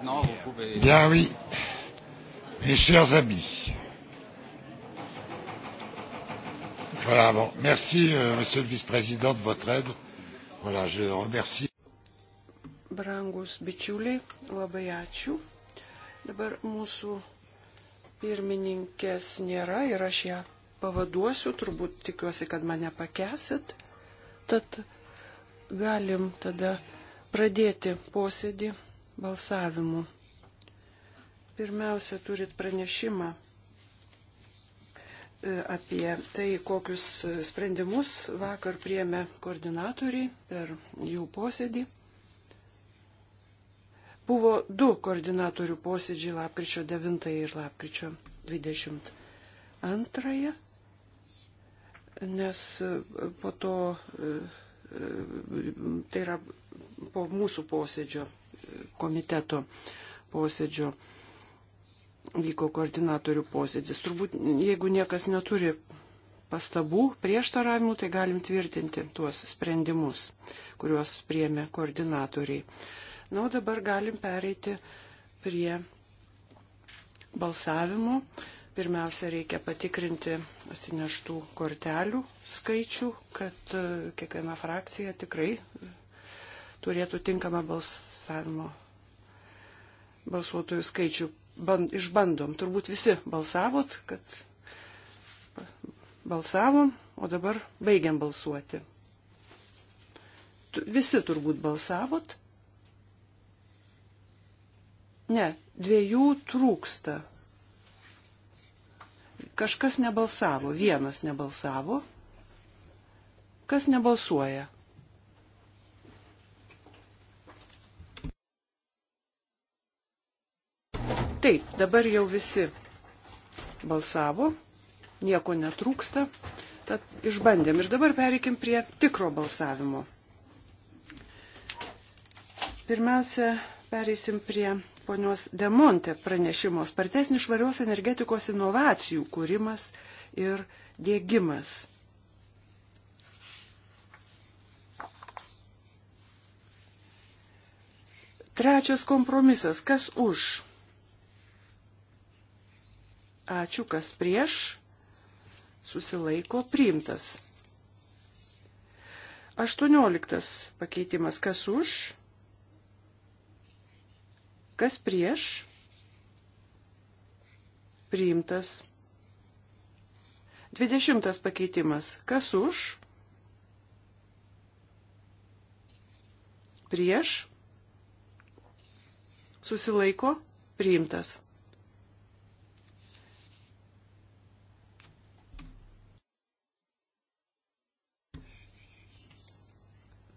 maintenant, vous pouvez. Bien oui, mes chers amis. Voilà, bon, merci euh, Monsieur le Vice-président de votre aide. Voilà, je remercie. Brangus bičiuliai, labai ačiū. Dabar mūsų pirmininkės nėra ir aš ją pavaduosiu, turbūt tikiuosi, kad mane pakesit. Tad galim tada pradėti posėdį balsavimu. Pirmiausia, turit pranešimą e, apie tai, kokius sprendimus vakar priemė koordinatoriai per jų posėdį. Buvo du koordinatorių posėdžiai lapkričio 9 ir lapkričio 22, nes e, po to, e, tai yra po mūsų posėdžio komiteto posėdžio vyko koordinatorių posėdis. Turbūt, jeigu niekas neturi pastabų, prieštaravimų, tai galim tvirtinti tuos sprendimus, kuriuos priemė koordinatoriai. Na, o dabar galim pereiti prie balsavimo. Pirmiausia, reikia patikrinti atsineštų kortelių skaičių, kad e, kiekviena frakcija tikrai turėtų tinkamą balsavimo balsuotojų skaičių. Ban, išbandom. Turbūt visi balsavot, kad balsavom, o dabar baigiam balsuoti. Tu, visi turbūt balsavot. Ne, dviejų trūksta. Kažkas nebalsavo, vienas nebalsavo. Kas nebalsuoja? Taip, dabar jau visi balsavo, nieko netrūksta, tad išbandėm. Ir dabar pereikim prie tikro balsavimo. Pirmiausia, pereisim prie ponios Demonte pranešimo spartesnis švarios energetikos inovacijų kūrimas ir dėgymas. Trečias kompromisas. Kas už? Ačiū, kas prieš. Susilaiko priimtas. 18 pakeitimas. Kas už? Kas prieš? Priimtas. 20 pakeitimas. Kas už? Prieš? Susilaiko? Priimtas.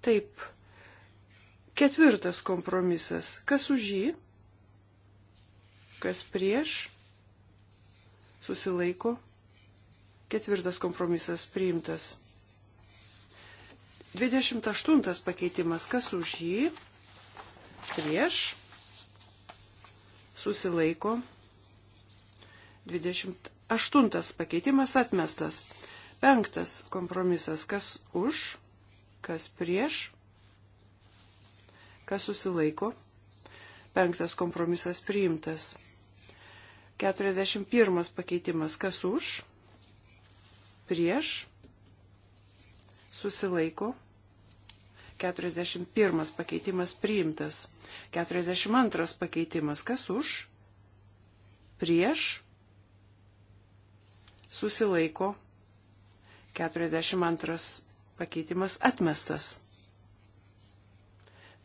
Taip. Ketvirtas kompromisas. Kas už jį? Kas prieš? Susilaiko. Ketvirtas kompromisas priimtas. 28 pakeitimas. Kas už jį? Prieš. Susilaiko. 28 pakeitimas atmestas. Penktas kompromisas. Kas už? kas prieš, kas susilaiko. Penktas kompromisas priimtas. 41 pakeitimas kas už, prieš, susilaiko. 41 pakeitimas priimtas. 42 pakeitimas kas už, prieš, susilaiko. 42 pakeitimas atmestas.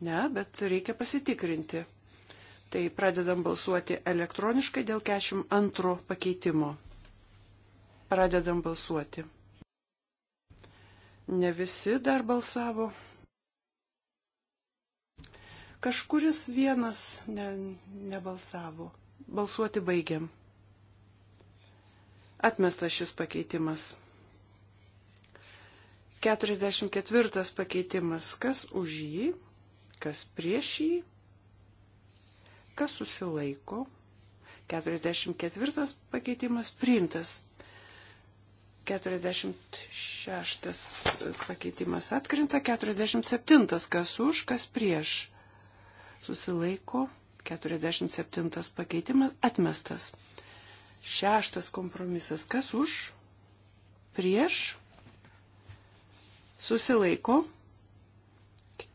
Ne, bet reikia pasitikrinti. Tai pradedam balsuoti elektroniškai dėl 42 pakeitimo. Pradedam balsuoti. Ne visi dar balsavo. Kažkuris vienas ne, nebalsavo. Balsuoti baigiam. Atmestas šis pakeitimas. 44 pakeitimas. Kas už jį, kas prieš jį, kas susilaiko. 44 pakeitimas priimtas. 46 pakeitimas atkrinta, 47 kas už, kas prieš. Susilaiko, 47 pakeitimas atmestas. Šeštas kompromisas kas už, prieš, susilaiko.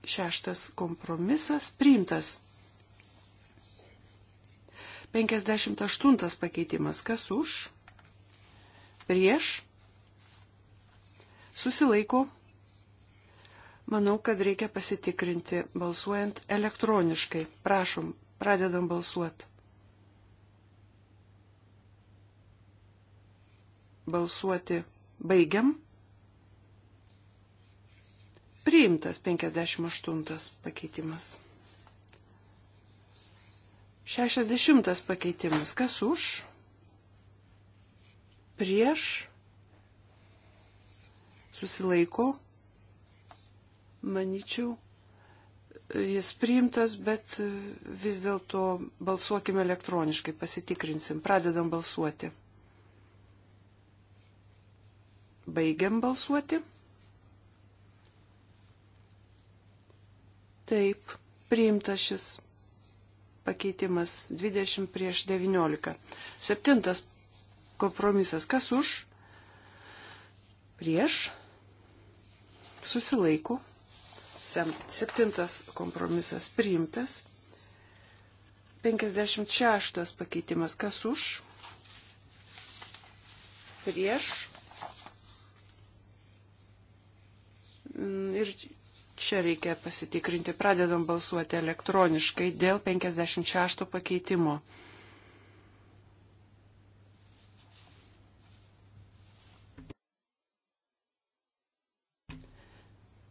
Šeštas kompromisas priimtas. 58 pakeitimas. Kas už? Prieš? Susilaiko. Manau, kad reikia pasitikrinti balsuojant elektroniškai. Prašom, pradedam balsuoti. Balsuoti baigiam. Priimtas 58 pakeitimas. 60 pakeitimas. Kas už? Prieš? Susilaiko? Maničiau, jis priimtas, bet vis dėlto balsuokime elektroniškai, pasitikrinsim, pradedam balsuoti. Baigiam balsuoti. Taip, priimta šis pakeitimas 20 prieš 19. Septintas kompromisas. Kas už? Prieš. Susilaiku. Septintas kompromisas priimtas. 56 pakeitimas. Kas už? Prieš. Mm, ir Čia reikia pasitikrinti. Pradedam balsuoti elektroniškai dėl 56 pakeitimo.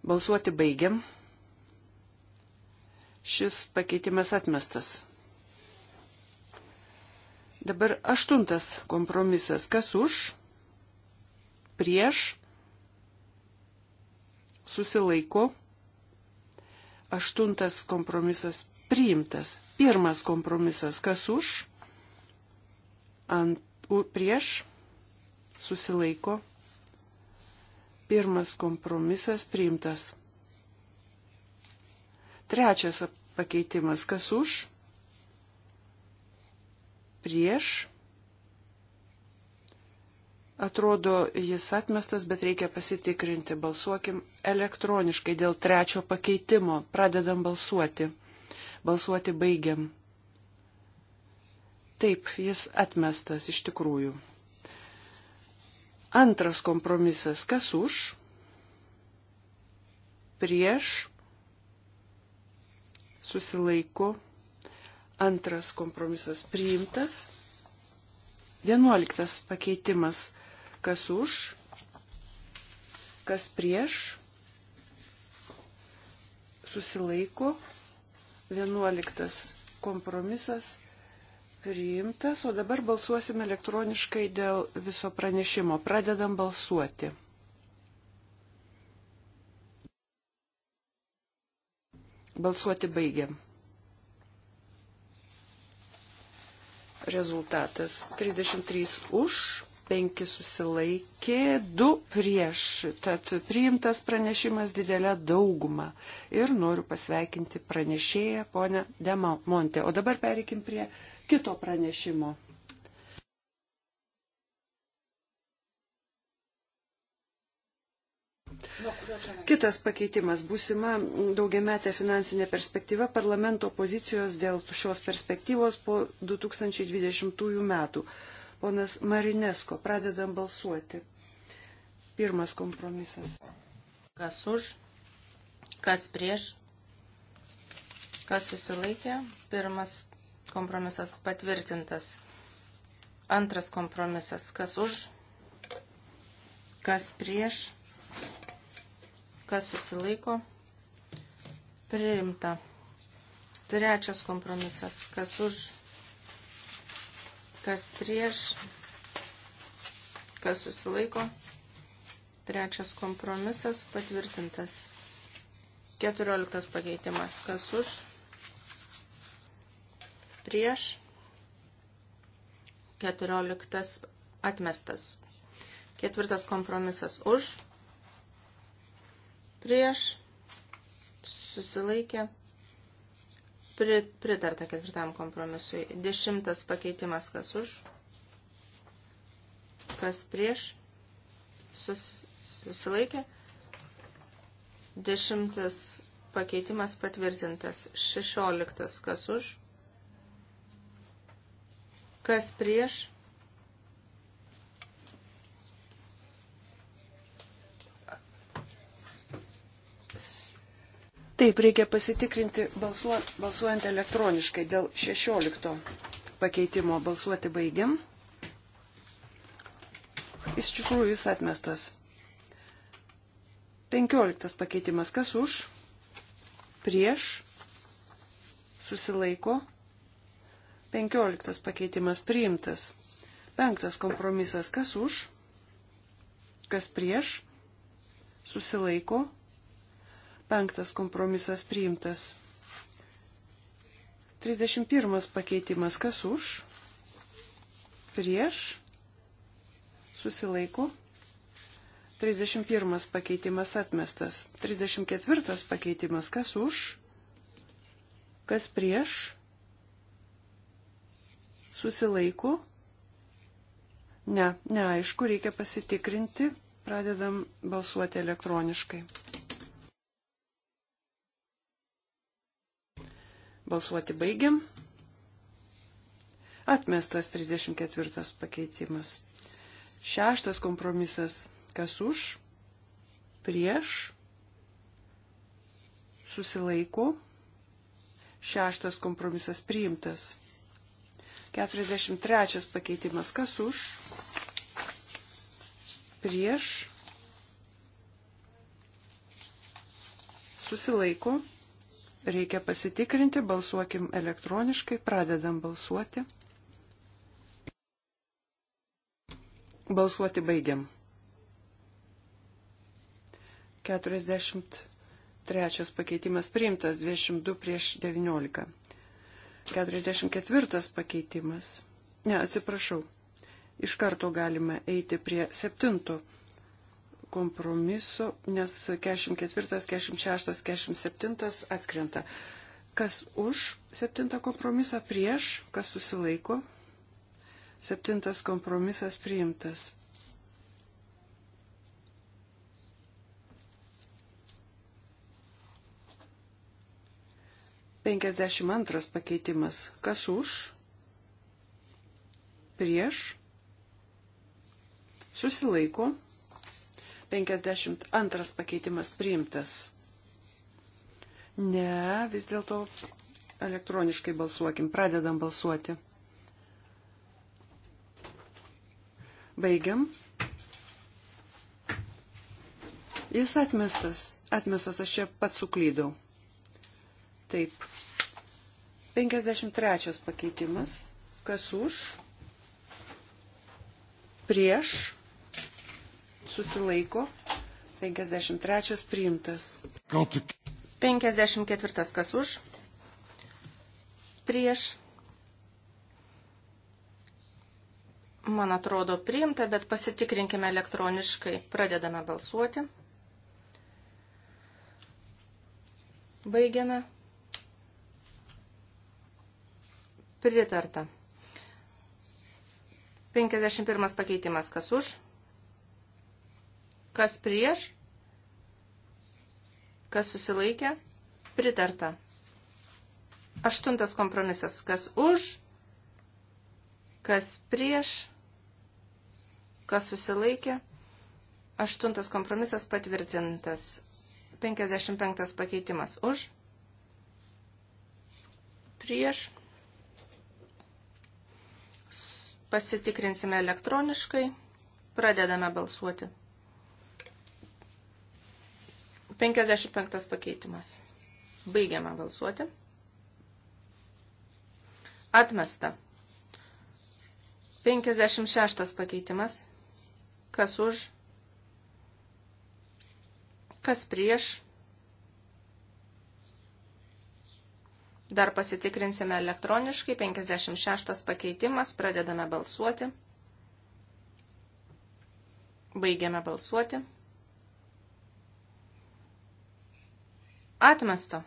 Balsuoti baigiam. Šis pakeitimas atmestas. Dabar aštuntas kompromisas. Kas už? Prieš? Susilaiko? Aštuntas kompromisas priimtas. Pirmas kompromisas kas už, ant, u, prieš, susilaiko. Pirmas kompromisas priimtas. Trečias pakeitimas kas už, prieš, Atrodo, jis atmestas, bet reikia pasitikrinti. Balsuokim elektroniškai dėl trečio pakeitimo. Pradedam balsuoti. Balsuoti baigiam. Taip, jis atmestas iš tikrųjų. Antras kompromisas. Kas už? Prieš. Susilaiku. Antras kompromisas priimtas. Vienuoliktas pakeitimas Kas už? Kas prieš? Susilaiko. Vienuoliktas kompromisas priimtas. O dabar balsuosime elektroniškai dėl viso pranešimo. Pradedam balsuoti. Balsuoti baigiam. Rezultatas 33 už, 5 susilaikė, 2 prieš, tad priimtas pranešimas didelę daugumą. Ir noriu pasveikinti pranešėją, ponę Demonte. O dabar pereikim prie kito pranešimo. Kitas pakeitimas - būsima daugiametė finansinė perspektyva parlamento pozicijos dėl šios perspektyvos po 2020 metų. Ponas Marinesko, pradedam balsuoti. Pirmas kompromisas. Kas už, kas prieš, kas susilaikė. Pirmas kompromisas patvirtintas. Antras kompromisas. Kas už, kas prieš, kas susilaiko. Priimta. Trečias kompromisas. Kas už kas prieš, kas susilaiko. Trečias kompromisas patvirtintas. Keturioliktas pakeitimas. Kas už, prieš, keturioliktas atmestas. Ketvirtas kompromisas už, prieš, susilaikė Pritarta ketvirtam kompromisui. Dešimtas pakeitimas kas už, kas prieš, sus, susilaikė. Dešimtas pakeitimas patvirtintas. Šešioliktas kas už, kas prieš, Taip, reikia pasitikrinti balsuojant, balsuojant elektroniškai dėl 16 pakeitimo. Balsuoti baigiam. Jis tikrųjų jis atmestas. 15 pakeitimas. Kas už? Prieš? Susilaiko? 15 pakeitimas priimtas. 5 kompromisas. Kas už? Kas prieš? Susilaiko? Penktas kompromisas priimtas. 31 pakeitimas. Kas už? Prieš? Susilaiku. 31 pakeitimas atmestas. 34 pakeitimas. Kas už? Kas prieš? Susilaiku. Ne, neaišku, reikia pasitikrinti. Pradedam balsuoti elektroniškai. Balsuoti baigiam. Atmestas 34 pakeitimas. Šeštas kompromisas. Kas už? Prieš? Susilaiko? Šeštas kompromisas priimtas. 43 pakeitimas. Kas už? Prieš? Susilaiko? reikia pasitikrinti, balsuokim elektroniškai, pradedam balsuoti. Balsuoti baigiam. 43 pakeitimas priimtas, 22 prieš 19. 44 pakeitimas. Ne, atsiprašau. Iš karto galime eiti prie 7 kompromisu, nes 44, 46, 47 atkrenta. Kas už septintą kompromisą prieš, kas susilaiko, septintas kompromisas priimtas. Penkiasdešimt antras pakeitimas. Kas už? Prieš? Susilaiko. 52 pakeitimas priimtas. Ne, vis dėlto elektroniškai balsuokim, pradedam balsuoti. Baigiam. Jis atmestas. Atmestas, aš čia pats suklydau. Taip. 53 pakeitimas. Kas už? Prieš susilaiko. 53 priimtas. 54 kas už. Prieš. Man atrodo priimta, bet pasitikrinkime elektroniškai. Pradedame balsuoti. Baigiame. Pritarta. 51 pakeitimas kas už. Kas prieš? Kas susilaikė? Pritarta. Aštuntas kompromisas. Kas už? Kas prieš? Kas susilaikė? Aštuntas kompromisas patvirtintas. 55 pakeitimas. Už? Prieš? Pasitikrinsime elektroniškai. Pradedame balsuoti. 55 pakeitimas. Baigiame balsuoti. Atmesta. 56 pakeitimas. Kas už? Kas prieš? Dar pasitikrinsime elektroniškai. 56 pakeitimas. Pradedame balsuoti. Baigiame balsuoti. Atmesta.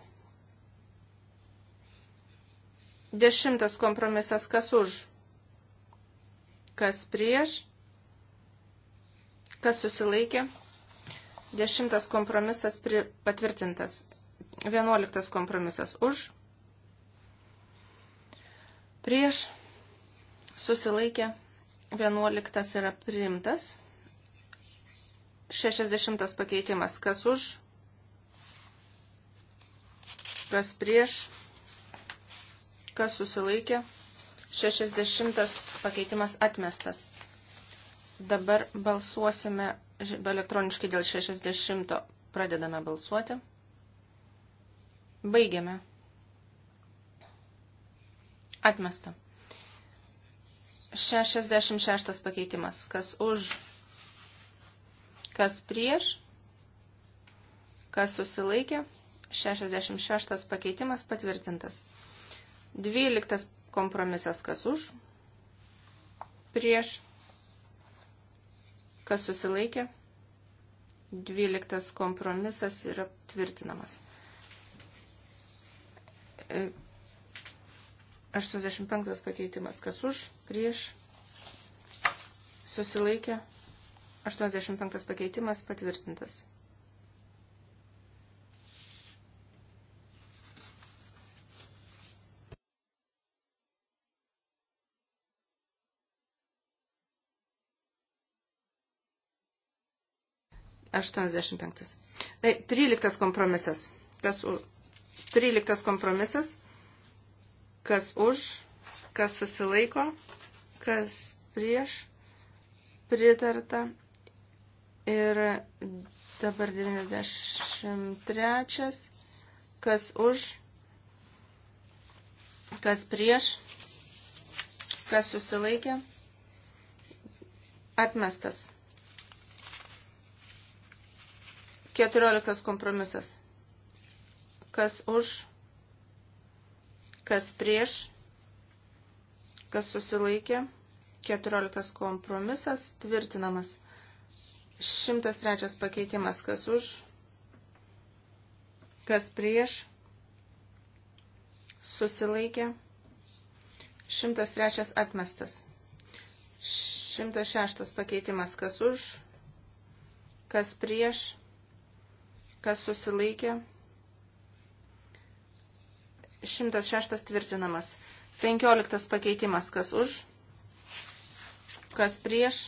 Dešimtas kompromisas kas už, kas prieš, kas susilaikė. Dešimtas kompromisas pri, patvirtintas. Vienuoliktas kompromisas už, prieš, susilaikė. Vienuoliktas yra priimtas. Šešiasdešimtas pakeitimas kas už, kas prieš, kas susilaikė. 60 pakeitimas atmestas. Dabar balsuosime elektroniškai dėl 60. Pradedame balsuoti. Baigiame. Atmesta. 66 pakeitimas. Kas už, kas prieš, kas susilaikė, 66 pakeitimas patvirtintas. 12 kompromisas kas už, prieš, kas susilaikė. 12 kompromisas yra tvirtinamas. 85 e, pakeitimas kas už, prieš, susilaikė. 85 pakeitimas patvirtintas. 85. Tai 13 kompromisas. Kas už? 13 kompromisas. Kas už, kas susilaiko, kas prieš, pritarta. Ir dabar 93. Kas už, kas prieš, kas susilaikė, atmestas. 14 kompromisas. Kas už, kas prieš, kas susilaikė. 14 kompromisas tvirtinamas. 103 pakeitimas. Kas už, kas prieš, susilaikė. 103 atmestas. 106 pakeitimas. Kas už, kas prieš, kas susilaikė. 106 tvirtinamas. 15 pakeitimas, kas už, kas prieš,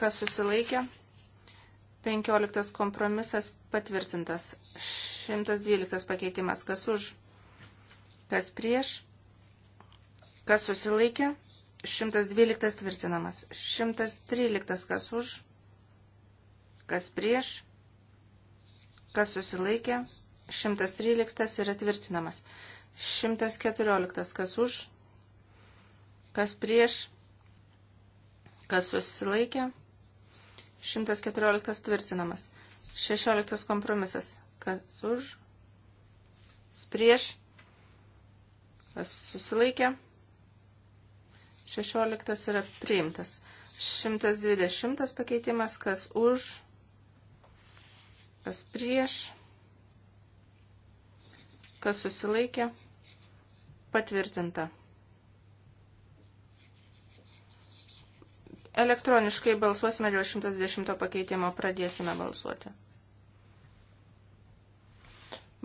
kas susilaikė. 15 kompromisas patvirtintas. 112 pakeitimas, kas už, kas prieš, kas susilaikė. 112 tvirtinamas. 113 kas už, kas prieš, Kas susilaikė? 113 yra tvirtinamas. 114. Kas už? Kas prieš? Kas susilaikė? 114 tvirtinamas. 16 kompromisas. Kas už? Kas prieš? Kas susilaikė? 16 yra priimtas. 120 pakeitimas. Kas už? kas prieš, kas susilaikė, patvirtinta. Elektroniškai balsuosime dėl 110 pakeitimo, pradėsime balsuoti.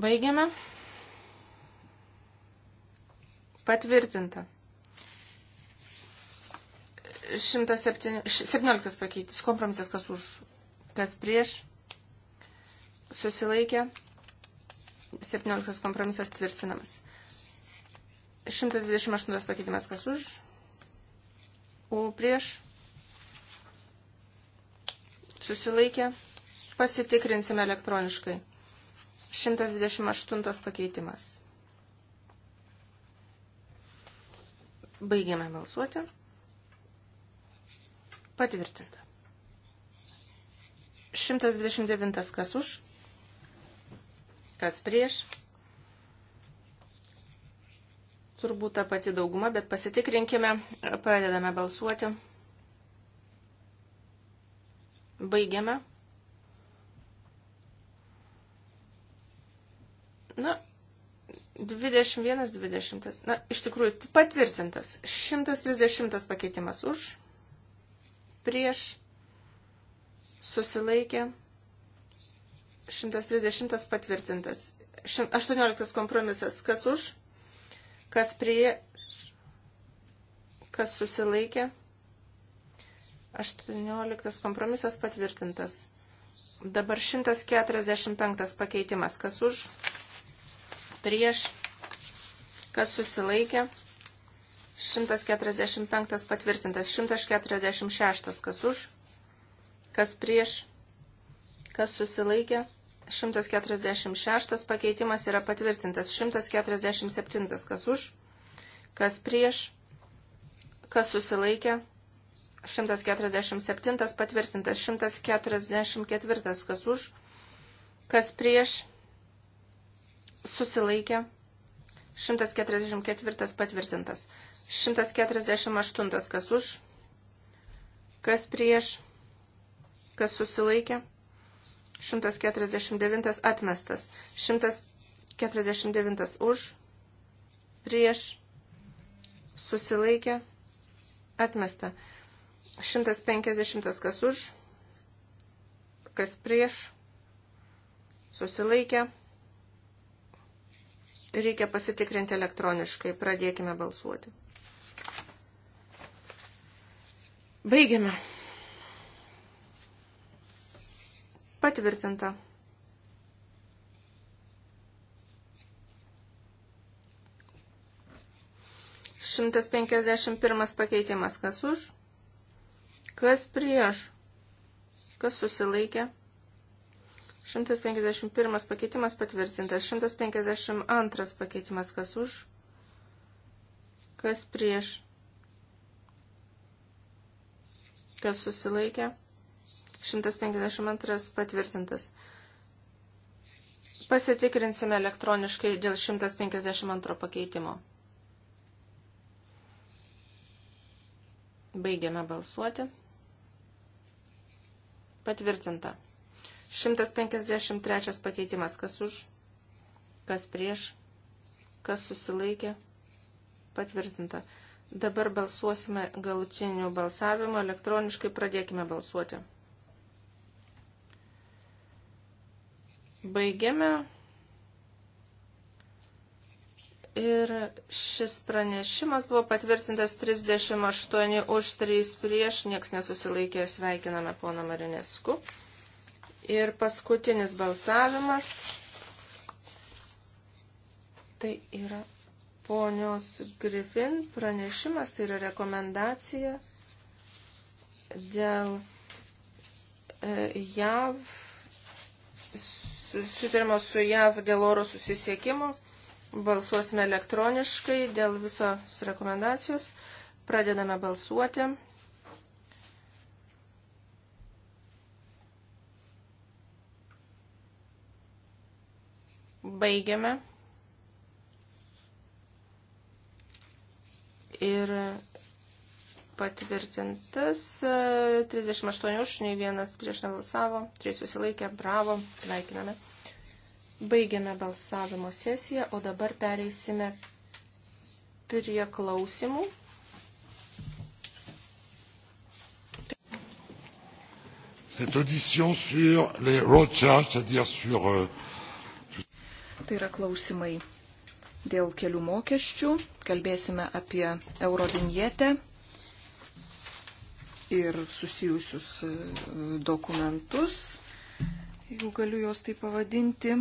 Baigiame. Patvirtinta. 117 pakeitis. Kompromisas kas už, kas prieš, susilaikė, 17 kompromisas tvirtinamas. 128 pakeitimas kas už, o prieš susilaikė, pasitikrinsime elektroniškai. 128 pakeitimas. Baigiame balsuoti. Patvirtinta. 129 kas už, Kas prieš? Turbūt ta pati dauguma, bet pasitikrinkime. Pradedame balsuoti. Baigiame. Na, 21, 20. Na, iš tikrųjų, patvirtintas. 130 pakeitimas už, prieš, susilaikė, 130 patvirtintas. 18 kompromisas. Kas už? Kas prie? Kas susilaikė? 18 kompromisas patvirtintas. Dabar 145 pakeitimas. Kas už? Prieš? Kas susilaikė? 145 patvirtintas. 146 kas už? Kas prieš? Kas susilaikė? 146 pakeitimas yra patvirtintas. 147 kas už, kas prieš, kas susilaikė. 147 patvirtintas. 144 kas už, kas prieš, susilaikė. 144 patvirtintas. 148 kas už, kas prieš, kas susilaikė. 149 atmestas. 149 už, prieš, susilaikė, atmesta. 150 kas už, kas prieš, susilaikė. Reikia pasitikrinti elektroniškai. Pradėkime balsuoti. Baigiame. Patvirtinta. Šimtas penkiasdešimt pirmas pakeitimas. Kas už? Kas prieš? Kas susilaikė? 151 pakeitimas patvirtintas. 152 pakeitimas kas už? Kas prieš? Kas susilaikė? 152 patvirtintas. Pasitikrinsime elektroniškai dėl 152 pakeitimo. Baigiame balsuoti. Patvirtinta. 153 pakeitimas. Kas už? Kas prieš? Kas susilaikė? Patvirtinta. Dabar balsuosime galutiniu balsavimu. Elektroniškai pradėkime balsuoti. Baigiame. Ir šis pranešimas buvo patvirtintas 38 už 3 prieš, nieks nesusilaikė, sveikiname poną Marinesku. Ir paskutinis balsavimas. Tai yra ponios Griffin pranešimas, tai yra rekomendacija dėl e, JAV sutarimo su JAV dėl oro susisiekimo. Balsuosime elektroniškai dėl visos rekomendacijos. Pradedame balsuoti. Baigiame. Ir patvirtintas. 38 už, nei vienas prieš nebalsavo, 3 susilaikė, bravo, sveikiname. Baigiame balsavimo sesiją, o dabar pereisime prie klausimų. Cette audition sur les road charges, c'est-à-dire sur. Euh, tai yra klausimai dėl kelių mokesčių. Kalbėsime apie eurodinietę ir susijusius e, dokumentus, jeigu galiu juos taip pavadinti.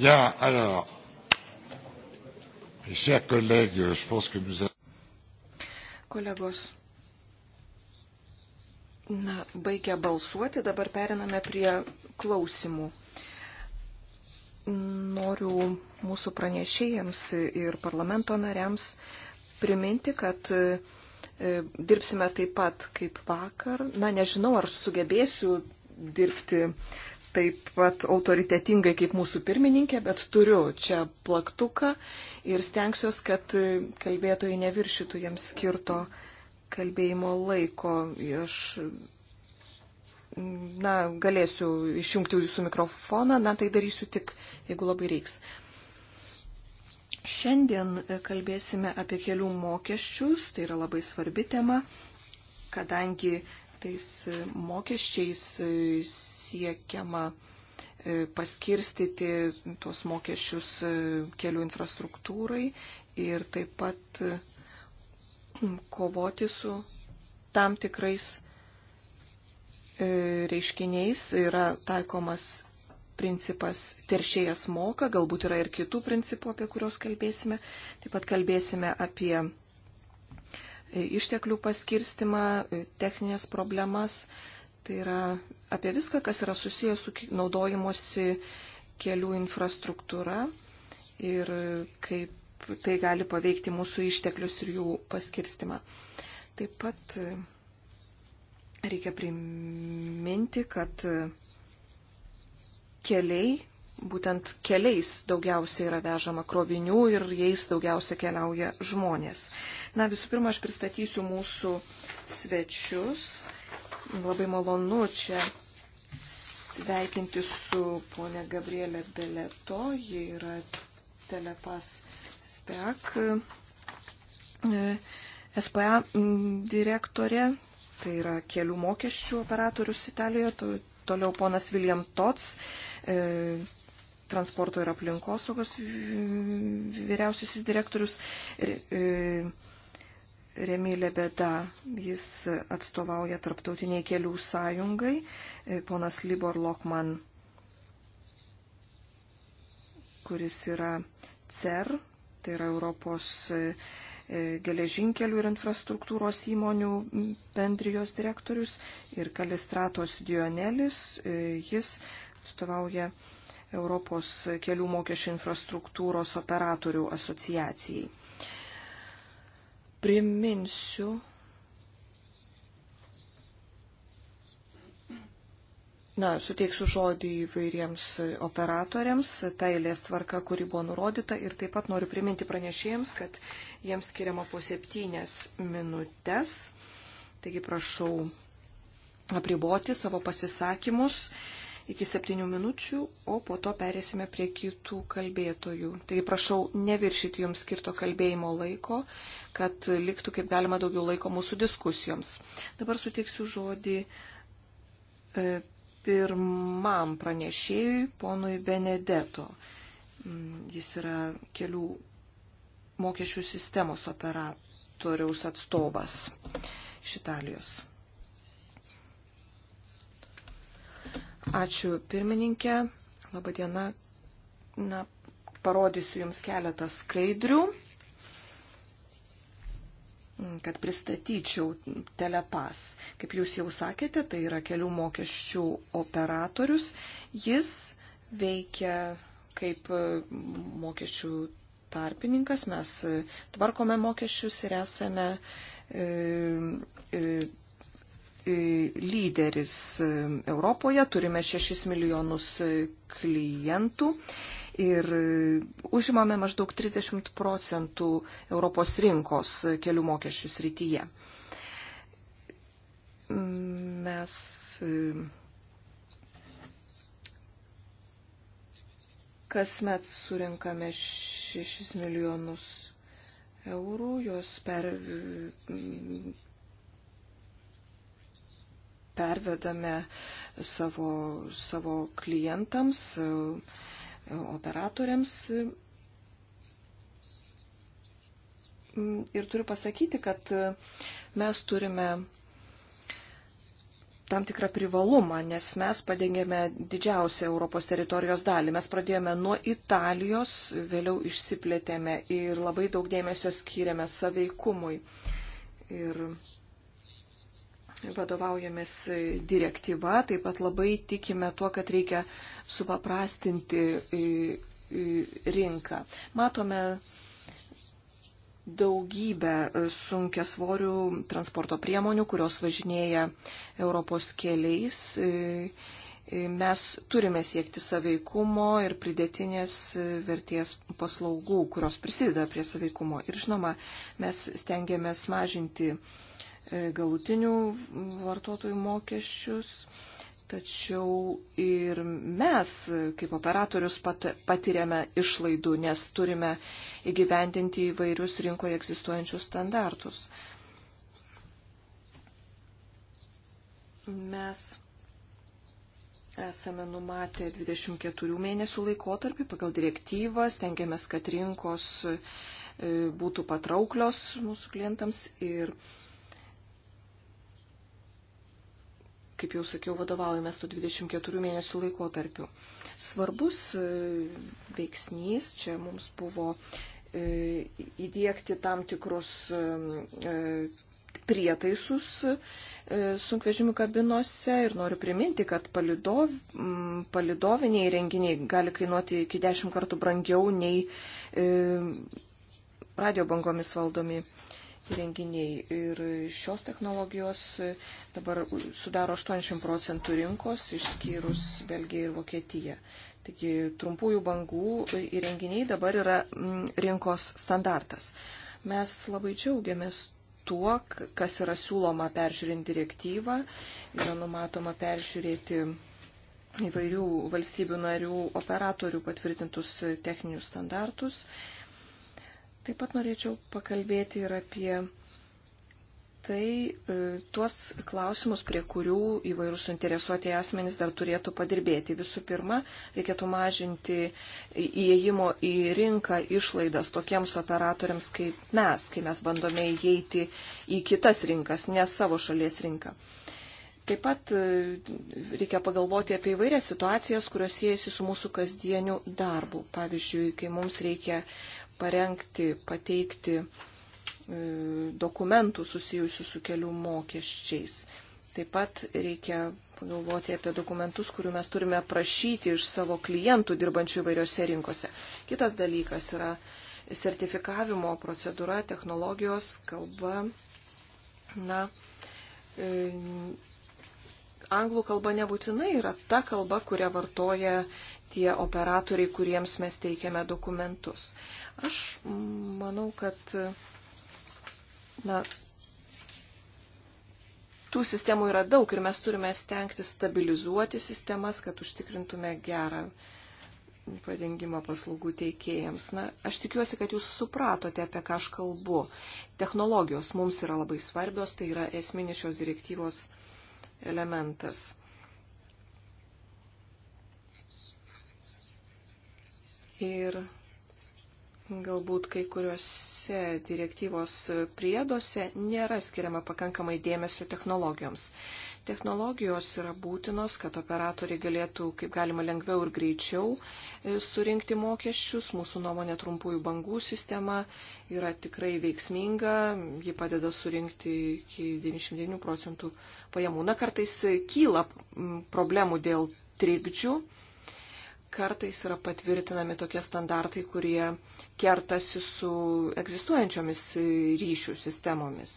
Bien, alors, mes chers collègues, je pense que nous avons. Kolegos. Na, baigia balsuoti, dabar periname prie klausimų. Noriu mūsų pranešėjams ir parlamento nariams priminti, kad e, dirbsime taip pat kaip vakar. Na, nežinau, ar sugebėsiu dirbti uh, taip pat autoritetingai kaip mūsų pirmininkė, bet turiu čia plaktuką ir stengsiuos, kad kalbėtojai neviršytų jiems skirto kalbėjimo laiko. Aš na, galėsiu išjungti jūsų mikrofoną, na tai darysiu tik, jeigu labai reiks. Šiandien kalbėsime apie kelių mokesčius, tai yra labai svarbi tema, kadangi tais e, mokesčiais e, siekiama e, paskirstyti tuos mokesčius kelių infrastruktūrai ir taip pat kovoti su tam tikrais reiškiniais yra taikomas principas teršėjas moka, galbūt yra ir kitų principų, apie kuriuos kalbėsime. Taip pat kalbėsime apie E, išteklių paskirstimą, e, techninės problemas. Tai yra apie viską, kas yra susijęs su naudojimuosi kelių infrastruktūra ir kaip tai gali paveikti mūsų išteklius ir jų paskirstimą. Taip pat e, reikia priminti, kad keliai būtent keliais daugiausia yra vežama krovinių ir jais daugiausia keliauja žmonės. Na, visų pirma, aš pristatysiu mūsų svečius. Labai malonu čia sveikinti su ponia Gabrielė Beleto. Ji yra telepas SPAC, e, SPA direktorė, tai yra kelių mokesčių operatorius Italijoje, toliau ponas William Tots, e, transporto ir aplinkosaugos vyriausiasis direktorius e, Remylė Beda. Jis atstovauja Tarptautiniai kelių sąjungai, e, ponas Libor Lokman, kuris yra CER, tai yra Europos e, geležinkelių ir infrastruktūros įmonių bendrijos direktorius ir Kalistratos Dionelis, jis atstovauja Europos kelių mokesčių infrastruktūros operatorių asociacijai. Priminsiu, na, suteiksiu žodį įvairiems operatoriams, ta eilės tvarka, kuri buvo nurodyta ir taip pat noriu priminti pranešėjams, kad jiems skiriama po septynės minutės. Taigi prašau apriboti savo pasisakymus iki septynių minučių, o po to perėsime prie kitų kalbėtojų. Taigi prašau neviršyti jums skirto kalbėjimo laiko, kad liktų kaip galima daugiau laiko mūsų diskusijoms. Dabar suteiksiu žodį e, pirmam pranešėjui, ponui Benedeto. Mm, jis yra kelių mokesčių sistemos operatoriaus atstovas iš Italijos. Ačiū pirmininkė. Labadiena. Na, parodysiu Jums keletą skaidrių, kad pristatyčiau telepas. Kaip Jūs jau sakėte, tai yra kelių mokesčių operatorius. Jis veikia kaip mokesčių tarpininkas. Mes tvarkome mokesčius ir esame e, e, E, lyderis e, Europoje, turime 6 milijonus e, klientų ir užimame maždaug 30 procentų Europos rinkos kelių mokesčių srityje. Mes kasmet surinkame 6 milijonus eurų, juos per, pervedame savo, savo klientams, operatoriams. Ir turiu pasakyti, kad mes turime tam tikrą privalumą, nes mes padengėme didžiausią Europos teritorijos dalį. Mes pradėjome nuo Italijos, vėliau išsiplėtėme ir labai daug dėmesio skyrėme saveikumui. Ir vadovaujamės direktyva, taip pat labai tikime tuo, kad reikia supaprastinti e, e, rinką. Matome daugybę e, sunkia svorių transporto priemonių, kurios važinėja Europos keliais. Mes turime siekti saveikumo ir pridėtinės verties paslaugų, kurios prisideda prie saveikumo. Ir žinoma, mes stengiamės mažinti uh, E, galutinių vartotojų mokesčius, tačiau ir mes kaip operatorius patiriame išlaidų, nes turime įgyvendinti įvairius rinkoje egzistuojančius standartus. Mes esame numatę 24 mėnesių laikotarpį pagal direktyvą, stengiamės, kad rinkos e, būtų patrauklios mūsų klientams ir kaip jau sakiau, vadovaujamės tų 24 mėnesių laikotarpiu. Svarbus e, veiksnys čia mums buvo e, įdėkti tam tikrus e, prietaisus sunkvežimių kabinose ir noriu priminti, kad palidov, palidoviniai renginiai gali kainuoti iki 10 kartų brangiau nei radio bangomis valdomi įrenginiai. Ir šios technologijos dabar sudaro 80 procentų rinkos, išskyrus Belgiją ir Vokietiją. Taigi trumpųjų bangų įrenginiai dabar yra mm, rinkos standartas. Mes labai džiaugiamės tuo, kas yra siūloma peržiūrint direktyvą. Yra numatoma peržiūrėti įvairių valstybių narių operatorių patvirtintus techninius standartus. Taip pat norėčiau pakalbėti ir apie tai, e, tuos klausimus, prie kurių įvairūs suinteresuoti asmenys dar turėtų padirbėti. Visų pirma, reikėtų mažinti įėjimo į rinką išlaidas tokiems operatoriams kaip mes, kai mes bandome įeiti į kitas rinkas, ne savo šalies rinką. Taip pat e, reikia pagalvoti apie įvairias situacijas, kurios siejasi su mūsų kasdieniu darbu. Pavyzdžiui, kai mums reikia parengti, pateikti e, dokumentų susijusių su kelių mokesčiais. Taip pat reikia pagalvoti apie dokumentus, kurių mes turime prašyti iš savo klientų dirbančių įvairiose rinkose. Kitas dalykas yra sertifikavimo procedūra, technologijos, kalba. Na, e, anglų kalba nebūtinai yra ta kalba, kurią vartoja tie operatoriai, kuriems mes teikiame dokumentus. Aš manau, kad na, tų sistemų yra daug ir mes turime stengti stabilizuoti sistemas, kad užtikrintume gerą padengimą paslaugų teikėjams. Na, aš tikiuosi, kad jūs supratote, apie ką aš kalbu. Technologijos mums yra labai svarbios, tai yra esminis šios direktyvos elementas. ir galbūt kai kuriuose direktyvos prieduose nėra skiriama pakankamai dėmesio technologijoms. Technologijos yra būtinos, kad operatoriai galėtų kaip galima lengviau ir greičiau e, surinkti mokesčius. Mūsų nuomonė trumpųjų bangų sistema yra tikrai veiksminga, ji padeda surinkti iki 99 procentų pajamų. Na, kartais e, kyla problemų dėl trikdžių kartais yra patvirtinami tokie standartai, kurie kertasi su egzistuojančiomis ryšių sistemomis.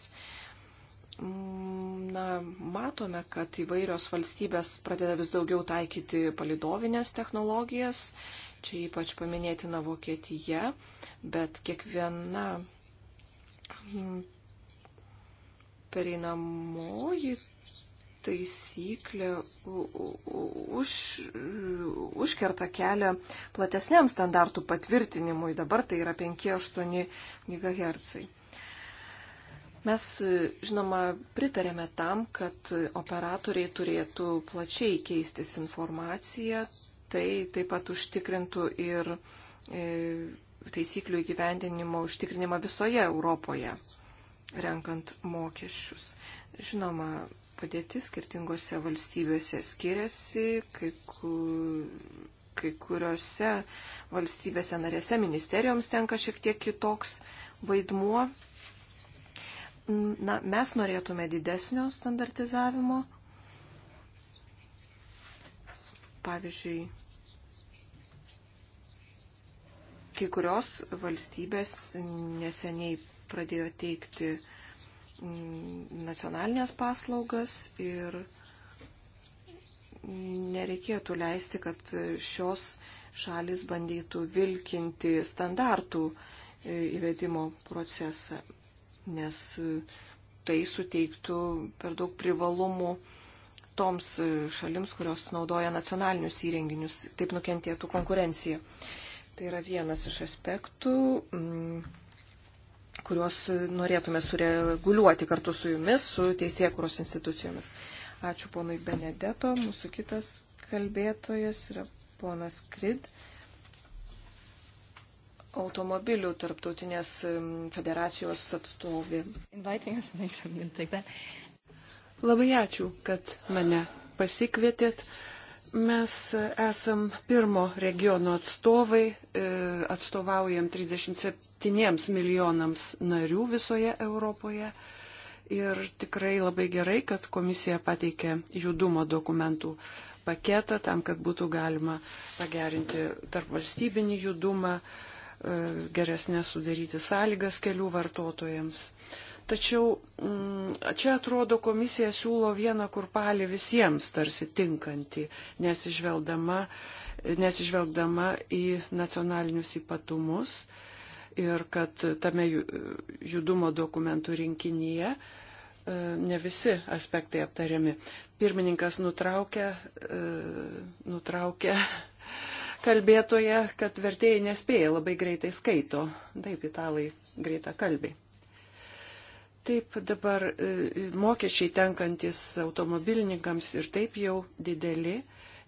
Na, matome, kad įvairios valstybės pradeda vis daugiau taikyti palidovinės technologijas, čia ypač paminėtina Vokietija, bet kiekviena pereinamoji taisyklė už, užkerta kelią platesniam standartų patvirtinimui. Dabar tai yra 5-8 GHz. Mes, žinoma, pritarėme tam, kad operatoriai turėtų plačiai keistis informaciją. Tai taip pat užtikrintų ir e, taisyklių įgyvendinimo užtikrinimą visoje Europoje, renkant mokesčius. Žinoma, padėtis skirtingose valstybėse skiriasi, kai, ku, kai kuriuose valstybėse narėse ministerijoms tenka šiek tiek kitoks vaidmuo. Na, mes norėtume didesnio standartizavimo. Pavyzdžiui, kai kurios valstybės neseniai pradėjo teikti uh, nacionalinės paslaugas ir nereikėtų leisti, kad šios šalis bandytų vilkinti standartų e, įvedimo procesą, nes e, tai suteiktų per daug privalumų toms e, šalims, kurios naudoja nacionalinius įrenginius, taip nukentėtų konkurencija. Tai yra vienas iš aspektų. Mm kuriuos norėtume sureguliuoti kartu su jumis, su teisėkuros institucijomis. Ačiū ponui Benedeto. Mūsų kitas kalbėtojas yra ponas Krid automobilių tarptautinės federacijos atstovė. Labai ačiū, kad mane pasikvietėt. Mes esam pirmo regiono atstovai, e, atstovaujam 37 septyniems milijonams narių visoje Europoje. Ir tikrai labai gerai, kad komisija pateikė judumo dokumentų paketą tam, kad būtų galima pagerinti tarp valstybinį judumą, e, geresnės sudaryti sąlygas kelių vartotojams. Tačiau mm, čia atrodo komisija siūlo vieną kurpalį visiems tarsi tinkantį, nesižvelgdama, nesižvelgdama į nacionalinius ypatumus ir kad tame judumo dokumentų rinkinyje e, ne visi aspektai aptariami. Pirmininkas nutraukė, e, nutraukė kalbėtoje, kad vertėjai nespėja labai greitai skaito. Taip, italai greitą kalbį. Taip dabar e, mokesčiai tenkantis automobilininkams ir taip jau dideli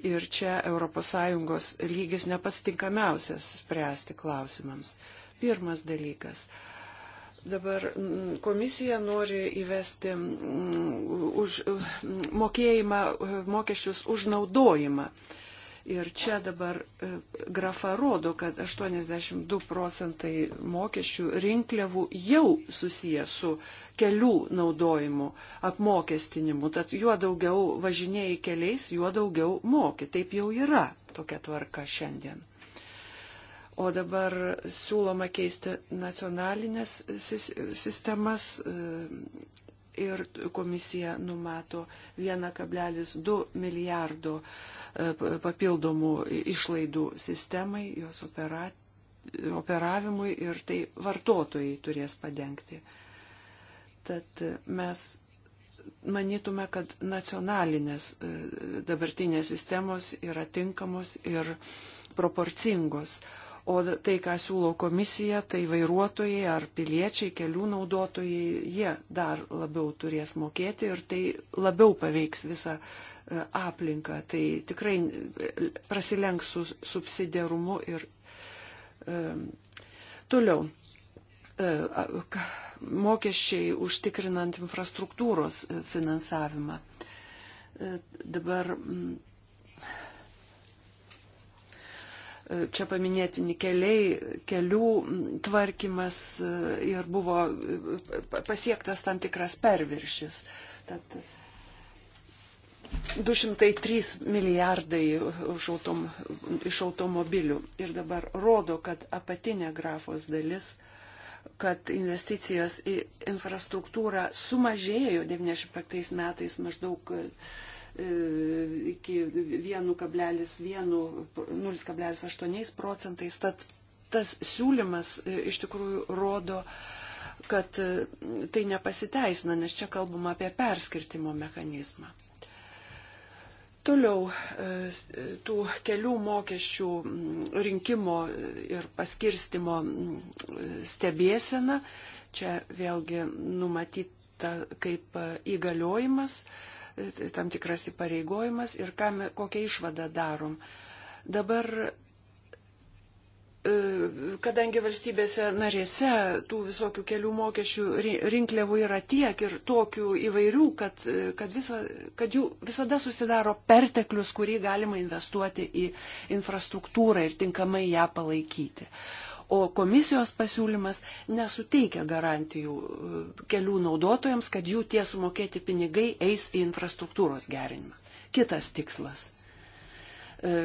ir čia ES lygis nepats tinkamiausias spręsti klausimams. Pirmas dalykas. Dabar mm, komisija nori įvesti mm, už mm, mokėjimą mokesčius už naudojimą. Ir čia dabar grafa rodo, kad 82 procentai mokesčių rinkliavų jau susiję su kelių naudojimu, apmokestinimu. Tad juo daugiau važinėjai keliais, juo daugiau moki. Taip jau yra tokia tvarka šiandien o dabar siūloma keisti nacionalinės sistemas e, ir komisija numato 1,2 milijardo e, papildomų išlaidų sistemai, jos opera, operavimui ir tai vartotojai turės padengti. Tad mes manytume, kad nacionalinės e, dabartinės sistemos yra tinkamos ir proporcingos. Uh, O tai, ką siūlo komisija, tai vairuotojai ar piliečiai, kelių naudotojai, jie dar labiau turės mokėti ir tai labiau paveiks visą e, aplinką. Tai tikrai e, prasilenks su subsidiarumu ir um, toliau mokesčiai užtikrinant infrastruktūros finansavimą. Dabar čia paminėtini keliai, kelių tvarkymas e, ir buvo e, pasiektas tam tikras perviršis. Tad 203 milijardai autom, iš automobilių. Ir dabar rodo, kad apatinė grafos dalis kad investicijas į infrastruktūrą sumažėjo 95 metais maždaug E, iki 1,8 procentais. Tad tas siūlymas e, iš tikrųjų rodo, kad e, tai nepasiteisina, nes čia kalbama apie perskirtimo mechanizmą. Toliau tų kelių mokesčių rinkimo ir paskirstimo stebėsena, čia vėlgi numatyta kaip įgaliojimas, tam tikras įpareigojimas ir kam, kokią išvadą darom. Dabar, e, kadangi valstybėse narėse tų visokių kelių mokesčių rinkliavų yra tiek ir tokių įvairių, kad, e, kad, visa, kad jų visada susidaro perteklius, kurį galima investuoti į infrastruktūrą ir tinkamai ją palaikyti o komisijos pasiūlymas nesuteikia garantijų e, kelių naudotojams, kad jų tie sumokėti pinigai eis į infrastruktūros gerinimą. Kitas tikslas. E,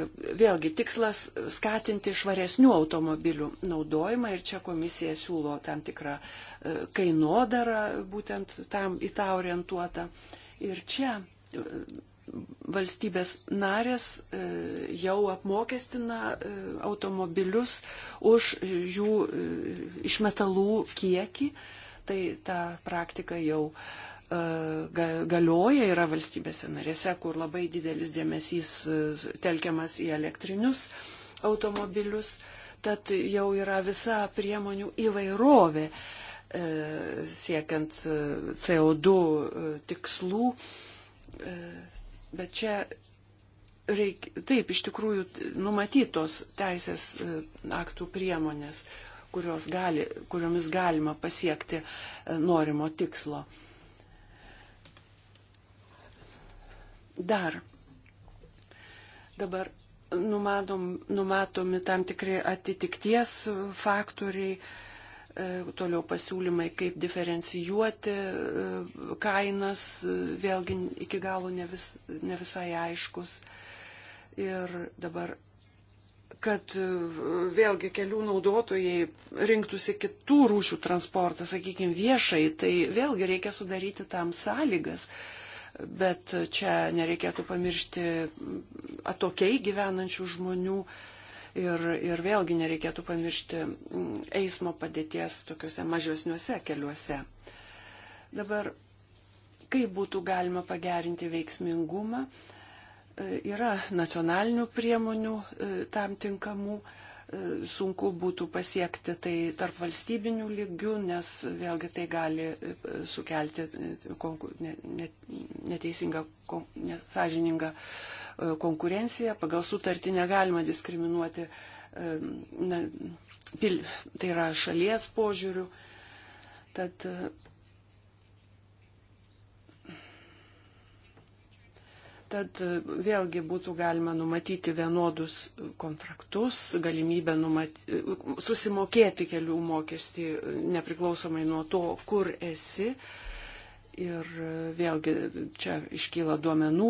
vėlgi, tikslas skatinti švaresnių automobilių naudojimą ir čia komisija siūlo tam tikrą e, kainodarą būtent tam į tą orientuotą. Ir čia valstybės narės e, jau apmokestina e, automobilius už jų e, išmetalų kiekį. Tai ta praktika jau galioja yra valstybėse narėse, kur labai didelis dėmesys telkiamas į elektrinius automobilius. Tad jau yra visa priemonių įvairovė siekiant CO2 tikslų Bet čia reik, taip iš tikrųjų numatytos teisės e, aktų priemonės, gali, kuriomis galima pasiekti e, norimo tikslo. Dar dabar numatom, numatomi tam tikri atitikties faktoriai, E, toliau pasiūlymai, kaip diferencijuoti e, kainas, e, vėlgi iki galo ne, vis, ne visai aiškus. Ir dabar, kad vėlgi kelių naudotojai rinktųsi kitų rūšių transportą, sakykime, viešai, tai vėlgi reikia sudaryti tam sąlygas. Bet čia nereikėtų pamiršti atokiai gyvenančių žmonių, uh, Ir, ir vėlgi nereikėtų pamiršti mm, eismo padėties tokiuose mažesniuose keliuose. Dabar, kaip būtų galima pagerinti veiksmingumą, e, yra nacionalinių priemonių e, tam tinkamų e, sunku būtų pasiekti tai tarp valstybinių lygių, nes vėlgi tai gali sukelti neteisingą, nesažiningą E, konkurencija, pagal sutartį negalima diskriminuoti, e, na, pil, tai yra šalies požiūrių. Tad e, Tad vėlgi būtų galima numatyti vienodus kontraktus, galimybę numaty, susimokėti kelių mokestį nepriklausomai nuo to, kur esi. Uh, Ir e, vėlgi čia iškyla duomenų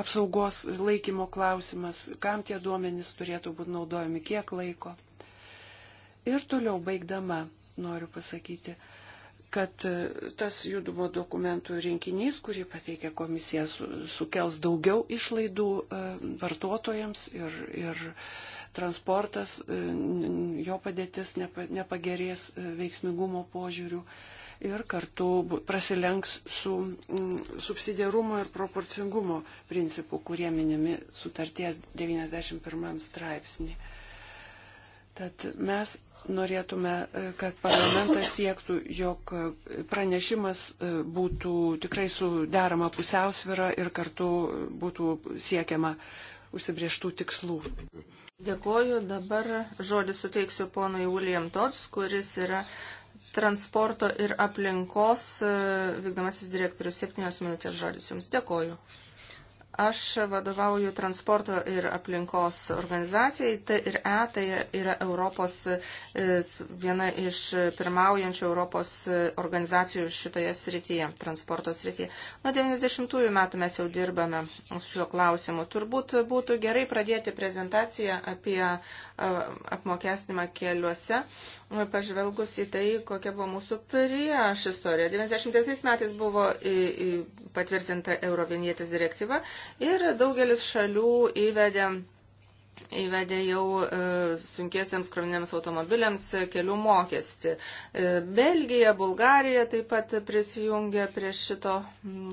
apsaugos laikymo klausimas, kam tie duomenys turėtų būti naudojami, kiek laiko. Ir toliau baigdama noriu pasakyti, kad e, tas judumo dokumentų rinkinys, kurį pateikia komisija, sukels daugiau išlaidų e, vartotojams ir, ir transportas, jo padėtis nepagerės veiksmingumo požiūrių ir kartu prasilenks su mm, subsidiarumo ir proporcingumo principu, kurie minimi sutarties 91 straipsnį. Tad mes norėtume, e, kad parlamentas siektų, jog e, pranešimas e, būtų tikrai su derama pusiausvyrą ir kartu būtų siekiama užsibrieštų tikslų. Dėkoju. Dabar žodį suteiksiu ponui William Dodds, kuris yra transporto ir aplinkos e, vykdomasis direktorius. Septynios minutės žodis Jums. Dėkoju. Aš vadovauju transporto ir aplinkos organizacijai T ir E, tai yra Europos, e, viena iš pirmaujančių Europos e, organizacijų šitoje srityje, transporto srityje. Nuo 90-ųjų metų mes jau dirbame su šiuo klausimu. Turbūt būtų gerai pradėti prezentaciją apie e, apmokestinimą keliuose, pažvelgus į tai, kokia buvo mūsų prieš istorija. 90 metais buvo patvirtinta Eurovinietės direktyva, ir daugelis šalių įvedė įvedė jau e, sunkiesiams kroviniams automobiliams e, kelių mokestį. E, Belgija, Bulgarija taip pat prisijungė prie šito,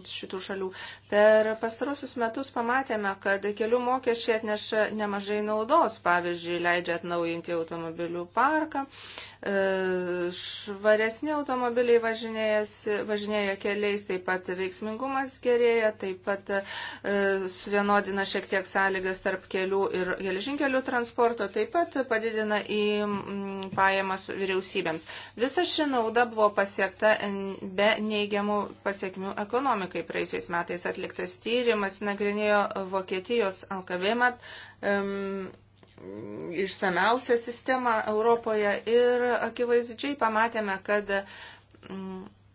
šitų šalių. Per pastarusius metus pamatėme, kad kelių mokesčiai atneša nemažai naudos, pavyzdžiui, leidžia atnaujinti automobilių parką, švaresni automobiliai važinėja keliais, taip pat veiksmingumas gerėja, taip pat suvienodina šiek tiek sąlygas tarp kelių ir geležinkelių geležinkelių transporto taip pat padidina į pajamas vyriausybėms. Visa ši nauda buvo pasiekta be neigiamų pasiekmių ekonomikai. Praėjusiais metais atliktas tyrimas nagrinėjo Vokietijos alkavėmat. Um, išsameusią sistemą Europoje ir akivaizdžiai pamatėme, kad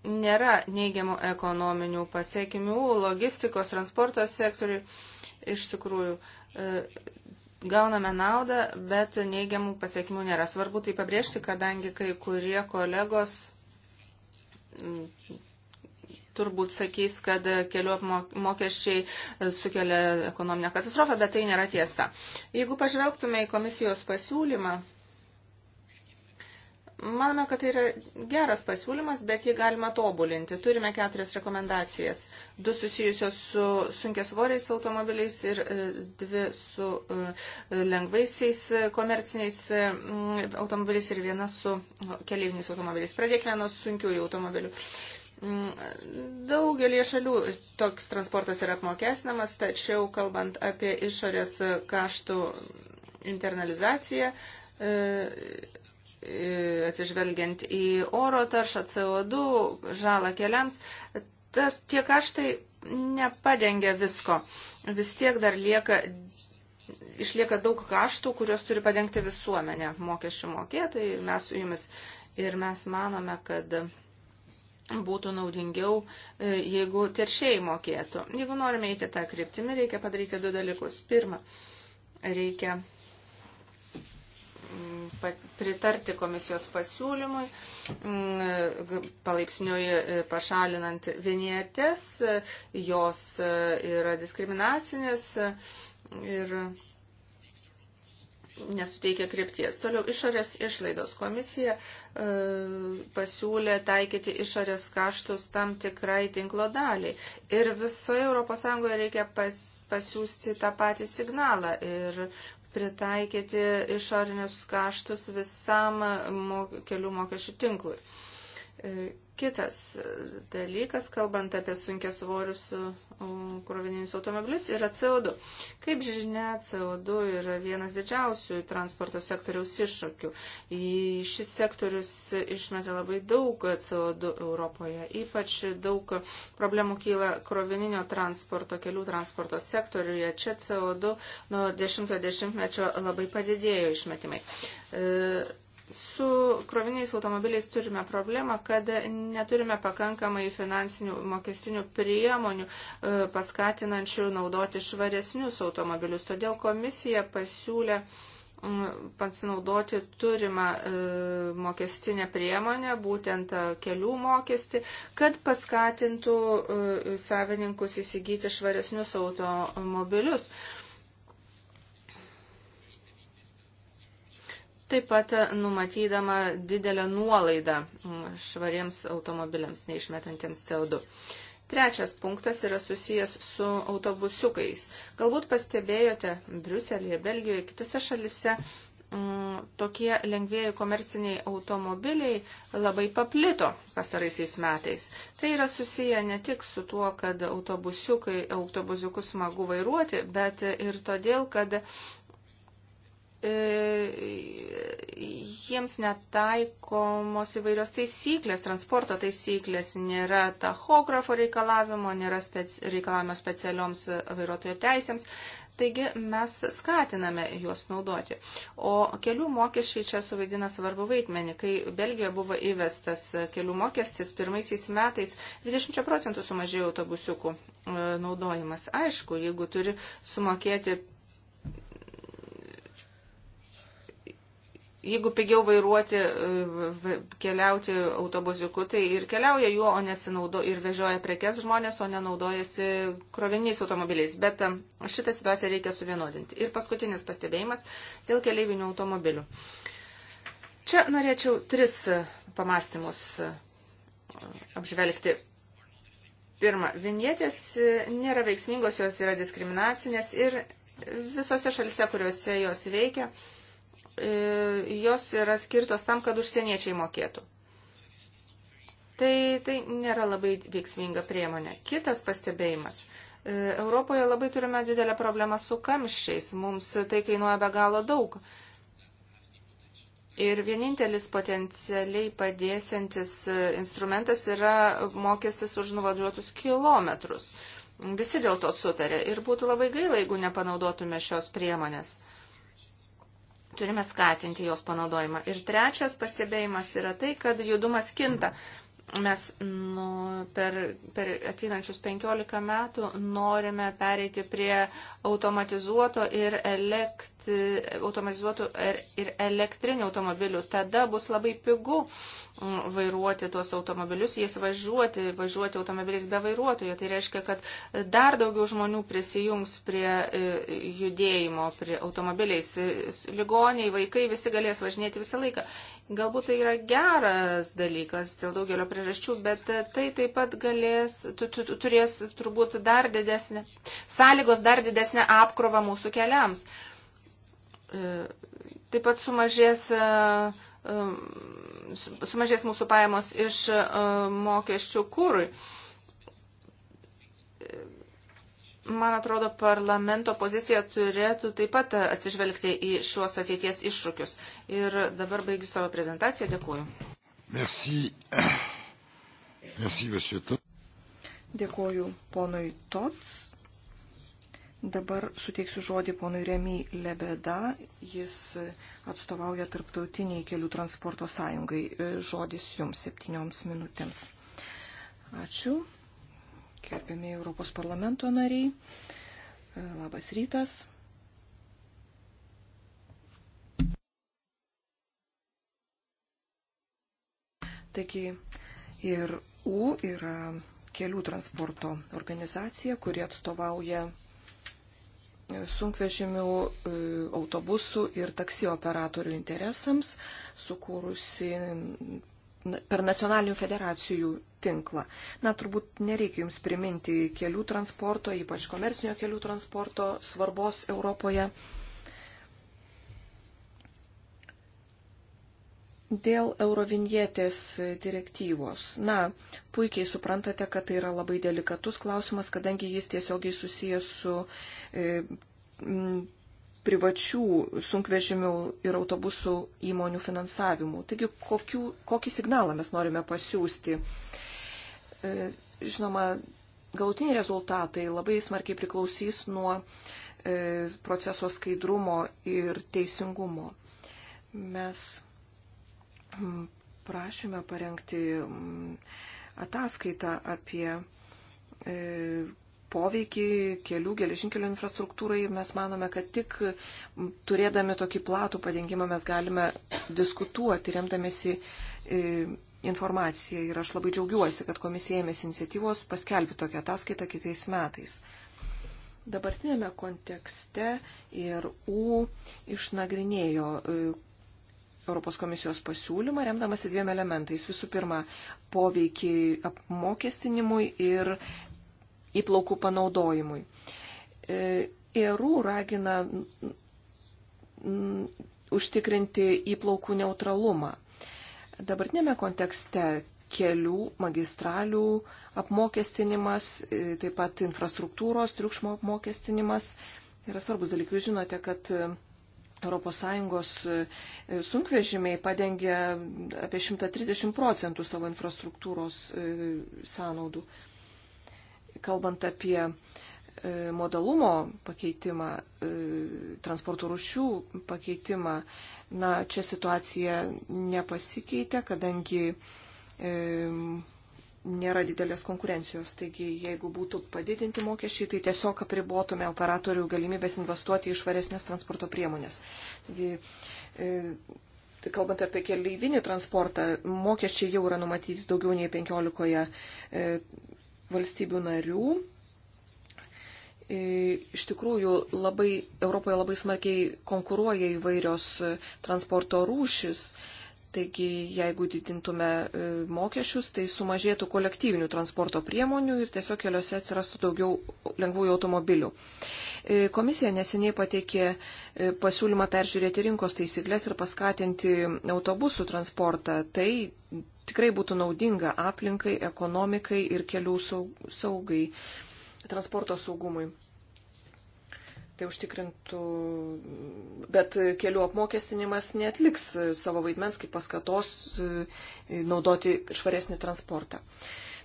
nėra neigiamų ekonominių pasiekimių logistikos, transporto sektoriui. Iš tikrųjų, e, gauname naudą, bet neigiamų pasiekimų nėra. Svarbu tai pabrėžti, kadangi kai kurie kolegos mm, turbūt sakys, kad kelių mokesčiai e, sukelia ekonominę katastrofą, bet tai nėra tiesa. Jeigu pažvelgtume į komisijos pasiūlymą, Manome, kad tai yra geras pasiūlymas, bet jį galima tobulinti. Turime keturias rekomendacijas. Du susijusios su sunkesvoriais automobiliais ir e, dvi su e, lengvaisiais e, komerciniais automobiliais ir viena su keliaiviniais automobiliais. Pradėkime nuo sunkiųjų automobilių. Mm, daugelie šalių toks transportas yra apmokesnamas, tačiau kalbant apie išorės kaštų internalizaciją, atsižvelgiant į oro taršą, CO2, žalą keliams, tas tie kaštai nepadengia visko. Vis tiek dar lieka, išlieka daug kaštų, kuriuos turi padengti visuomenė, mokesčių mokėtojai ir mes su jumis. Ir mes manome, kad būtų naudingiau, e, jeigu teršėjai mokėtų. Jeigu norime eiti tą kryptimį, reikia padaryti du dalykus. Pirma, reikia pritarti komisijos pasiūlymui, mm, palaipsniui pašalinant vienietės, jos yra diskriminacinės ir nesuteikia krypties. Toliau išorės išlaidos komisija e, pasiūlė taikyti išorės kaštus tam tikrai tinklo daliai. Ir visoje ES reikia pas, pasiūsti tą patį signalą. Ir pritaikyti išorinius kaštus visam kelių mokesčių tinklui. E, Kitas dalykas, kalbant apie sunkia svorius um, krovininius automobilius, yra CO2. Kaip žinia, CO2 yra vienas didžiausių transporto sektoriaus iššūkių. Šis sektorius išmeta labai daug CO2 Europoje. Ypač daug problemų kyla krovininio transporto, kelių transporto sektoriuje. Čia CO2 nuo 10-mečio -10 labai padidėjo išmetimai. E, su kroviniais automobiliais turime problemą, kad neturime pakankamai finansinių mokestinių priemonių e, paskatinančių naudoti švaresnius automobilius. Todėl komisija pasiūlė pasinaudoti turimą e, mokestinę priemonę, būtent e, kelių mokestį, kad paskatintų savininkus įsigyti švaresnius automobilius. taip pat numatydama didelę nuolaidą švariems automobiliams neišmetantiems CO2. Trečias punktas yra susijęs su autobusiukais. Galbūt pastebėjote Briuselėje, Belgijoje, kitose šalise m, mm, tokie lengvėjai komerciniai automobiliai labai paplito pasaraisiais metais. Tai yra susiję ne tik su tuo, kad autobusiukai, autobusiukus smagu vairuoti, bet ir todėl, kad E, jiems netaikomos įvairios taisyklės, transporto taisyklės, nėra tachografo reikalavimo, nėra speci reikalavimo specialioms vairuotojo teisėms. Taigi mes skatiname juos naudoti. O kelių mokesčiai čia suvaidina svarbu vaidmenį. Kai Belgijoje buvo įvestas kelių mokestis, pirmaisiais metais 20 procentų sumažėjo autobusiukų e, naudojimas. Aišku, jeigu turi sumokėti Jeigu pigiau vairuoti, keliauti autobusiuku, tai ir keliauja juo, o nesinaudo ir vežioja prekes žmonės, o nenaudojasi kroviniais automobiliais. Bet um, šitą situaciją reikia suvienodinti. Ir paskutinis pastebėjimas dėl keleivinių automobilių. Čia norėčiau tris e, pamastymus e, apžvelgti. Pirma, vinjetės e, nėra veiksmingos, jos yra diskriminacinės ir visose šalise, kuriuose jos veikia, E, jos yra skirtos tam, kad užsieniečiai mokėtų. Tai, tai nėra labai veiksminga priemonė. Kitas pastebėjimas. E, Europoje labai turime didelę problemą su kamščiais. Mums tai kainuoja be galo daug. Ir vienintelis potencialiai padėsiantis e, instrumentas yra mokestis už nuvaduotus kilometrus. Visi dėl to sutarė ir būtų labai gaila, jeigu nepanaudotume šios priemonės. Turime skatinti jos panaudojimą. Ir trečias pastebėjimas yra tai, kad judumas kinta. Mm mes nu, per, per ateinančius 15 metų norime pereiti prie automatizuoto ir, elektri, automatizuoto ir, ir elektrinių automobilių. Tada bus labai pigu mm, vairuoti tuos automobilius, jais važiuoti, važiuoti automobiliais be vairuotojo. Tai reiškia, kad dar daugiau žmonių prisijungs prie e, judėjimo, prie automobiliais. Ligoniai, vaikai, visi galės važinėti visą laiką. Galbūt tai yra geras dalykas dėl daugelio priežasčių priežasčių, bet tai taip pat galės, tu, tu, tu, turės turbūt dar didesnį, sąlygos dar didesnę apkrovą mūsų keliams. E, taip pat sumažės, e, e, sumažės mūsų pajamos iš mokesčių kūrui man atrodo, parlamento pozicija turėtų taip pat atsižvelgti į šiuos ateities iššūkius. Ir dabar baigiu savo prezentaciją. Dėkuoju. Merci. Merci, monsieur Tot. Dėkoju ponui Tots. Dabar suteiksiu žodį ponui Remy Lebeda. Jis atstovauja Tarptautiniai kelių transporto sąjungai. Žodis jums septynioms minutėms. Ačiū. Gerbėmiai Europos parlamento nariai. Labas rytas. Taigi, Ir U yra kelių transporto organizacija, kuri atstovauja e, sunkvežimių, e, autobusų ir taksi operatorių interesams, sukūrusi per nacionalinių federacijų tinklą. Na, turbūt nereikia Jums priminti kelių transporto, ypač komercinio kelių transporto svarbos Europoje. Dėl eurovinietės direktyvos. Na, puikiai suprantate, kad tai yra labai delikatus klausimas, kadangi jis tiesiogiai susijęs su e, m, privačių sunkvežimių ir autobusų įmonių finansavimu. Taigi, kokiu, kokį signalą mes norime pasiūsti? E, žinoma, galutiniai rezultatai labai smarkiai priklausys nuo e, proceso skaidrumo ir teisingumo. Mes prašėme parengti mm, ataskaitą apie e, poveikį kelių geležinkelio infrastruktūrai. Mes manome, kad tik turėdami tokį platų padengimą mes galime diskutuoti, remdamėsi e, informaciją. Ir aš labai džiaugiuosi, kad komisija ėmėsi iniciatyvos paskelbti tokią ataskaitą kitais metais dabartinėme kontekste ir U išnagrinėjo e, Europos komisijos pasiūlymą, remdamasi dviem elementais. Visų pirma, poveikiai apmokestinimui ir įplaukų panaudojimui. E, ERU ragina užtikrinti įplaukų neutralumą. Dabartinėme kontekste kelių, magistralių apmokestinimas, e, taip pat infrastruktūros triukšmo apmokestinimas yra svarbus dalykai. Jūs žinote, kad ES e, sunkvežimiai padengia apie 130 procentų savo infrastruktūros e, sąnaudų. Kalbant apie e, modalumo pakeitimą, transporto rušių pakeitimą, na, čia situacija nepasikeitė, kadangi nėra didelės konkurencijos. Taigi, jeigu būtų padidinti mokesčiai, tai tiesiog apribotume operatorių galimybės investuoti į švaresnės transporto priemonės. Taigi, e, tai kalbant apie keleivinį transportą, mokesčiai jau yra numatyti daugiau nei 15 e, valstybių narių. E, iš tikrųjų, labai, Europoje labai smarkiai konkuruoja įvairios e, transporto rūšis. E, Taigi, jeigu didintume e, mokesčius, tai sumažėtų kolektyvinių transporto priemonių ir tiesiog keliuose atsirastų daugiau lengvųjų automobilių. E, komisija neseniai pateikė e, pasiūlymą peržiūrėti rinkos taisyklės ir paskatinti autobusų transportą. Tai tikrai būtų naudinga aplinkai, ekonomikai ir kelių saugai, transporto saugumui. Tai užtikrintų, bet kelių apmokestinimas netliks savo vaidmens kaip paskatos e, naudoti švaresnį transportą.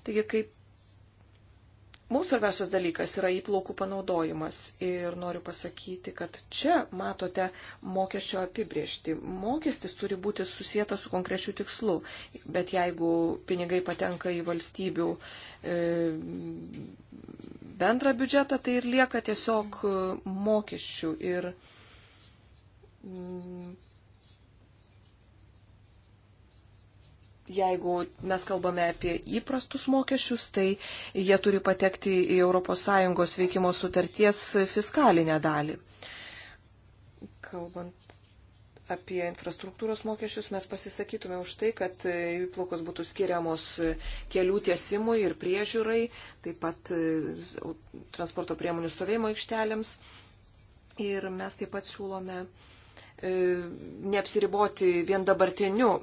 Taigi, kaip mums svarbiausias dalykas yra įplaukų panaudojimas. Ir noriu pasakyti, kad čia matote mokesčio apibriežti. Mokestis turi būti susijęta su konkrečiu tikslu, bet jeigu pinigai patenka į valstybių. E, bendrą biudžetą, tai ir lieka tiesiog e, mokesčių. Ir mm, jeigu mes kalbame apie įprastus mokesčius, tai jie turi patekti į ES veikimo sutarties fiskalinę dalį. Kalbant apie infrastruktūros mokesčius, mes pasisakytume už tai, kad įplaukos būtų skiriamos kelių tiesimui ir priežiūrai, taip pat e, transporto priemonių stovėjimo aikštelėms. Ir mes taip pat siūlome e, neapsiriboti vien dabartiniu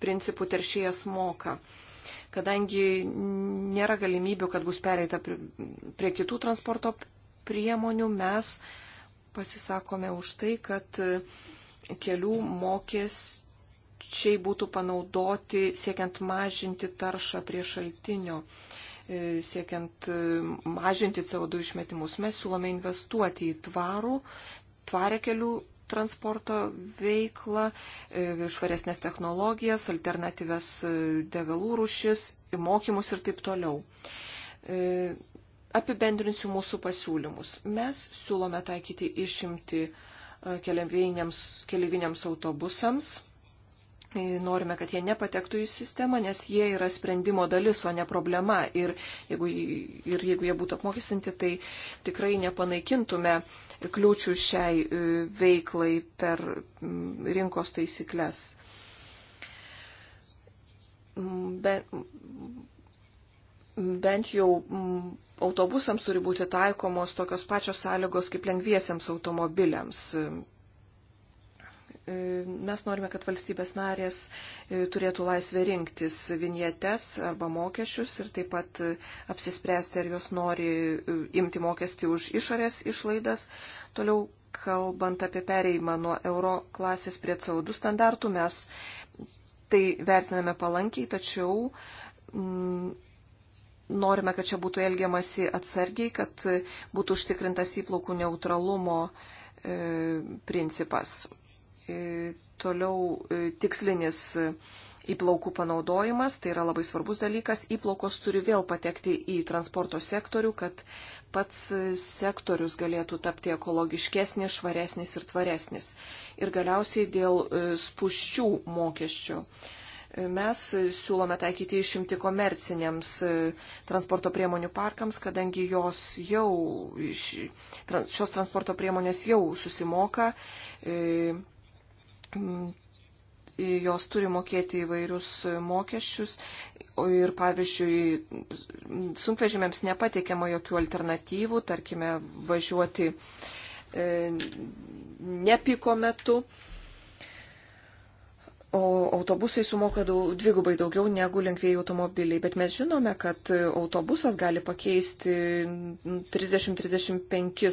principu teršėjas moka kadangi nėra galimybių, kad bus pereita prie kitų transporto priemonių, mes pasisakome už tai, kad e, kelių mokesčiai būtų panaudoti siekiant mažinti taršą prie šaltinio, e, siekiant e, mažinti CO2 išmetimus. Mes siūlome investuoti į tvarų, tvarę kelių transporto veiklą, e, švaresnės technologijas, alternatyves degalų rušis, mokymus ir taip toliau. Apibendrinsiu mūsų pasiūlymus. Mes siūlome taikyti išimti keliaiviniams autobusams. E, norime, kad jie nepatektų į sistemą, nes jie yra sprendimo dalis, o ne problema. Ir jeigu, ir jeigu jie būtų apmokestinti, tai tikrai nepanaikintume kliūčių šiai e, veiklai per rinkos taisyklės. Be, bent jau m, mm, autobusams turi būti taikomos tokios pačios sąlygos kaip lengviesiems automobiliams. E, mes norime, kad valstybės narės e, turėtų laisvę rinktis vinjetes arba mokesčius ir taip pat e, apsispręsti, ar jos nori imti mokestį už išorės išlaidas. Toliau, kalbant apie pereimą nuo euro klasės prie CO2 standartų, mes tai vertiname palankiai, tačiau m, mm, norime, kad čia būtų elgiamasi atsargiai, kad būtų užtikrintas įplaukų neutralumo e, principas. E, toliau e, tikslinis įplaukų panaudojimas, tai yra labai svarbus dalykas. Įplaukos turi vėl patekti į transporto sektorių, kad pats sektorius galėtų tapti ekologiškesnis, švaresnis ir tvaresnis. Ir galiausiai dėl spuščių mokesčių. Mes siūlome taikyti išimti komerciniams e, transporto priemonių parkams, kadangi jos jau, šios transporto priemonės jau susimoka, e, jos turi mokėti įvairius mokesčius ir, pavyzdžiui, sunkvežimėms nepateikiama jokių alternatyvų, tarkime, važiuoti e, nepiko metu. O autobusai sumoka daug, dvigubai daugiau negu lengvėjai automobiliai, bet mes žinome, kad autobusas gali pakeisti 30-35 e,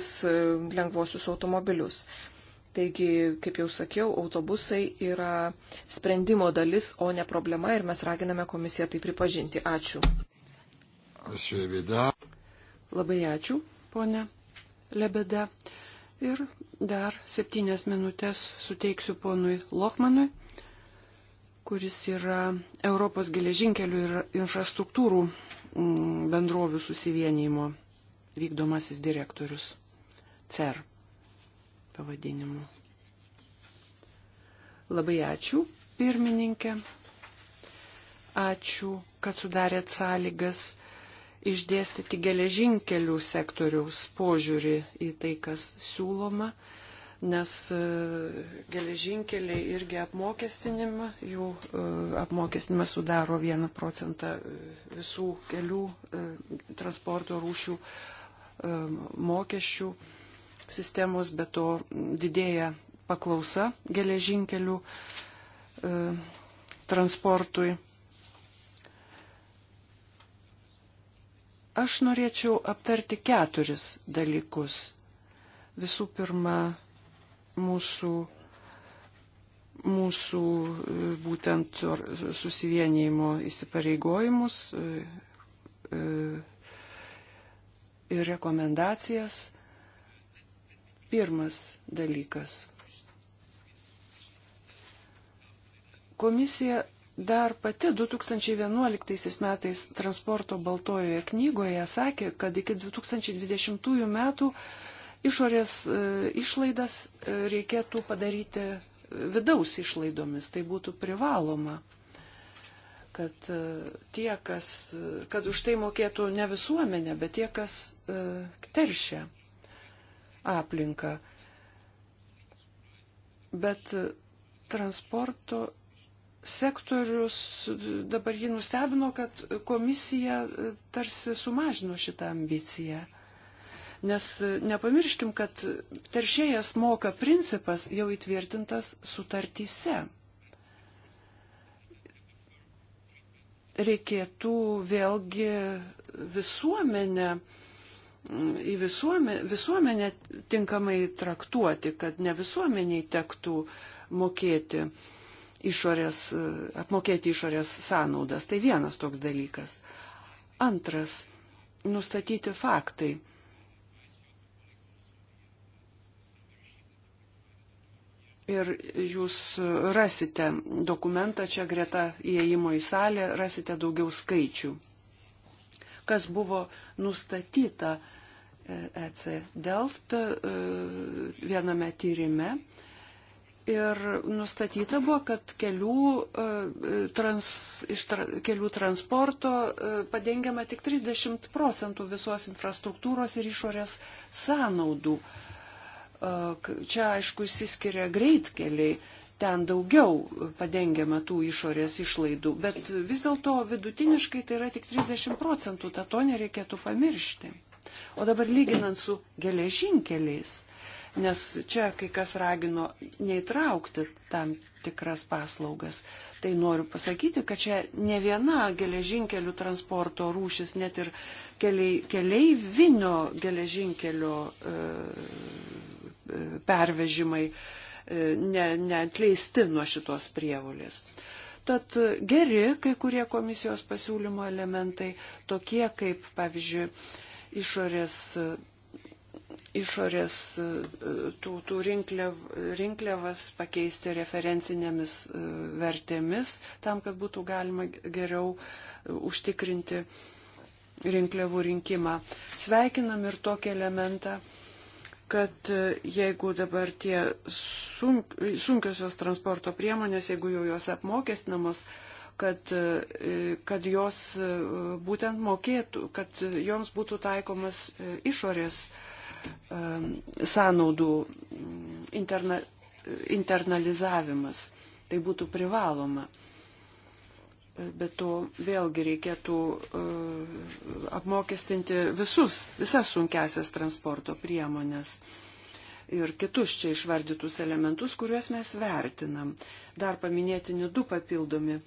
lengvuosius automobilius. Taigi, kaip jau sakiau, autobusai yra sprendimo dalis, o ne problema ir mes raginame komisiją tai pripažinti. Ačiū. Labai ačiū, ponė Lebeda. Ir dar septynias minutės suteiksiu ponui Lokmanui kuris yra Europos geležinkelių ir infrastruktūrų mm, bendrovių susivienijimo vykdomasis direktorius CER pavadinimu. Labai ačiū, pirmininkė. Ačiū, kad sudarėt sąlygas išdėstyti geležinkelių sektoriaus požiūrį į tai, kas siūloma nes e, geležinkeliai irgi apmokestinimą, jų e, apmokestinimas sudaro 1 procentą e, visų kelių transporto rūšių mokesčių sistemos, bet to didėja paklausa geležinkelių transportui. Aš norėčiau aptarti keturis dalykus. Visų pirma, mūsų, mūsų e, būtent susivienijimo įsipareigojimus e, e, ir rekomendacijas. Pirmas dalykas. Komisija dar pati 2011 metais transporto baltojoje knygoje sakė, kad iki 2020 metų išorės e, išlaidas e, reikėtų padaryti e, vidaus išlaidomis, tai būtų privaloma kad tie, kas, kad už tai mokėtų ne visuomenė, bet tie, kas teršia aplinką. Bet transporto sektorius dabar jį nustebino, kad komisija tarsi sumažino šitą ambiciją. Nes e, nepamirškim, kad teršėjas moka principas jau įtvirtintas sutartyse. Reikėtų vėlgi visuomenę, į visuomenę, visuomenę tinkamai traktuoti, kad ne visuomeniai tektų mokėti išorės, e, apmokėti išorės sąnaudas. Tai vienas toks dalykas. Antras, nustatyti faktai ir jūs rasite dokumentą čia greta įėjimo į salę, rasite daugiau skaičių, kas buvo nustatyta EC e Delft e, viename tyrime. Ir nustatyta buvo, kad kelių, e, trans, iš tra, kelių transporto padengiama tik 30 procentų visos infrastruktūros ir išorės sąnaudų. Uh, Čia, aišku, įsiskiria greitkeliai, ten daugiau padengiama tų išorės išlaidų, bet vis dėlto vidutiniškai tai yra tik 30 procentų, tą to nereikėtų pamiršti. O dabar lyginant su geležinkeliais, nes čia kai kas ragino neįtraukti tam tikras paslaugas, tai noriu pasakyti, kad čia ne viena geležinkelių transporto rūšis, net ir keliai, keleivinio geležinkelio e, pervežimai e, neatleisti ne nuo šitos prievolės. Tad geri kai kurie komisijos pasiūlymo elementai, tokie kaip, pavyzdžiui, išorės, išorės e, tų, tų rinkliav, rinkliavas pakeisti referencinėmis e, vertėmis, tam, kad būtų galima geriau užtikrinti rinkliavų rinkimą. Sveikinam ir tokį elementą kad e, jeigu dabar tie sunk, sunkiosios transporto priemonės, jeigu jau jos apmokestinamos, kad, e, kad jos e, būtent mokėtų, kad joms būtų taikomas išorės sąnaudų interna, internalizavimas. Tai būtų privaloma. Bet to vėlgi reikėtų uh, apmokestinti visus, visas sunkesias transporto priemonės ir kitus čia išvardytus elementus, kuriuos mes vertinam. Dar paminėtini du papildomi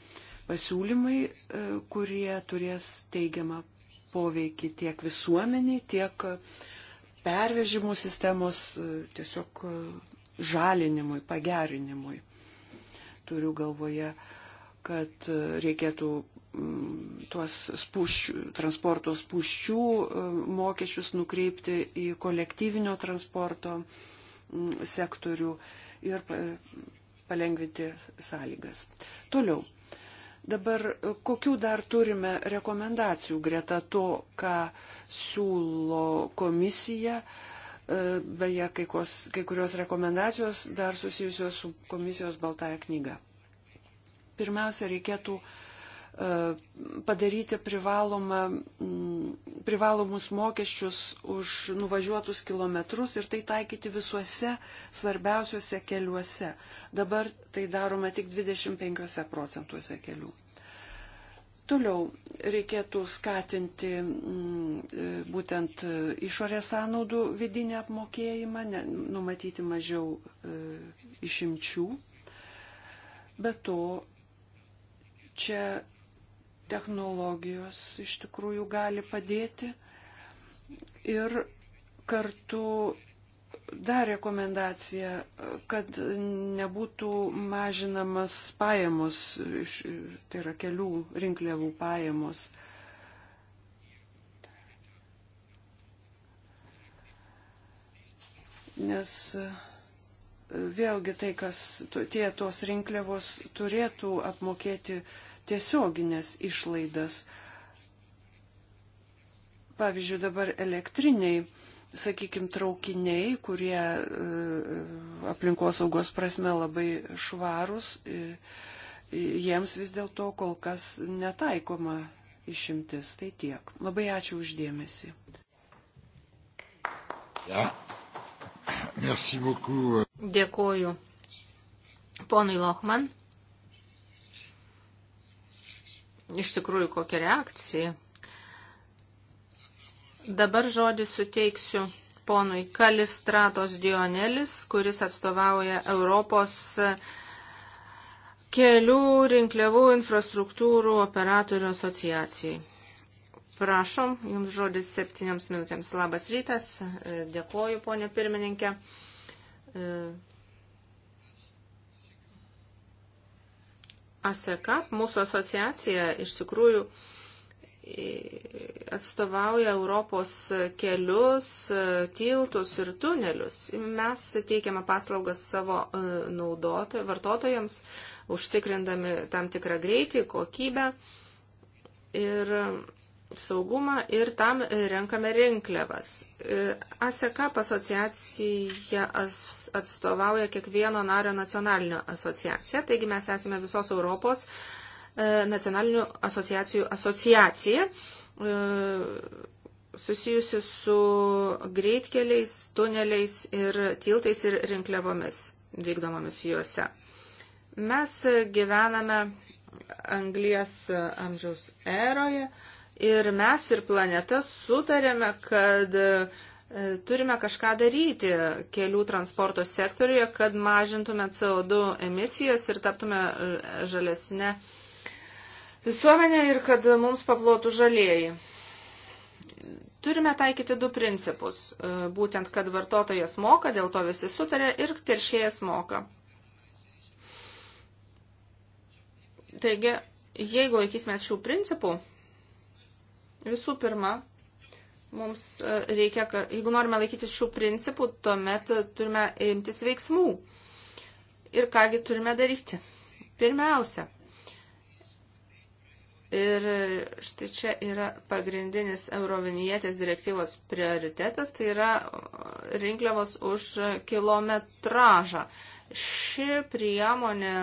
pasiūlymai, uh, kurie turės teigiamą poveikį tiek visuomeniai, tiek pervežimų sistemos uh, tiesiog žalinimui, pagerinimui. Turiu galvoje uh, kad reikėtų mm, tuos spūščių, transporto spūščių mm, mokesčius nukreipti į kolektyvinio transporto mm, sektorių ir palengvinti sąlygas. Toliau. Dabar kokių dar turime rekomendacijų greta to, ką siūlo komisija, e, beje, kai, kos, kai kurios rekomendacijos dar susijusios su komisijos baltąją knygą pirmiausia reikėtų e, padaryti privalomą, privalomus mokesčius už nuvažiuotus kilometrus ir tai taikyti visuose svarbiausiuose keliuose. Dabar tai daroma tik 25 procentuose kelių. Toliau reikėtų skatinti e, būtent išorės sąnaudų vidinį apmokėjimą, numatyti mažiau e, išimčių. Be to čia technologijos iš tikrųjų gali padėti. Ir kartu dar rekomendacija, kad nebūtų mažinamas pajamos, tai yra kelių rinkliavų pajamos. Nes vėlgi tai, kas tie tos rinkliavos turėtų apmokėti uh, tiesioginės išlaidas. Pavyzdžiui, dabar elektriniai, sakykime, traukiniai, kurie e, aplinkosaugos prasme labai švarus, e, jiems vis dėlto kol kas netaikoma išimtis. Tai tiek. Labai ačiū uždėmesi. Ja. Dėkoju ponui Lochman. iš tikrųjų kokia reakcija. Dabar žodį suteiksiu ponui Kalistratos Dionelis, kuris atstovauja Europos kelių rinkliavų infrastruktūrų operatorių asociacijai. Prašom, jums žodis septyniams minutėms. Labas rytas, dėkoju, ponė pirmininkė. ASECAP, mūsų asociacija, iš tikrųjų atstovauja Europos kelius, tiltus ir tunelius. Mes teikiame paslaugas savo e, naudotojams, vartotojams, užtikrindami tam tikrą greitį, kokybę. Ir saugumą ir tam renkame rinkliavas. E, ASEKAP asociacija atstovauja kiekvieno nario nacionalinio asociaciją, taigi mes esame visos Europos e, nacionalinių asociacijų asociacija e, susijusi su greitkeliais, tuneliais ir tiltais ir rinkliavomis vykdomomis juose. Mes gyvename Anglijas amžiaus eroje, Ir mes ir planeta sutarėme, kad e, turime kažką daryti kelių transporto sektoriuje, kad mažintume CO2 emisijas ir taptume e, žalesnė visuomenė ir kad mums paplotų žalieji. Turime taikyti du principus. E, būtent, kad vartotojas moka, dėl to visi sutarė ir teršėjas moka. Taigi, jeigu laikysimės šių principų, Visų pirma, mums e, reikia, jeigu norime laikytis šių principų, tuomet e, turime imtis veiksmų. Ir kągi turime daryti? Pirmiausia. Ir e, štai čia yra pagrindinis Eurovinietės direktyvos prioritetas, tai yra rinkliavos už kilometražą. Ši priemonė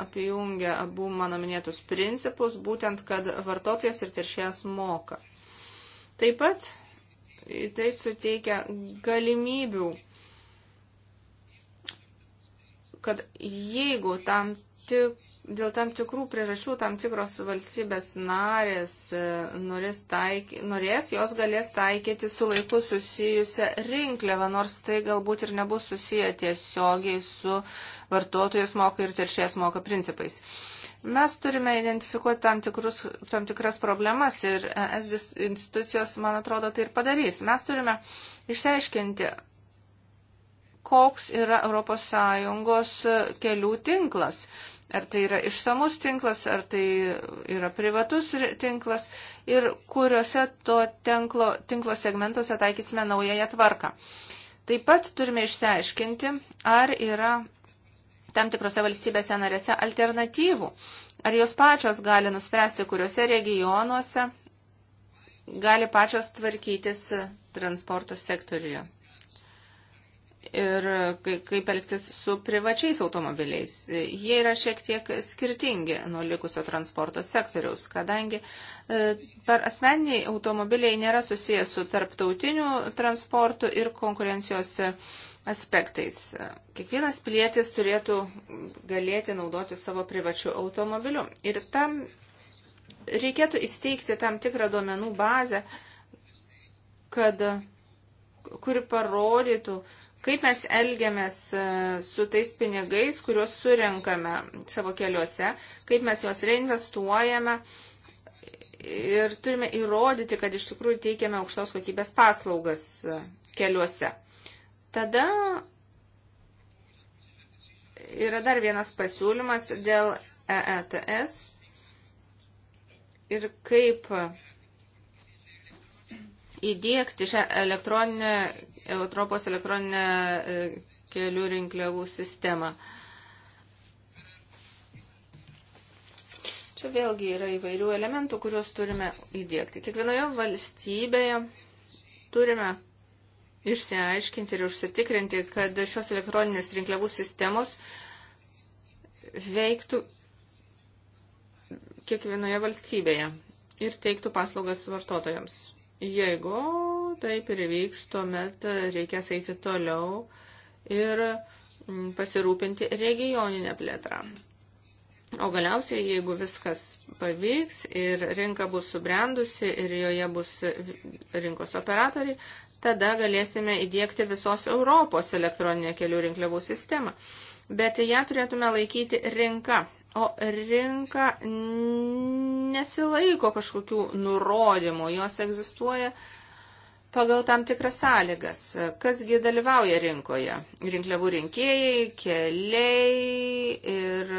apjungia abu mano minėtus principus, būtent, kad vartotojas ir teršėjas moka. Taip pat tai suteikia galimybių, kad jeigu tam tik dėl tam tikrų priežasčių tam tikros valstybės narės e, norės, taik, norės jos galės taikyti su laiku susijusią rinkliavą, nors tai galbūt ir nebus susiję tiesiogiai su vartotojas moka ir teršėjas moka principais. Mes turime identifikuoti tam, tikrus, tam tikras problemas ir ES institucijos, man atrodo, tai ir padarys. Mes turime išsiaiškinti, koks yra ES kelių tinklas ar tai yra išsamus tinklas, ar tai yra privatus tinklas ir kuriuose to tinklo, tinklo segmentuose taikysime naująją tvarką. Taip pat turime išsiaiškinti, ar yra tam tikrose valstybėse narėse alternatyvų, ar jos pačios gali nuspręsti, kuriuose regionuose gali pačios tvarkytis transporto sektoriuje ir kaip elgtis su privačiais automobiliais. Jie yra šiek tiek skirtingi nuo likusio transporto sektoriaus, kadangi e, per asmeniniai automobiliai nėra susijęs su tarptautiniu transportu ir konkurencijos aspektais. Kiekvienas pilietis turėtų galėti naudoti savo privačių automobilių. Ir tam reikėtų įsteigti tam tikrą duomenų bazę, kad, kuri parodytų, Kaip mes elgiamės e, su tais pinigais, kuriuos surenkame savo keliuose, kaip mes juos reinvestuojame ir turime įrodyti, kad iš tikrųjų teikiame aukštos kokybės paslaugas e, keliuose. Tada yra dar vienas pasiūlymas dėl EETS ir kaip įdėkti šią elektroninę Europos elektroninę e, kelių rinkliavų sistemą. Čia vėlgi yra įvairių elementų, kuriuos turime įdėkti. Kiekvienoje valstybėje turime išsiaiškinti ir užsitikrinti, kad šios elektroninės rinkliavų sistemos veiktų kiekvienoje valstybėje ir teiktų paslaugas vartotojams. Jeigu taip ir vyks, tuomet reikės eiti toliau ir mm, pasirūpinti regioninę plėtrą. O galiausiai, jeigu viskas pavyks ir rinka bus subrendusi ir joje bus rinkos operatoriai, tada galėsime įdėkti visos Europos elektroninę kelių rinkliavų sistemą. Bet ją turėtume laikyti rinka. O rinka nesilaiko kažkokių nurodymų, jos egzistuoja uh, pagal tam tikras sąlygas. Kasgi dalyvauja rinkoje? Rinkliavų rinkėjai, keliai ir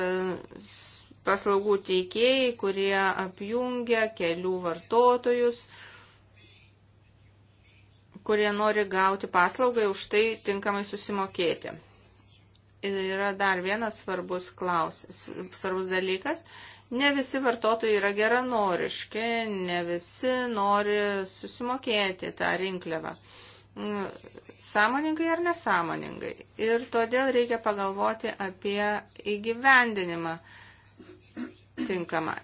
paslaugų teikėjai, kurie apjungia kelių vartotojus, kurie nori gauti paslaugai už tai tinkamai susimokėti. Ir yra dar vienas svarbus, klaus, svarbus dalykas Ne visi vartotojai yra geranoriški, ne visi nori susimokėti tą rinkliavą. Mm, sąmoningai ar nesąmoningai. Ir todėl reikia pagalvoti apie įgyvendinimą tinkama.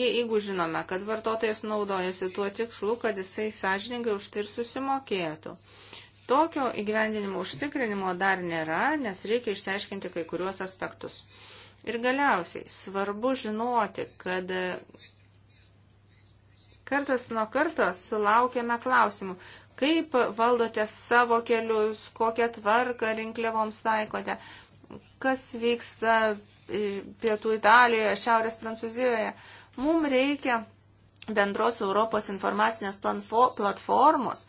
Jeigu žinome, kad vartotojas naudojasi tuo tikslu, kad jisai sąžiningai už tai ir susimokėtų. Tokio įgyvendinimo užtikrinimo dar nėra, nes reikia išsiaiškinti kai kuriuos aspektus. Ir galiausiai svarbu žinoti, kad kartas nuo karto sulaukiame klausimų, kaip valdote savo kelius, kokią tvarką rinkliavoms taikote, kas vyksta e, pietų Italijoje, šiaurės Prancūzijoje. Mums reikia bendros Europos informacinės platformos,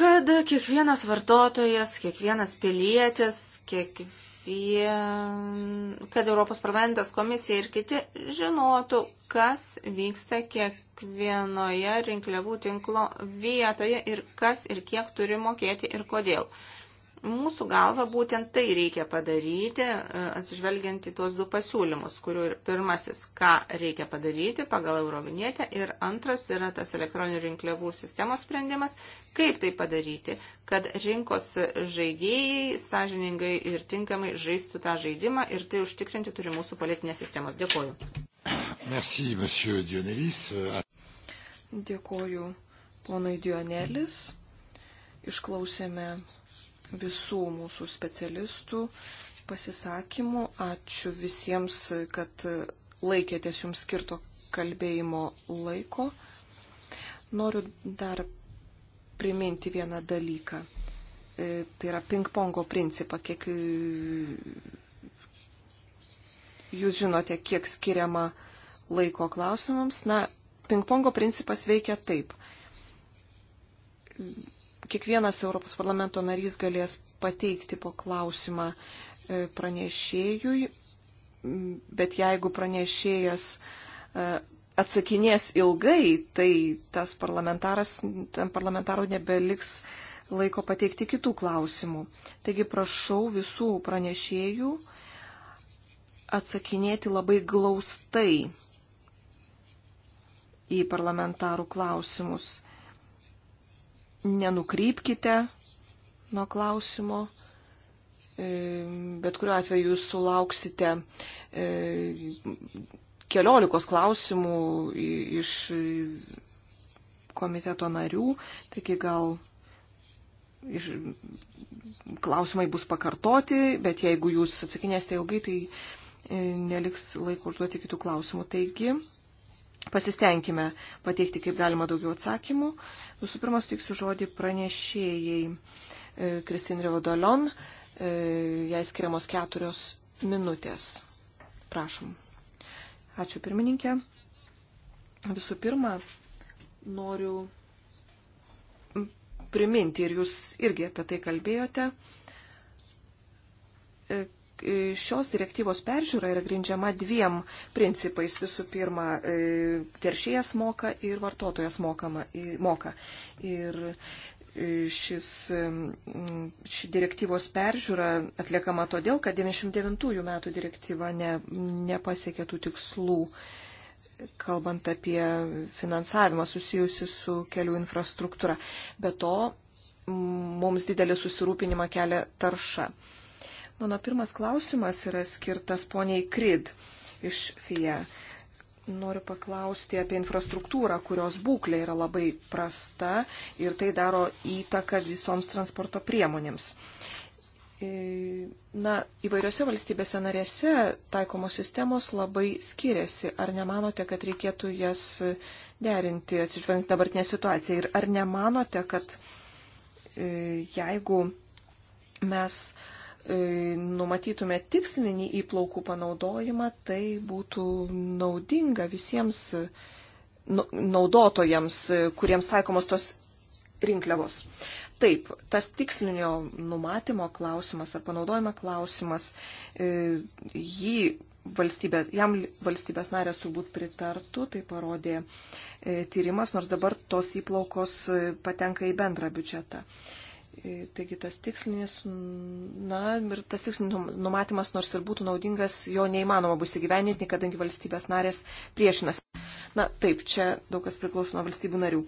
kad kiekvienas vartotojas, kiekvienas pilietis, kiekvienas vien, kad Europos parlamentas, komisija ir kiti žinotų, kas vyksta kiekvienoje rinkliavų tinklo vietoje ir kas ir kiek turi mokėti ir kodėl. Mūsų galva būtent tai reikia padaryti, e, atsižvelgiant į tuos du pasiūlymus, kurių pirmasis, ką reikia padaryti pagal Eurovinietę ir antras yra tas elektroninių rinkliavų sistemos sprendimas, kaip tai padaryti, kad rinkos žaidėjai sąžiningai ir tinkamai žaistų tą žaidimą ir tai užtikrinti turi mūsų politinės sistemos. Dėkuoju. Merci, monsieur Dionelis. Dėkuoju, ponai Dionelis. Išklausėme visų mūsų specialistų pasisakymų. Ačiū visiems, kad laikėtės jums skirto kalbėjimo laiko. Noriu dar priminti vieną dalyką. E, tai yra ping-pongo principą. Kiek e, jūs žinote, kiek skiriama laiko klausimams. Na, ping-pongo principas veikia taip kiekvienas Europos parlamento narys galės pateikti po klausimą e, pranešėjui, mm, bet jeigu pranešėjas e, atsakinės ilgai, tai tas parlamentaras, tam parlamentaro nebeliks laiko pateikti kitų klausimų. Taigi prašau visų pranešėjų atsakinėti labai glaustai į parlamentarų klausimus nenukrypkite nuo klausimo. E, bet kuriuo atveju jūs sulauksite e, keliolikos klausimų iš komiteto narių, taigi gal iš, klausimai bus pakartoti, bet jeigu jūs atsakinėsite ilgai, tai e, neliks laiko užduoti kitų klausimų. Taigi, Pasistengime pateikti kaip galima daugiau atsakymų. Visų pirma, suteiksiu žodį pranešėjai e, Kristin Revodolion. E, jai skiriamos keturios minutės. Prašom. Ačiū pirmininkė. Visų pirma, noriu priminti, ir jūs irgi apie tai kalbėjote, e, E, šios direktyvos peržiūra yra grindžiama dviem principais. Visų pirma, e, teršėjas moka ir vartotojas mokama, moka. Ir e, šis, ši direktyvos peržiūra atliekama todėl, kad 99 metų direktyva ne, nepasiekė tų tikslų, kalbant apie finansavimą susijusi su kelių infrastruktūra. Be to, mums didelį susirūpinimą kelia tarša. Mano pirmas klausimas yra skirtas poniai Krid iš FIA. Noriu paklausti apie infrastruktūrą, kurios būklė yra labai prasta ir tai daro įtaką visoms transporto priemonėms. E, na, įvairiose valstybėse narėse taikomos sistemos labai skiriasi. Ar nemanote, kad reikėtų jas derinti, atsižvelgiant dabartinę situaciją? Ir ar nemanote, kad e, jeigu mes uh, E, numatytume tikslinį įplaukų panaudojimą, tai būtų naudinga visiems nu, naudotojams, e, kuriems taikomos tos rinkliavos. Taip, tas tikslinio numatymo klausimas ar panaudojimo klausimas, e, jį valstybė, jam valstybės narės turbūt pritartų, tai parodė tyrimas, nors dabar tos įplaukos patenka į bendrą biudžetą. E, taigi tas tikslinis, na, ir tas tikslinis numatymas, nors ir būtų naudingas, jo neįmanoma bus įgyveninti, kadangi valstybės narės priešinasi. Na, taip, čia daug kas priklauso nuo valstybių narių.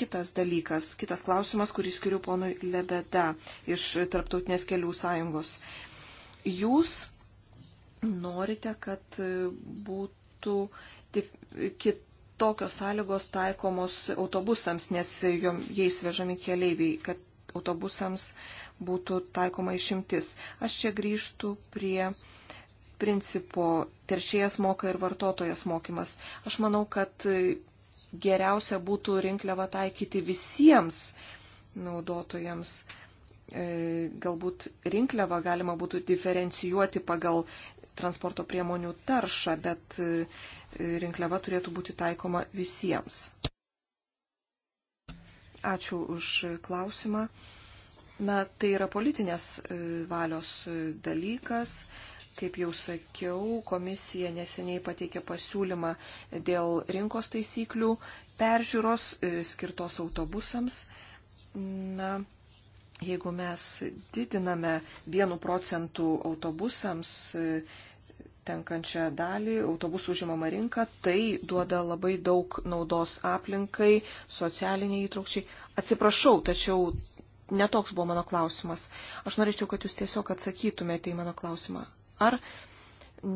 Kitas dalykas, kitas klausimas, kurį skiriu ponui Lebeda iš Tarptautinės kelių sąjungos. Jūs norite, kad būtų tik kit, tokios sąlygos taikomos autobusams, nes jais vežami keleiviai, kad autobusams būtų taikoma išimtis. Aš čia grįžtų prie principo teršėjas moka ir vartotojas mokymas. Aš manau, kad geriausia būtų rinkliavą taikyti visiems naudotojams. E, galbūt rinkliavą galima būtų diferencijuoti pagal transporto priemonių taršą, bet e, rinkliava turėtų būti taikoma visiems. Ačiū už klausimą. Na, tai yra politinės e, valios e, dalykas. Kaip jau sakiau, komisija neseniai pateikė pasiūlymą dėl rinkos taisyklių peržiūros e, skirtos autobusams. Na, jeigu mes didiname vienu procentu autobusams tenkančią dalį, autobusų užimama rinka, tai duoda labai daug naudos aplinkai, socialiniai įtraukčiai. Atsiprašau, tačiau netoks buvo mano klausimas. Aš norėčiau, kad jūs tiesiog atsakytumėte į mano klausimą. Ar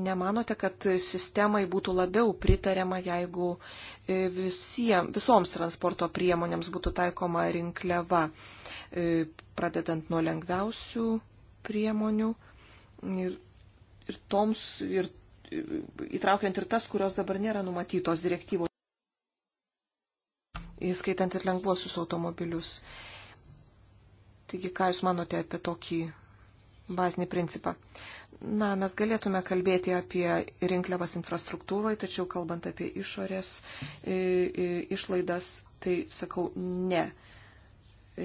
nemanote, kad sistemai būtų labiau pritariama, jeigu e, visie, visoms transporto priemonėms būtų taikoma rinkliava, e, pradedant nuo lengviausių priemonių ir ir toms, ir, įtraukiant ir tas, kurios dabar nėra numatytos direktyvos, įskaitant ir lengvuosius automobilius. Taigi, ką Jūs manote apie tokį bazinį principą? Na, mes galėtume kalbėti apie rinkliavas infrastruktūroje, tačiau kalbant apie išorės išlaidas, tai sakau ne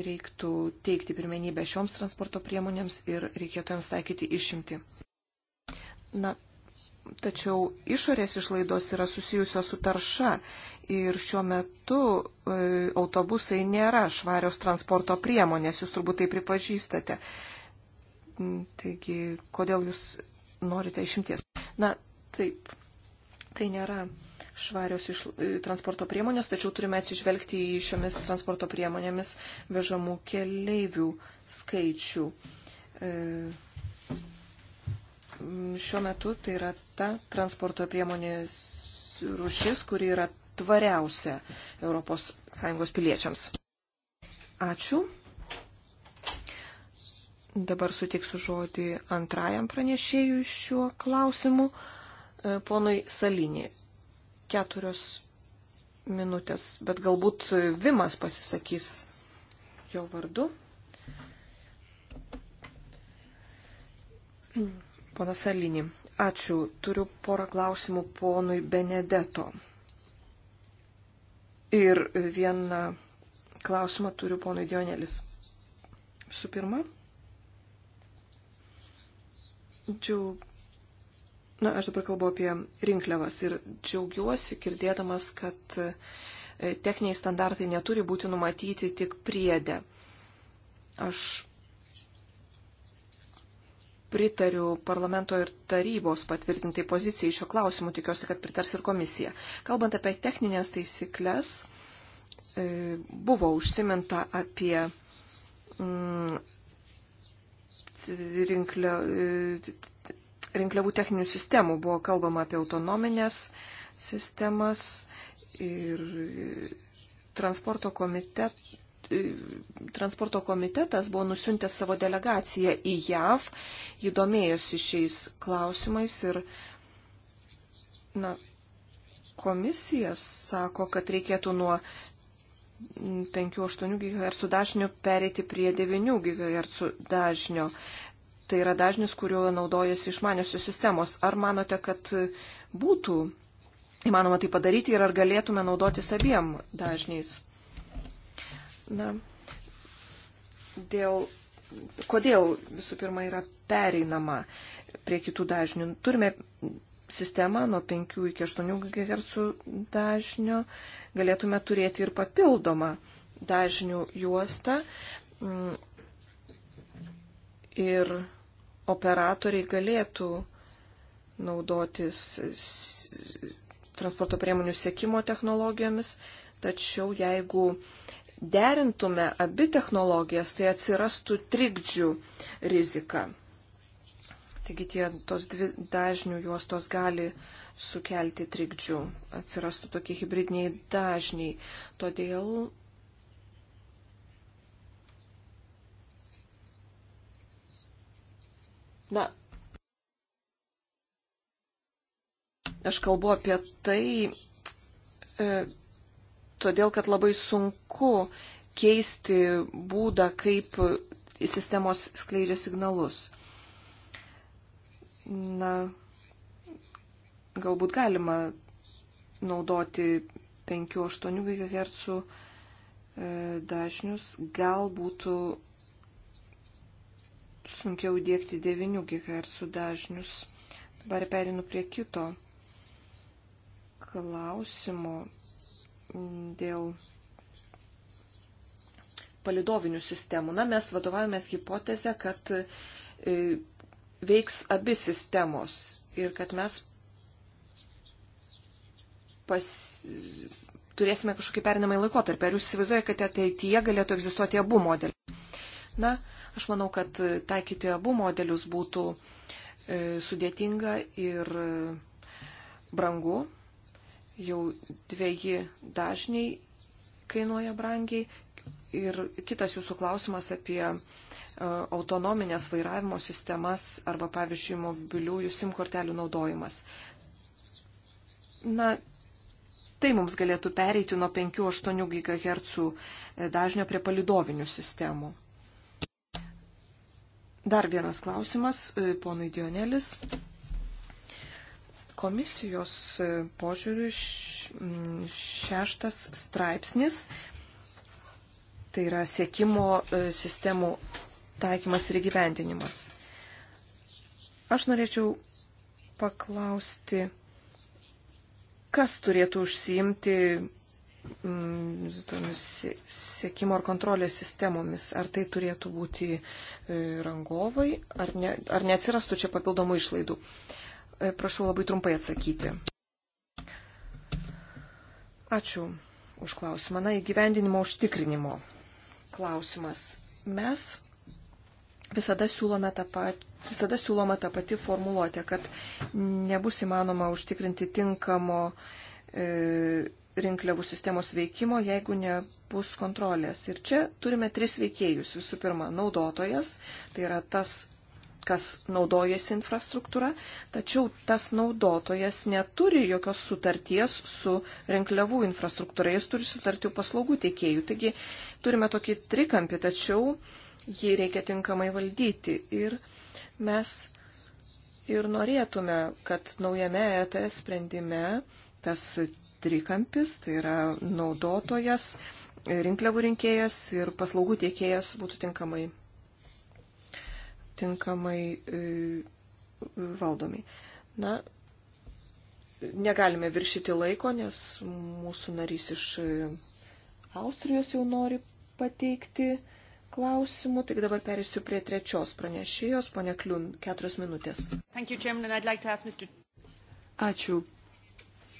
reiktų teikti pirmenybę šioms transporto priemonėms ir reikėtų joms taikyti išimti. Na, tačiau išorės išlaidos yra susijusios su tarša ir šiuo metu e, autobusai nėra švarios transporto priemonės, jūs turbūt tai pripažįstate. Mm, taigi, kodėl jūs norite išimties? Na, taip, tai nėra švarios iš, e, transporto priemonės, tačiau turime atsižvelgti į šiomis transporto priemonėmis vežamų keleivių skaičių. E, šiuo metu tai yra ta transporto priemonės rušis, kuri yra tvariausia ES piliečiams. Ačiū. Dabar sutiksiu žodį antrajam pranešėjui šiuo klausimu, e, ponui Salinį. Keturios minutės, bet galbūt Vimas pasisakys jo vardu. Mm. Pana Salinį, ačiū. Turiu porą klausimų ponui Benedeto. Ir vieną klausimą turiu ponui Dionelis. Su pirma, džiau... Na, aš dabar kalbu apie rinkliavas ir džiaugiuosi girdėdamas, kad e, techniniai standartai neturi būti numatyti tik priedė. Aš pritariu parlamento ir tarybos patvirtintai pozicijai šio klausimu, tikiuosi, kad pritars ir komisija. Kalbant apie techninės taisyklės, e, buvo užsiminta apie mm, rinklia, e, rinkliavų techninių sistemų, buvo kalbama apie autonominės sistemas ir transporto komitet, transporto komitetas buvo nusiuntęs savo delegaciją į JAV, jį domėjosi šiais klausimais ir na, komisija sako, kad reikėtų nuo 5-8 GHz dažnio pereiti prie 9 GHz dažnio. Tai yra dažnis, kuriuo naudojasi išmaniosios sistemos. Ar manote, kad būtų įmanoma tai padaryti ir ar galėtume naudotis abiem dažniais? Na, dėl, kodėl visų pirma yra pereinama prie kitų dažnių. Turime sistemą nuo 5 iki 8 GHz dažnio, galėtume turėti ir papildomą dažnių juostą. Mm, ir operatoriai galėtų naudotis transporto priemonių sėkimo technologijomis, tačiau jeigu derintume abi technologijas, tai atsirastų trikdžių rizika. Taigi tie, tos dvi dažnių juostos gali sukelti trikdžių, atsirastų tokie hybridiniai dažniai. Todėl Na, aš kalbu apie tai, e, todėl kad labai sunku keisti būdą, kaip sistemos skleidžia signalus. Na, galbūt galima naudoti 5-8 GHz e, dažnius, gal būtų sunkiau dėkti 9 GHz dažnius. Dabar perinu prie kito klausimo. Mm, dėl palidovinių sistemų. Na, mes vadovavomės hipotezę, kad e, veiks abi sistemos ir kad mes pas, turėsime kažkokį perinamąjį laikotarpį. Ar jūs įsivaizduojate, kad ateityje galėtų egzistuoti abu modeliai? Na, aš manau, kad taikyti abu modelius būtų e, sudėtinga ir e, brangu jau dviejį dažniai kainuoja brangiai. Ir kitas jūsų klausimas apie e, autonominės vairavimo sistemas arba, pavyzdžiui, mobiliųjų SIM kortelių naudojimas. Na, tai mums galėtų pereiti nuo 5-8 GHz e, dažnio prie palidovinių sistemų. Dar vienas klausimas, e, ponui Dionelis. Komisijos požiūrių šeštas straipsnis, tai yra siekimo e, sistemų taikymas ir gyventinimas. Aš norėčiau paklausti, kas turėtų užsiimti mm, tomis sėkimo ar kontrolės sistemomis. Ar tai turėtų būti e, rangovai, ar, ne, ar neatsirastų čia papildomų išlaidų. Uh, E, prašau labai trumpai atsakyti. Ačiū už klausimą. Na, įgyvendinimo užtikrinimo klausimas. Mes visada siūlome tą patį. Visada siūloma ta pati formuluotė, kad nebus įmanoma užtikrinti tinkamo e, rinkliavų sistemos veikimo, jeigu nebus kontrolės. Ir čia turime tris veikėjus. Visų pirma, naudotojas, tai yra tas kas naudojasi infrastruktūra, tačiau tas naudotojas neturi jokios sutarties su rinkliavų infrastruktūra, jis turi sutartį paslaugų teikėjų. Taigi turime tokį trikampį, tačiau jį reikia tinkamai valdyti. Ir mes ir norėtume, kad naujame ETS sprendime tas trikampis, tai yra naudotojas, rinkliavų rinkėjas ir paslaugų teikėjas būtų tinkamai tinkamai e, valdomi. Na, negalime viršyti laiko, nes mūsų narys iš e, Austrijos jau nori pateikti klausimų. Tik dabar perėsiu prie trečios pranešėjos, ponia Kliun, keturios minutės. Ačiū,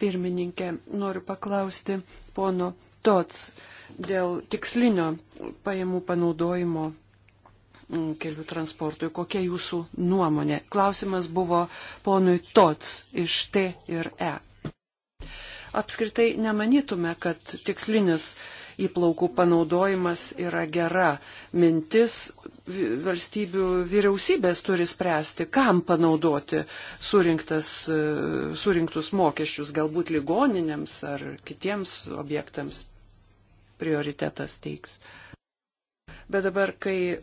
pirmininkė. Noriu paklausti pono Tots dėl tikslinio pajamų panaudojimo Mm, kelių transportui. Kokia jūsų nuomonė? Klausimas buvo ponui Tots iš T ir E. Apskritai nemanytume, kad tikslinis įplaukų panaudojimas yra gera mintis. Valstybių vyriausybės turi spręsti, kam panaudoti e, surinktus mokesčius, galbūt ligoninėms ar kitiems objektams prioritetas teiks. Uh, Bet dabar, kai e,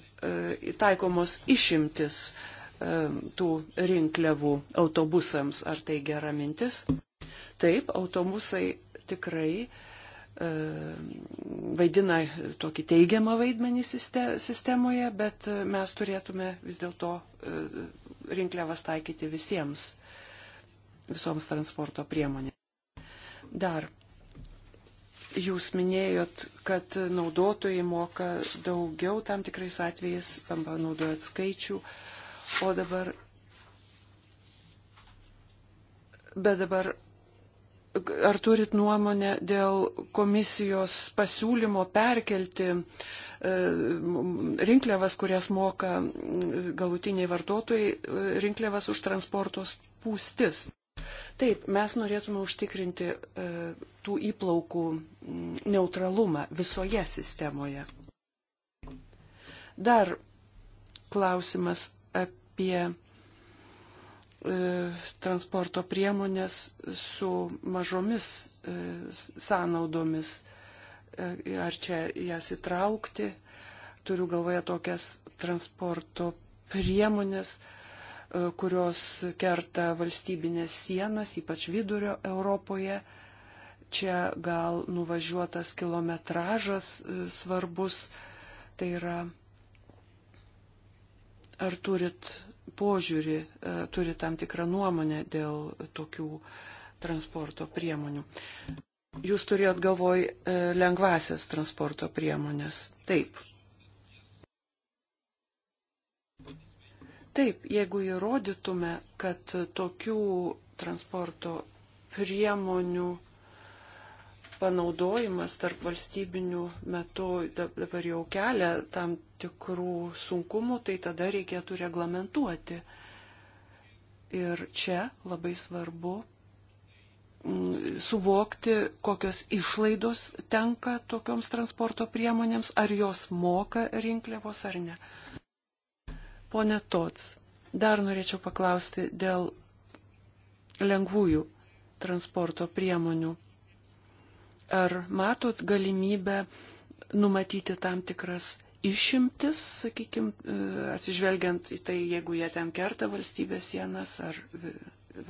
taikomos išimtis e, tų rinkliavų autobusams, ar tai gera mintis? Taip, autobusai tikrai e, vaidina tokį teigiamą vaidmenį sistemoje, bet mes turėtume vis dėlto rinkliavas taikyti visiems, visoms transporto priemonėms. Dar Jūs minėjot, kad naudotojai moka daugiau tam tikrais atvejais, panaudojat skaičių, o dabar. Bet dabar ar turit nuomonę dėl komisijos pasiūlymo perkelti e, rinkliavas, kurias moka galutiniai vartotojai, e, rinkliavas už transportos pūstis? Taip, mes norėtume užtikrinti e, tų įplaukų neutralumą visoje sistemoje. Dar klausimas apie e, transporto priemonės su mažomis e, sąnaudomis, ar čia jas įtraukti. Turiu galvoje tokias transporto priemonės, E, kurios kerta valstybinės sienas, ypač vidurio Europoje. Čia gal nuvažiuotas kilometražas e, svarbus. Tai yra, ar turit požiūrį, e, turi tam tikrą nuomonę dėl tokių transporto priemonių. Jūs turėjot galvoj lengvasias transporto priemonės. Taip, Taip, jeigu įrodytume, kad tokių transporto priemonių panaudojimas tarp valstybinių metų dabar jau kelia tam tikrų sunkumų, tai tada reikėtų reglamentuoti. Ir čia labai svarbu mm, suvokti, kokios išlaidos tenka tokioms transporto priemonėms, ar jos moka rinkliavos ar ne. Mhm. Pone Tots, dar norėčiau paklausti dėl lengvųjų transporto priemonių. Ar matot galimybę numatyti tam tikras išimtis, sakykime, atsižvelgiant į tai, jeigu jie ten kerta valstybės sienas ar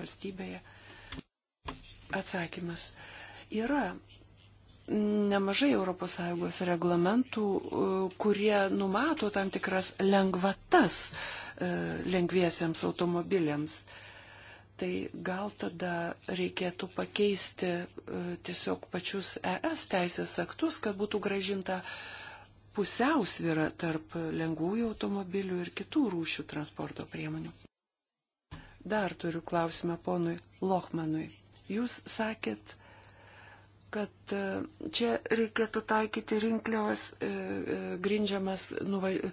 valstybėje? Atsakymas. Yra nemažai ES reglamentų, e, kurie numato tam tikras lengvatas e, lengviesiems automobiliams. Tai gal tada reikėtų pakeisti e, tiesiog pačius ES teisės aktus, kad būtų gražinta pusiausvyra tarp lengvųjų automobilių ir kitų rūšių transporto priemonių. Dar turiu klausimą ponui Lochmanui. Jūs sakėt, kad e, čia reikėtų taikyti rinkliavas e, e, grindžiamas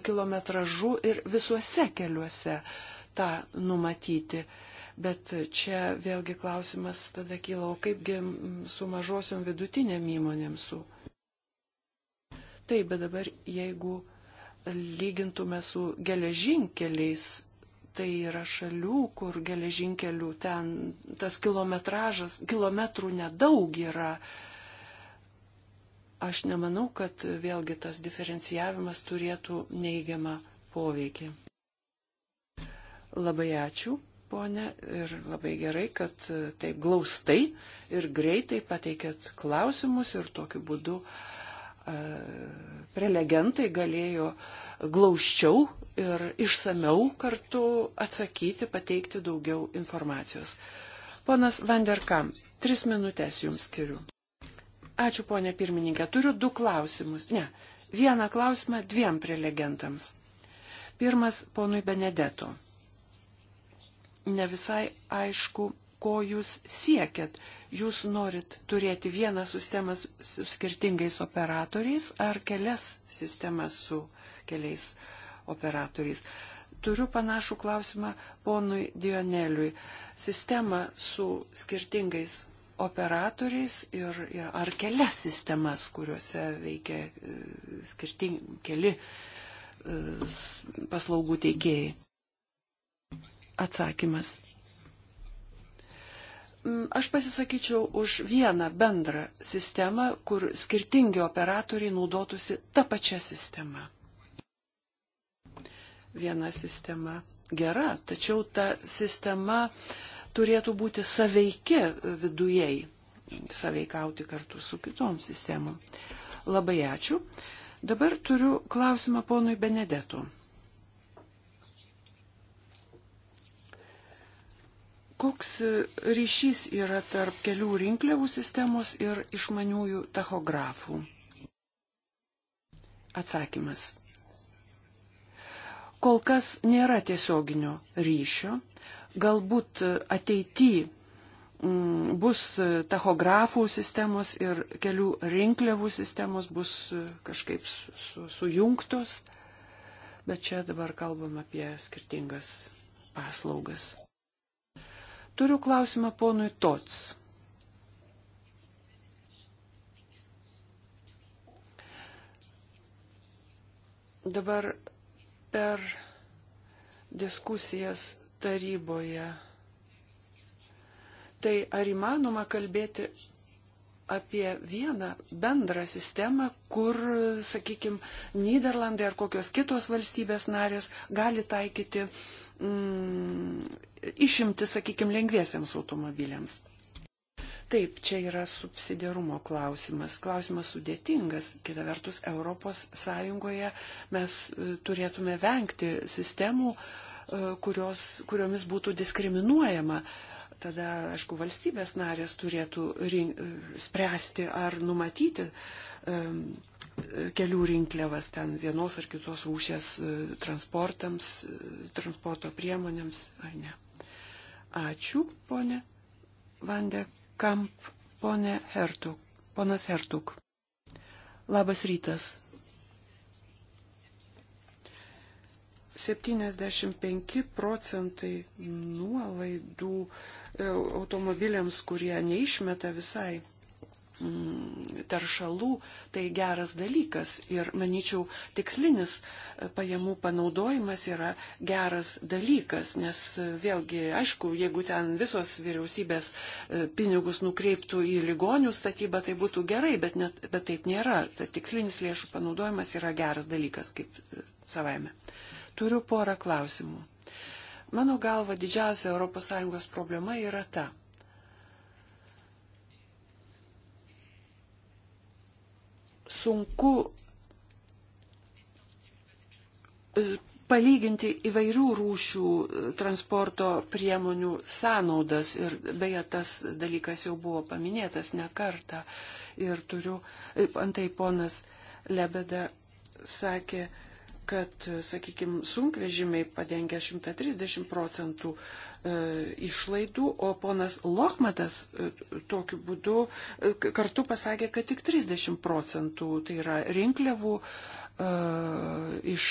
kilometražu ir visuose keliuose tą numatyti. Bet čia vėlgi klausimas tada kyla, o kaipgi su mažosiom vidutinėm įmonėm su. Taip, bet dabar jeigu lygintume su geležinkeliais, tai yra šalių, kur geležinkelių ten tas kilometražas, kilometrų nedaug yra, uh, aš nemanau, kad vėlgi tas diferencijavimas turėtų neigiamą poveikį. Labai ačiū, ponė, ir labai gerai, kad taip glaustai ir greitai pateikėt klausimus ir tokiu būdu e, prelegentai galėjo glaučiau ir išsameu kartu atsakyti, pateikti daugiau informacijos. Ponas Vanderkam, tris minutės jums skiriu. Ačiū, ponė pirmininkė. Turiu du klausimus. Ne, vieną klausimą dviem prelegentams. Pirmas, ponui Benedeto. Ne visai aišku, ko jūs siekiat. Jūs norit turėti vieną sistemą su skirtingais operatoriais ar kelias sistemas su keliais operatoriais. Turiu panašų klausimą ponui Dioneliui. Sistema su skirtingais operatoriais ir, ir ar kelias sistemas, kuriuose veikia e, skirtingi keli e, paslaugų teikėjai. Atsakymas. Mm, aš pasisakyčiau už vieną bendrą sistemą, kur skirtingi operatoriai naudotųsi tą pačią sistemą. Viena sistema gera, tačiau ta sistema uh, turėtų būti saveiki vidujei, saveikauti kartu su kitom sistemom. Labai ačiū. Dabar turiu klausimą ponui Benedetu. Koks ryšys yra tarp kelių rinkliavų sistemos ir išmaniųjų tachografų? Atsakymas. Kol kas nėra tiesioginio ryšio, Galbūt ateityje mm, bus tachografų sistemos ir kelių rinkliavų sistemos bus kažkaip su, su, sujungtos, bet čia dabar kalbam apie skirtingas paslaugas. Turiu klausimą ponui Tots. Dabar per diskusijas taryboje. Tai ar įmanoma kalbėti apie vieną bendrą sistemą, kur, sakykime, Niderlandai ar kokios kitos valstybės narės gali taikyti mm, išimti, sakykime, lengviesiams automobiliams. Taip, čia yra subsidiarumo klausimas. Klausimas sudėtingas. Kita vertus, ES mes e, turėtume vengti sistemų, uh, E, kurios, kuriomis būtų diskriminuojama. Tada, aišku, valstybės narės turėtų rink, e, spręsti ar numatyti um, kelių rinkliavas ten vienos ar kitos rūšės transportams, transporto priemonėms ar ne. Ačiū, ponė Vande Kamp, ponė Hertuk, ponas Hertuk. Labas rytas. 75 procentai nuolaidų e, automobiliams, kurie neišmeta visai mm, teršalų, tai geras dalykas. Ir manyčiau, tikslinis e, pajamų panaudojimas yra geras dalykas, nes e, vėlgi, aišku, jeigu ten visos vyriausybės pinigus nukreiptų į ligonių statybą, tai būtų gerai, bet, net, bet taip nėra. Ta tikslinis lėšų panaudojimas yra geras dalykas, kaip savaime. Uh, Turiu porą klausimų. Mano galva didžiausia ES problema yra ta. Sunku e, palyginti įvairių rūšių e, transporto priemonių sąnaudas ir beje tas dalykas jau buvo paminėtas ne kartą ir turiu, e, antai ponas Lebeda sakė, kad, sakykime, sunkvežimiai padengia 130 procentų e, išlaidų, o ponas Lokmatas e, tokiu būdu e, kartu pasakė, kad tik 30 procentų tai yra rinkliavų iš,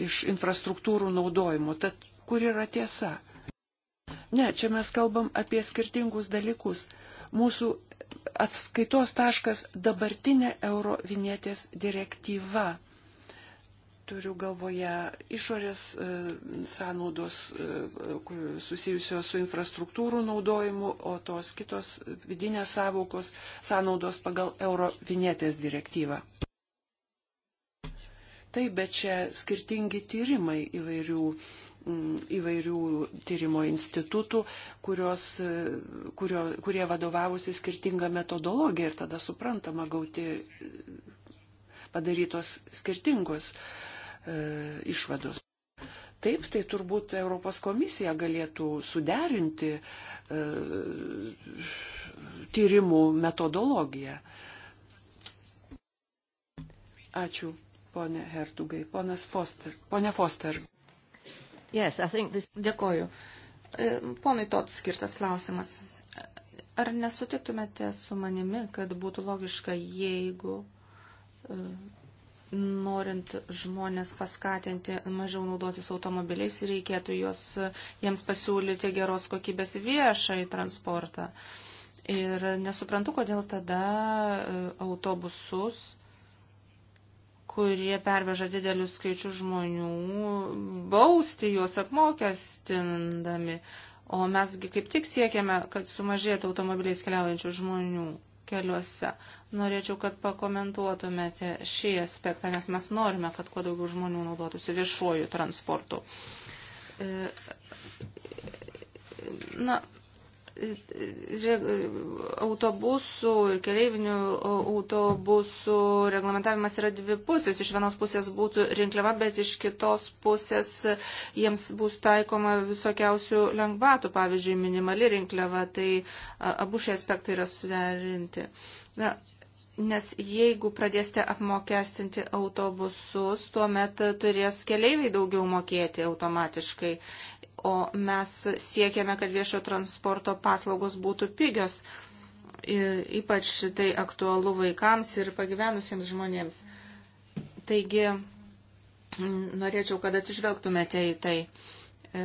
iš infrastruktūrų naudojimo. Tad kur yra tiesa? Ne, čia mes kalbam apie skirtingus dalykus. Mūsų atskaitos taškas dabartinė Eurovinietės direktyva turiu galvoje išorės e, sąnaudos e, susijusios su infrastruktūrų naudojimu, o tos kitos vidinės savokos sąnaudos pagal euro vinėtės direktyvą. Taip, bet čia skirtingi tyrimai įvairių, mm, įvairių tyrimo institutų, kurios, e, kurio, kurie vadovavusi skirtinga metodologija ir tada suprantama gauti padarytos skirtingos uh, E, išvados. Taip, tai turbūt Europos komisija galėtų suderinti e, tyrimų metodologiją. Ačiū, ponė Hertugai. Ponas Foster. Pone Foster. Yes, this... Dėkoju. E, ponui tot skirtas klausimas. Ar nesutiktumėte su manimi, kad būtų logiška, jeigu e, norint žmonės paskatinti mažiau naudotis automobiliais, reikėtų juos, jiems pasiūlyti geros kokybės viešai transportą. Ir nesuprantu, kodėl tada e, autobusus, kurie perveža didelius skaičius žmonių, bausti juos apmokestindami. O mesgi kaip tik siekiame, kad sumažėtų automobiliais keliaujančių žmonių keliuose. Norėčiau, kad pakomentuotumėte šį aspektą, nes mes norime, kad kuo daugiau žmonių naudotųsi viešuoju transportu. E, na, autobusų ir keleivinių autobusų reglamentavimas yra dvi pusės. Iš vienos pusės būtų rinkliava, bet iš kitos pusės jiems bus taikoma visokiausių lengvatų, pavyzdžiui, minimali rinkliava, tai abu šie aspektai yra suderinti. Na, Nes jeigu pradėsite apmokestinti autobusus, tuomet turės keleiviai daugiau mokėti automatiškai o mes siekiame, kad viešo transporto paslaugos būtų pigios. Ir ypač tai aktualu vaikams ir pagyvenusiems žmonėms. Taigi, norėčiau, kad atsižvelgtumėte į tai. E,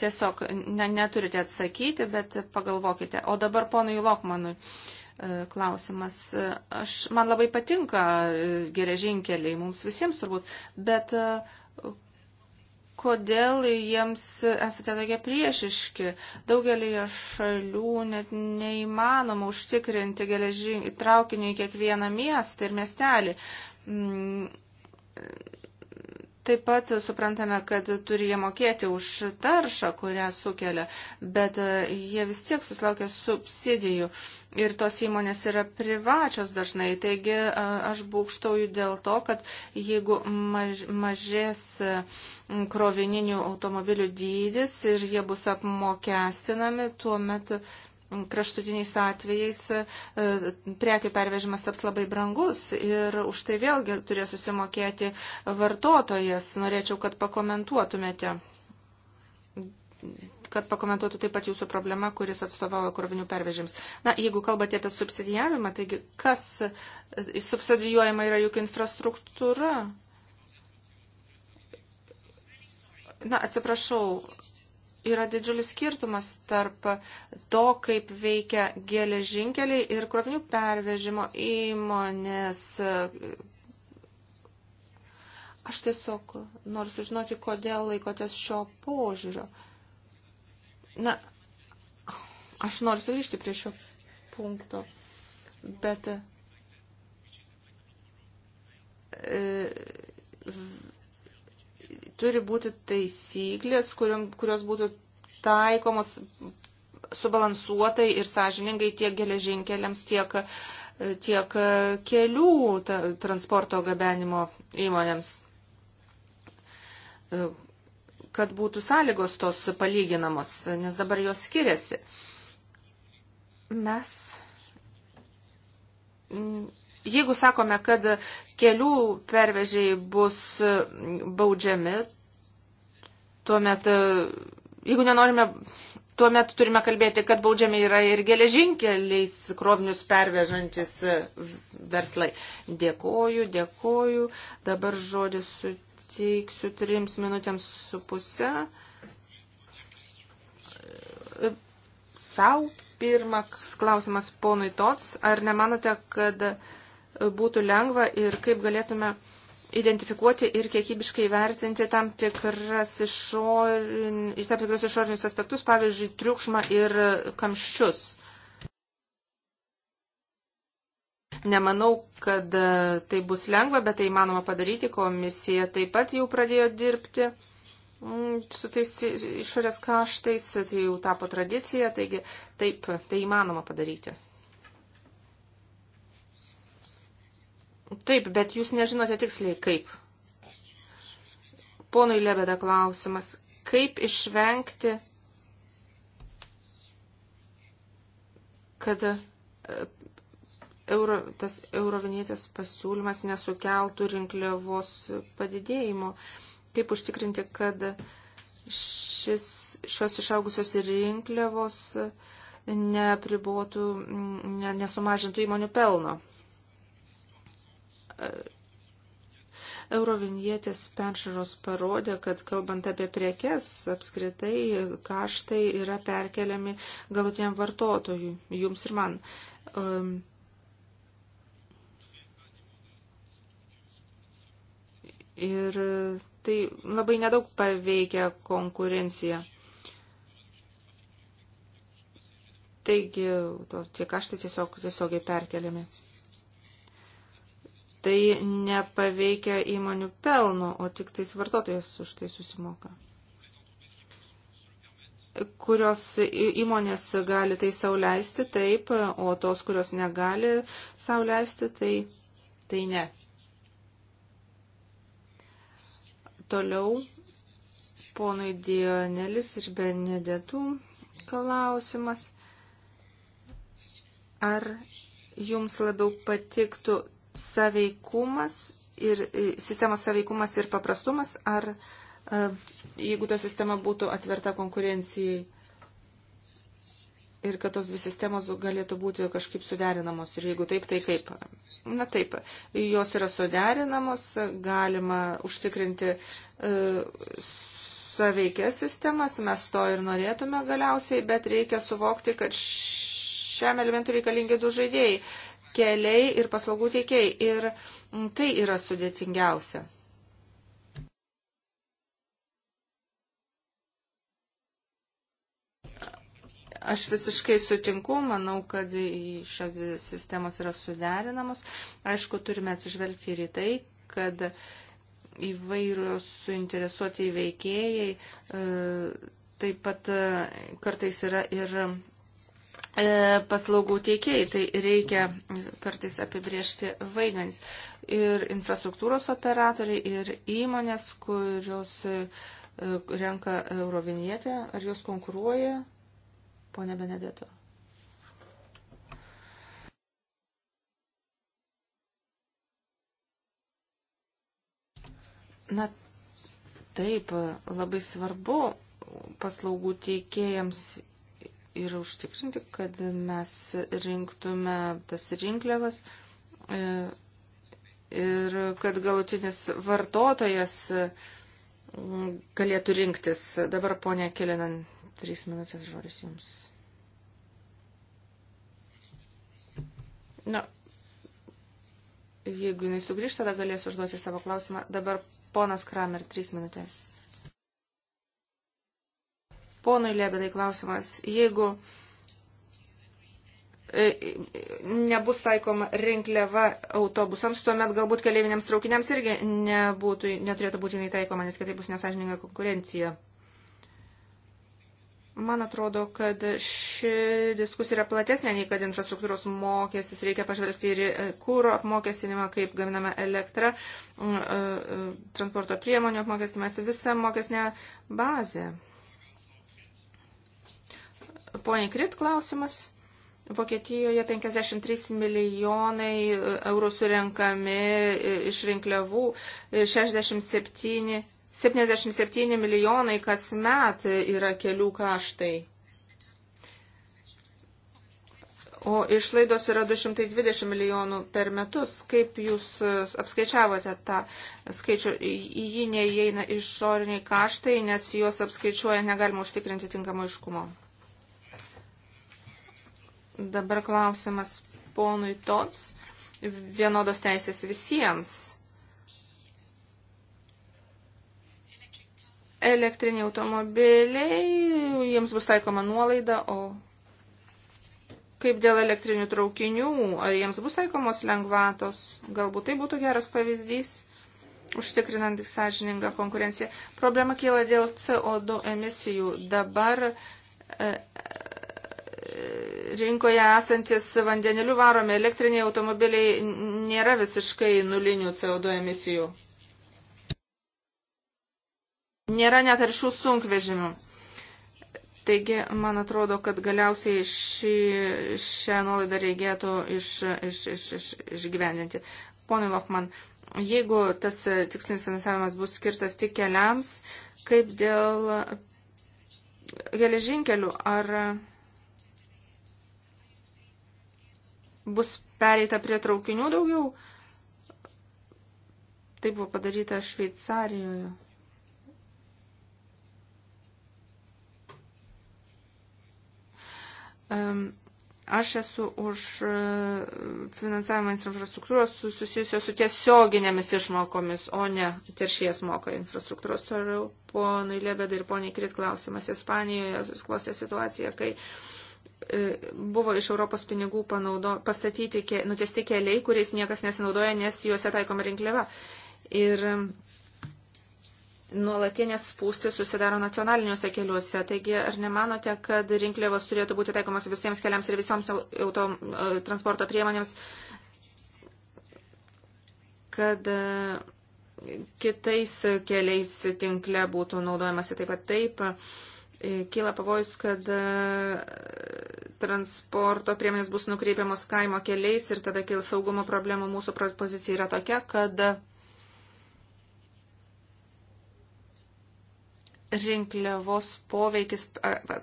tiesiog ne, neturite atsakyti, bet pagalvokite. O dabar ponui Lokmanui e, klausimas. Aš, man labai patinka e, geležinkeliai, mums visiems turbūt, bet kodėl jiems esate tokie priešiški. Daugelį šalių net neįmanoma užtikrinti geležin, traukinių į kiekvieną miestą ir miestelį. Mm, Taip pat suprantame, kad turi jie mokėti už taršą, kurią sukelia, bet e, jie vis tiek susilaukia subsidijų ir tos įmonės yra privačios dažnai. Taigi e, aš būkštauju dėl to, kad jeigu maž, mažės e, krovininių automobilių dydis ir jie bus apmokestinami, tuomet kraštutiniais atvejais e, prekių pervežimas taps labai brangus ir už tai vėlgi turės susimokėti vartotojas. Norėčiau, kad pakomentuotumėte kad pakomentuotų taip pat jūsų problema, kuris atstovauja krovinių pervežims. Na, jeigu kalbate apie subsidijavimą, taigi kas subsidijuojama yra juk infrastruktūra? Na, atsiprašau, yra didžiulis skirtumas tarp to, kaip veikia geležinkeliai ir krovinių pervežimo įmonės. Aš tiesiog noriu sužinoti, kodėl laikotės šio požiūrio. Na, aš noriu sugrįžti prie šio punkto, bet e, v, turi būti taisyklės, kuriom, kurios būtų taikomos subalansuotai ir sąžiningai tiek geležinkeliams, tiek, tiek kelių ta, transporto gabenimo įmonėms, kad būtų sąlygos tos palyginamos, nes dabar jos skiriasi. Mes Jeigu sakome, kad kelių pervežiai bus e, baudžiami, tuomet, e, jeigu nenorime, tuomet turime kalbėti, kad baudžiami yra ir geležinkeliais krovinius pervežantis e, verslai. Dėkoju, dėkoju. Dabar žodį suteiksiu trims minutėms su pusę. Sau pirmas klausimas ponui Tots. Ar nemanote, kad būtų lengva ir kaip galėtume identifikuoti ir kiekybiškai vertinti tam, tikras išorin, tam tikrus išorinius aspektus, pavyzdžiui, triukšmą ir kamščius. Nemanau, kad tai bus lengva, bet tai įmanoma padaryti. Komisija taip pat jau pradėjo dirbti mm, su tais išorės kaštais, tai jau tapo tradicija, taigi taip, tai įmanoma padaryti. Taip, bet jūs nežinote tiksliai kaip. Ponui Lebeda klausimas, kaip išvengti, kad e, euro, tas eurovinėtės pasiūlymas nesukeltų rinkliavos padidėjimo, kaip užtikrinti, kad šis, šios išaugusios rinkliavos nepribotų, ne, nesumažintų įmonių pelno. Eurovinietės peršaros parodė, kad kalbant apie priekes, apskritai kaštai yra perkeliami galutiniam vartotojui, jums ir man. Um, ir tai labai nedaug paveikia konkurenciją. Taigi, to, tie kaštai tiesiog, tiesiogiai perkeliami tai nepaveikia įmonių pelno, o tik tais vartotojas už tai susimoka. Kurios įmonės gali tai sauliaisti, taip, o tos, kurios negali sauliaisti, tai, tai ne. Toliau ponai Dionelis ir Benedetų klausimas. Ar jums labiau patiktų saveikumas ir sistemos saveikumas ir paprastumas, ar e, jeigu ta sistema būtų atverta konkurencijai ir kad tos dvi sistemos galėtų būti kažkaip suderinamos ir jeigu taip, tai kaip? Na taip, jos yra suderinamos, galima užtikrinti e, saveikias sistemas, mes to ir norėtume galiausiai, bet reikia suvokti, kad šiam elementui reikalingi du žaidėjai keliai ir paslaugų teikiai. Ir tai yra sudėtingiausia. Aš visiškai sutinku, manau, kad šios sistemos yra suderinamos. Aišku, turime atsižvelgti ir į tai, kad įvairios suinteresuoti veikėjai e, taip pat e, kartais yra ir E, paslaugų teikėjai, tai reikia kartais apibriežti vaidmenys. Ir infrastruktūros operatoriai, ir įmonės, kurios e, renka eurovinietę, ar jos konkuruoja, ponė Benedeto. Na, taip, labai svarbu paslaugų teikėjams ir užtikrinti, kad mes rinktume tas rinkliavas e, ir kad galutinis vartotojas galėtų rinktis. Dabar, ponė Kilinan, trys minutės žodis jums. Na, jeigu jinai sugrįžta, tada galėsiu užduoti savo klausimą. Dabar ponas Kramer, trys minutės. Ponui Lebedai klausimas, jeigu e, nebus taikoma rinkliava autobusams, tuomet galbūt keleiviniams traukiniams irgi nebūtų, neturėtų būti jinai taikoma, nes kitaip bus nesažininga konkurencija. Man atrodo, kad ši diskusija yra platesnė nei kad infrastruktūros mokestis. Reikia pažvelgti ir e, kūro apmokestinimą, kaip gaminame elektrą, e, transporto priemonių apmokestinimas, visą mokestinę bazę. Pone Krit klausimas. Vokietijoje 53 milijonai e, eurų surenkami e, iš rinkliavų, 67, e, 77 milijonai kas met yra kelių kaštai. O išlaidos yra 220 milijonų per metus. Kaip jūs apskaičiavote tą skaičių? Į jį neįeina išoriniai kaštai, nes juos apskaičiuoja negalima užtikrinti tinkamo iškumo. Dabar klausimas ponui Tots. Vienodos teisės visiems. Elektriniai automobiliai, jiems bus taikoma nuolaida, o kaip dėl elektrinių traukinių, ar jiems bus taikomos lengvatos, galbūt tai būtų geras pavyzdys, užtikrinant tik sąžiningą konkurenciją. Problema kyla dėl CO2 emisijų. Dabar e, rinkoje esantis vandeniliu varomi elektriniai automobiliai nėra visiškai nulinių CO2 emisijų. Nėra netaršių sunkvežimių. Taigi, man atrodo, kad galiausiai šį, šią nuolaidą reikėtų iš, iš, iš, iš, išgyvendinti. Pone Lochman, jeigu tas tikslinis finansavimas bus skirtas tik keliams, kaip dėl geležinkelių, ar bus pereita prie traukinių daugiau. Tai buvo padaryta Šveicarijoje. Aš esu už e, finansavimą infrastruktūros susijusios su tiesioginėmis išmokomis, o ne teršies moka infrastruktūros. Toliau ponai Lebedai ir poniai Krit klausimas. Ispanijoje susiklostė situacija, kai uh, E, buvo iš Europos pinigų panaudo, pastatyti, ke, nutesti keliai, kuriais niekas nesinaudoja, nes juose taikoma rinkliava. Ir e, nuolatinės spūstis susidaro nacionaliniuose keliuose. Taigi, ar nemanote, kad rinkliavos turėtų būti taikomas visiems keliams ir visoms auto, e, transporto priemonėms, kad kitais keliais tinkle būtų naudojamasi taip pat taip? kyla pavojus, kad transporto priemonės bus nukreipiamos kaimo keliais ir tada kils saugumo problemų. Mūsų pozicija yra tokia, kad rinkliavos poveikis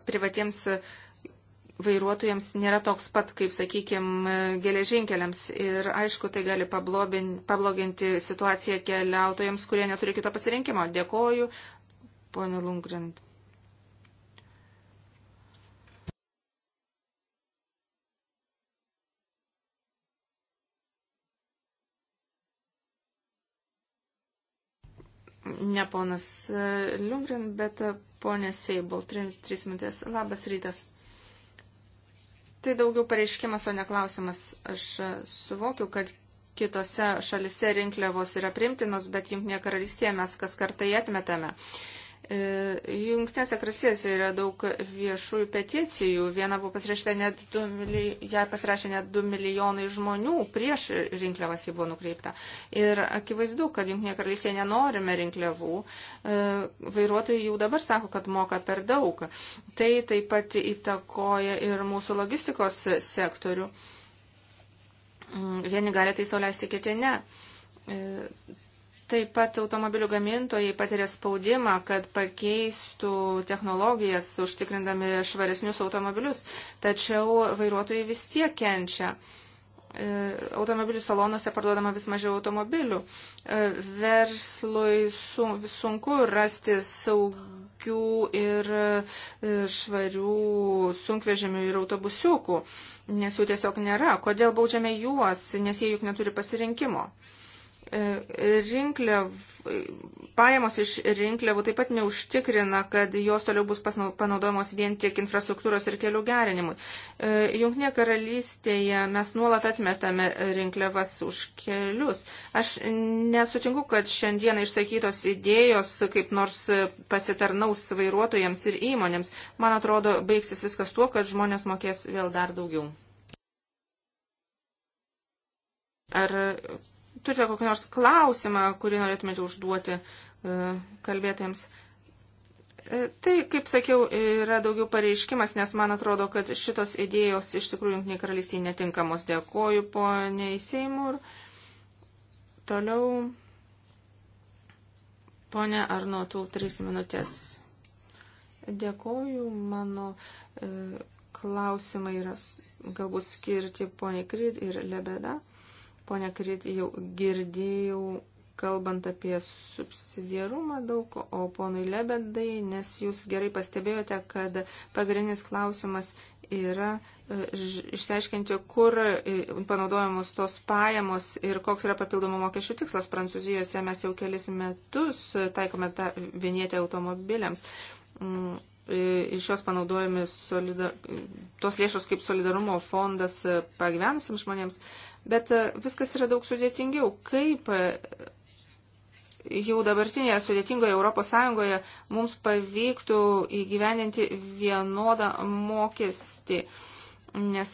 privatiems vairuotojams nėra toks pat, kaip, sakykime, geležinkeliams. Ir aišku, tai gali pabloginti situaciją keliautojams, kurie neturi kito pasirinkimo. Dėkoju, ponė Lungrint. ne ponas e, Liungrin, bet e, ponė Seibol, trys minutės. Labas rytas. Tai daugiau pareiškimas, o ne klausimas. Aš e, suvokiu, kad kitose šalise rinkliavos yra primtinos, bet jungtinė karalystėje mes kas kartai atmetame. Uh, E, jungtinėse krasėse yra daug viešųjų peticijų. Viena buvo pasirašyta net 2 milijonai, ją pasirašė net 2 milijonai žmonių prieš rinkliavas jį buvo nukreipta. Ir akivaizdu, kad Jungtinėje karalystėje nenorime rinkliavų. E, vairuotojai jau dabar sako, kad moka per daug. Tai taip pat įtakoja ir mūsų logistikos sektorių. Mm, vieni gali tai sauliaisti, kiti ne. E, Taip pat automobilių gamintojai patiria spaudimą, kad pakeistų technologijas, užtikrindami švaresnius automobilius, tačiau vairuotojai vis tiek kenčia. E, automobilių salonuose parduodama vis mažiau automobilių. E, verslui sunku rasti saugių ir e, švarių sunkvežimių ir autobusiukų, nes jų tiesiog nėra. Kodėl baudžiame juos, nes jie juk neturi pasirinkimo? rinkliav, pajamos iš rinkliavų taip pat neužtikrina, kad jos toliau bus panaudojamos vien tiek infrastruktūros ir kelių gerinimui. E, Junknė karalystėje mes nuolat atmetame rinkliavas už kelius. Aš nesutinku, kad šiandien išsakytos idėjos kaip nors pasitarnaus vairuotojams ir įmonėms. Man atrodo, baigsis viskas tuo, kad žmonės mokės vėl dar daugiau. Ar turite kokį nors klausimą, kurį norėtumėte užduoti e, kalbėtėms. E, tai, kaip sakiau, yra daugiau pareiškimas, nes man atrodo, kad šitos idėjos iš tikrųjų Junktinė karalystė netinkamos. Dėkoju poniai Seimur. Toliau, ponia Arnotų, trys minutės. Dėkoju, mano e, klausimai yra galbūt skirti poniai Kryd ir Lebeda. Pone Krit, jau girdėjau, kalbant apie subsidiarumą daug, o ponui Lebedai, nes jūs gerai pastebėjote, kad pagrindinis klausimas yra e, išsiaiškinti, kur e, panaudojamos tos pajamos ir koks yra papildomų mokesčių tikslas. Prancūzijose mes jau kelis metus taikome tą vienietę automobiliams. Mm, E, iš jos panaudojami solidar... tos lėšos kaip solidarumo fondas e, pagyvenusiems žmonėms, bet e, viskas yra daug sudėtingiau. Kaip jau dabartinėje sudėtingoje Europos Sąjungoje mums pavyktų įgyveninti vienodą mokestį? nes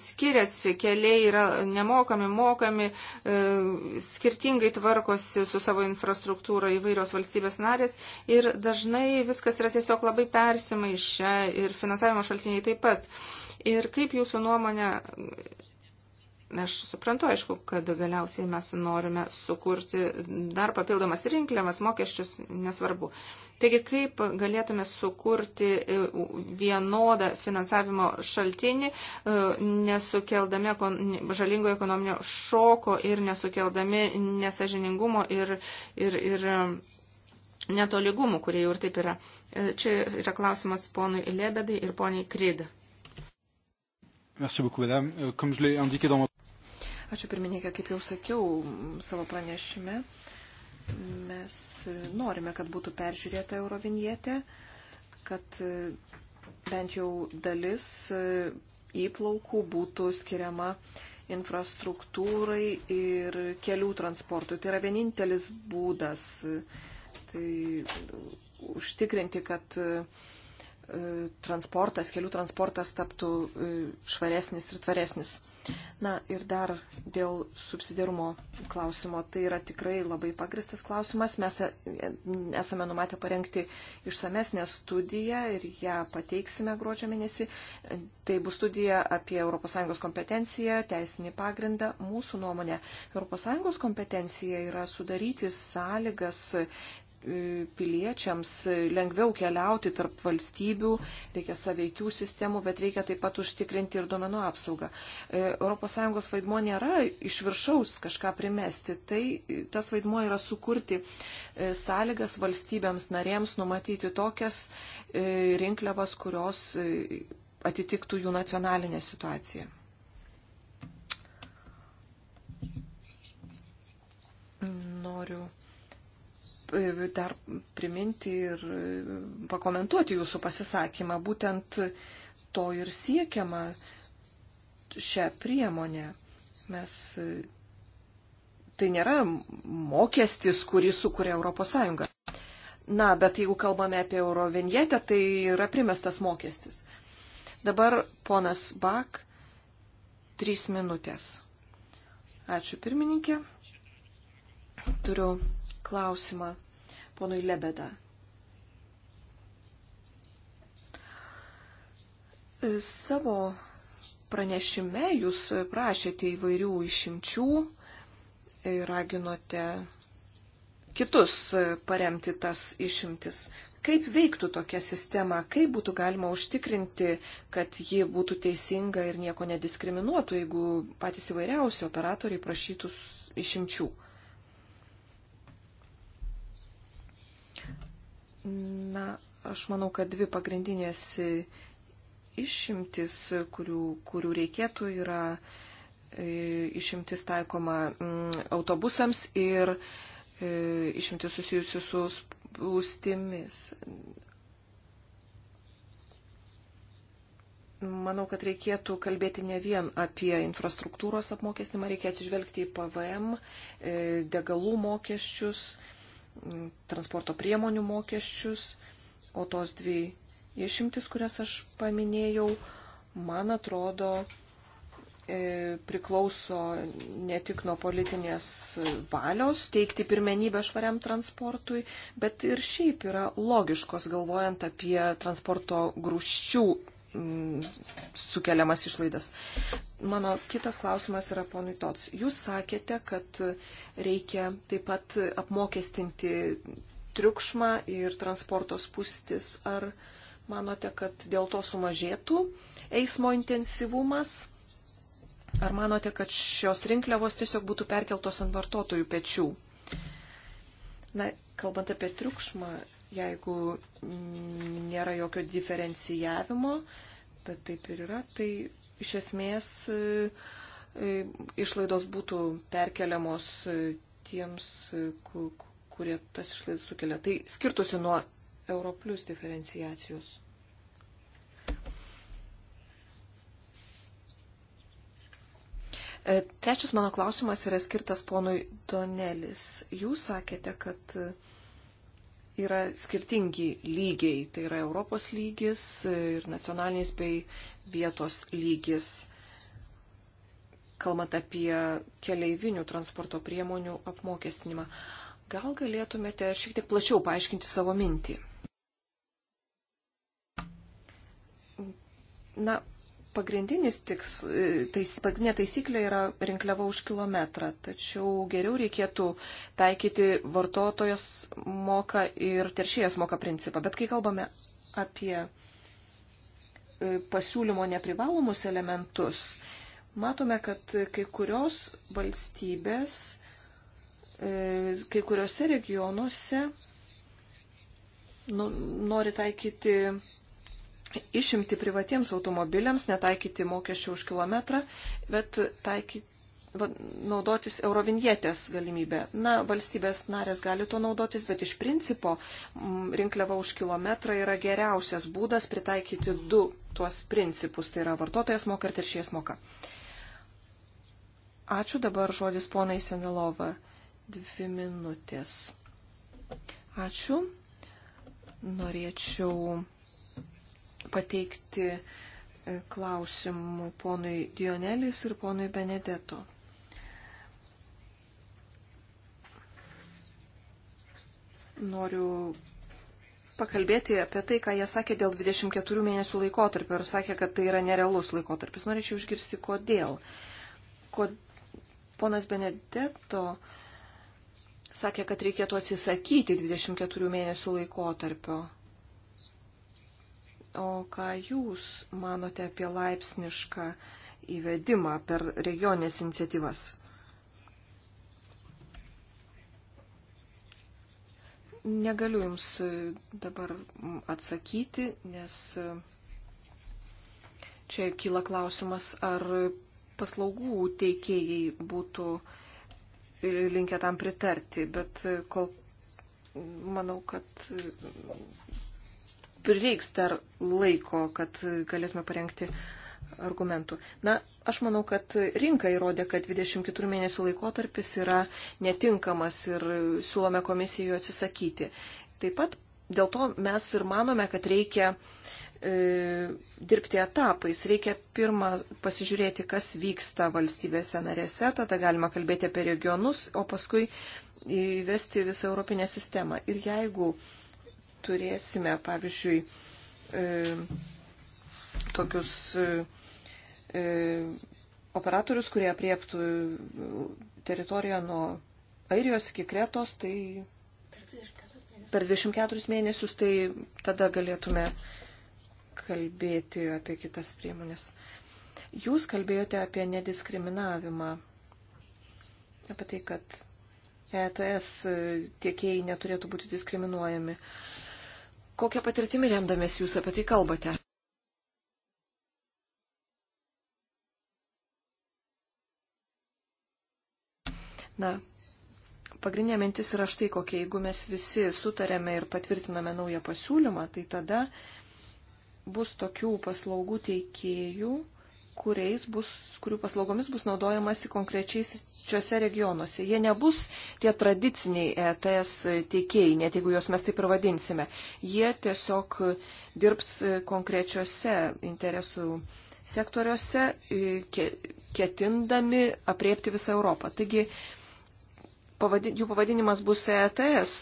skiriasi, keliai yra nemokami, mokami, e, skirtingai tvarkosi su savo infrastruktūra įvairios valstybės narės ir dažnai viskas yra tiesiog labai persimaišę ir finansavimo šaltiniai taip pat. Ir kaip jūsų nuomonė Aš suprantu, aišku, kad galiausiai mes norime sukurti dar papildomas rinkliamas, mokesčius, nesvarbu. Taigi, kaip galėtume sukurti e, vienodą finansavimo šaltinį, e, nesukeldami žalingo ekonominio šoko ir nesukeldami nesažiningumo ir, ir, ir e, netolygumų, kurie jau ir taip yra. Čia yra klausimas ponui Lebedai ir poniai Kryd. Merci beaucoup, madame. Euh, comme je l'ai indiqué dans mon... Ačiū pirmininkė, kaip jau sakiau savo pranešime, mes e, norime, kad būtų peržiūrėta eurovinietė, kad e, bent jau dalis e, įplaukų būtų skiriama infrastruktūrai ir kelių transportui. Tai yra vienintelis būdas tai užtikrinti, kad transportas, kelių transportas taptų švaresnis ir tvaresnis. Na ir dar dėl subsidirumo klausimo. Tai yra tikrai labai pagristas klausimas. Mes e, esame numatę parengti išsamesnę studiją ir ją pateiksime gruodžio mėnesį. Tai bus studija apie ES kompetenciją, teisinį pagrindą. Mūsų nuomonė, ES kompetencija yra sudaryti sąlygas E, piliečiams lengviau keliauti tarp valstybių, reikia saveikių sistemų, bet reikia taip pat užtikrinti ir duomenų apsaugą. E, ES vaidmo nėra iš viršaus kažką primesti, tai e, tas vaidmo yra sukurti sąlygas valstybėms narėms numatyti tokias rinkliavas, kurios atitiktų jų nacionalinę situaciją. Noriu dar priminti ir pakomentuoti jūsų pasisakymą. Būtent to ir siekiama šią priemonę. Mes tai nėra mokestis, kurį sukuria ES. Na, bet jeigu kalbame apie eurovinietę, tai yra primestas mokestis. Dabar ponas Bak, trys minutės. Ačiū pirmininkė. Turiu klausimą ponui Lebeda. Savo pranešime jūs prašėte įvairių išimčių, raginote kitus paremti tas išimtis. Kaip veiktų tokia sistema, kaip būtų galima užtikrinti, kad ji būtų teisinga ir nieko nediskriminuotų, jeigu patys įvairiausi operatoriai prašytų išimčių? Na, aš manau, kad dvi pagrindinės išimtis, kurių, kurių reikėtų, yra e, išimtis taikoma mm, autobusams ir e, išimtis susijusi su spūstimis. Manau, kad reikėtų kalbėti ne vien apie infrastruktūros apmokestinimą, reikia atsižvelgti į PVM, e, degalų mokesčius, Mm, transporto priemonių mokesčius, o tos dvi išimtis, kurias aš paminėjau, man atrodo, e, priklauso ne tik nuo politinės valios teikti pirmenybę švariam transportui, bet ir šiaip yra logiškos galvojant apie transporto grūščių Mm, sukeliamas išlaidas. Mano kitas klausimas yra ponui Tots. Jūs sakėte, kad reikia taip pat apmokestinti triukšmą ir transporto spūstis. Ar manote, kad dėl to sumažėtų eismo intensyvumas? Ar manote, kad šios rinkliavos tiesiog būtų perkeltos ant vartotojų pečių? Na, kalbant apie triukšmą, jeigu mm, nėra jokio diferencijavimo, bet taip ir yra, tai iš esmės e, e, išlaidos būtų perkeliamos e, tiems, kurie tas išlaidas sukelia. Tai skirtusi nuo Europlius diferencijacijos. Trečias mano klausimas yra skirtas ponui Donelis. Jūs sakėte, kad yra skirtingi lygiai. Tai yra Europos lygis ir nacionalinis bei vietos lygis, kalbant apie keleivinių transporto priemonių apmokestinimą. Gal galėtumėte šiek tiek plačiau paaiškinti savo mintį? Na, pagrindinis tiksl, tais, pagrindinė taisyklė yra rinkliava už kilometrą, tačiau geriau reikėtų taikyti vartotojas moka ir teršėjas moka principą. Bet kai kalbame apie e, pasiūlymo neprivalomus elementus, matome, kad kai kurios valstybės, e, kai kuriuose regionuose nu, nori taikyti išimti privatiems automobiliams, netaikyti mokesčių už kilometrą, bet taikyti naudotis eurovinietės galimybę. Na, valstybės narės gali to naudotis, bet iš principo mm, rinkliava už kilometrą yra geriausias būdas pritaikyti du tuos principus, tai yra vartotojas moka ir teršėjas moka. Ačiū dabar žodis ponai Senilova. Dvi minutės. Ačiū. Norėčiau pateikti e, klausimų ponui Dionelis ir ponui Benedeto. Noriu pakalbėti apie tai, ką jie sakė dėl 24 mėnesių laikotarpio ir sakė, kad tai yra nerealus laikotarpis. Norėčiau išgirsti, kodėl. Ko... Ponas Benedeto sakė, kad reikėtų atsisakyti 24 mėnesių laikotarpio. O ką Jūs manote apie laipsnišką įvedimą per regionės iniciatyvas? negaliu Jums dabar atsakyti, nes čia kyla klausimas, ar paslaugų teikėjai būtų linkę tam pritarti, bet kol manau, kad prireiks dar laiko, kad galėtume parengti argumentų. Na, aš manau, kad rinka įrodė, kad 24 mėnesių laikotarpis yra netinkamas ir siūlome komisijų atsisakyti. Taip pat dėl to mes ir manome, kad reikia e, dirbti etapais. Reikia pirmą pasižiūrėti, kas vyksta valstybėse narėse, tada galima kalbėti apie regionus, o paskui įvesti visą europinę sistemą. Ir jeigu e, turėsime, pavyzdžiui, e, tokius e, e, operatorius, kurie apriektų teritoriją nuo Airijos iki Kretos, tai per 24 mėnesius, tai tada galėtume kalbėti apie kitas priemonės. Jūs kalbėjote apie nediskriminavimą, apie tai, kad ETS tiekėjai neturėtų būti diskriminuojami. Kokią patirtimį remdamės jūs apie tai kalbate? Na, pagrindinė mintis yra štai kokia. Jeigu mes visi sutarėme ir patvirtiname naują pasiūlymą, tai tada bus tokių paslaugų teikėjų, bus, kurių paslaugomis bus naudojamasi konkrečiais šiuose regionuose. Jie nebus tie tradiciniai ETS teikėjai, net jeigu juos mes taip ir vadinsime. Jie tiesiog dirbs konkrečiose interesų sektoriuose, ketindami apriepti visą Europą. Taigi pavadin, jų pavadinimas bus ETS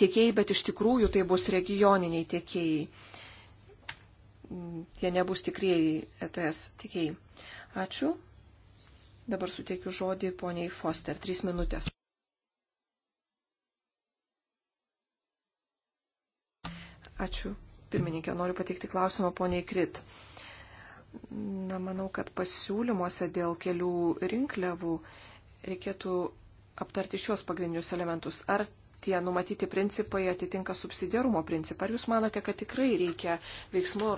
tiekėjai, bet iš tikrųjų tai bus regioniniai tiekėjai jie nebus tikrieji ETS tikėjai. Ačiū. Dabar suteikiu žodį poniai Foster. Trys minutės. Ačiū. Pirmininkė, noriu pateikti klausimą poniai Krit. Na, manau, kad pasiūlymuose dėl kelių rinkliavų reikėtų aptarti šios pagrindinius elementus. Ar tie numatyti principai atitinka subsidiarumo principą. Ar jūs manote, kad tikrai reikia veiksmų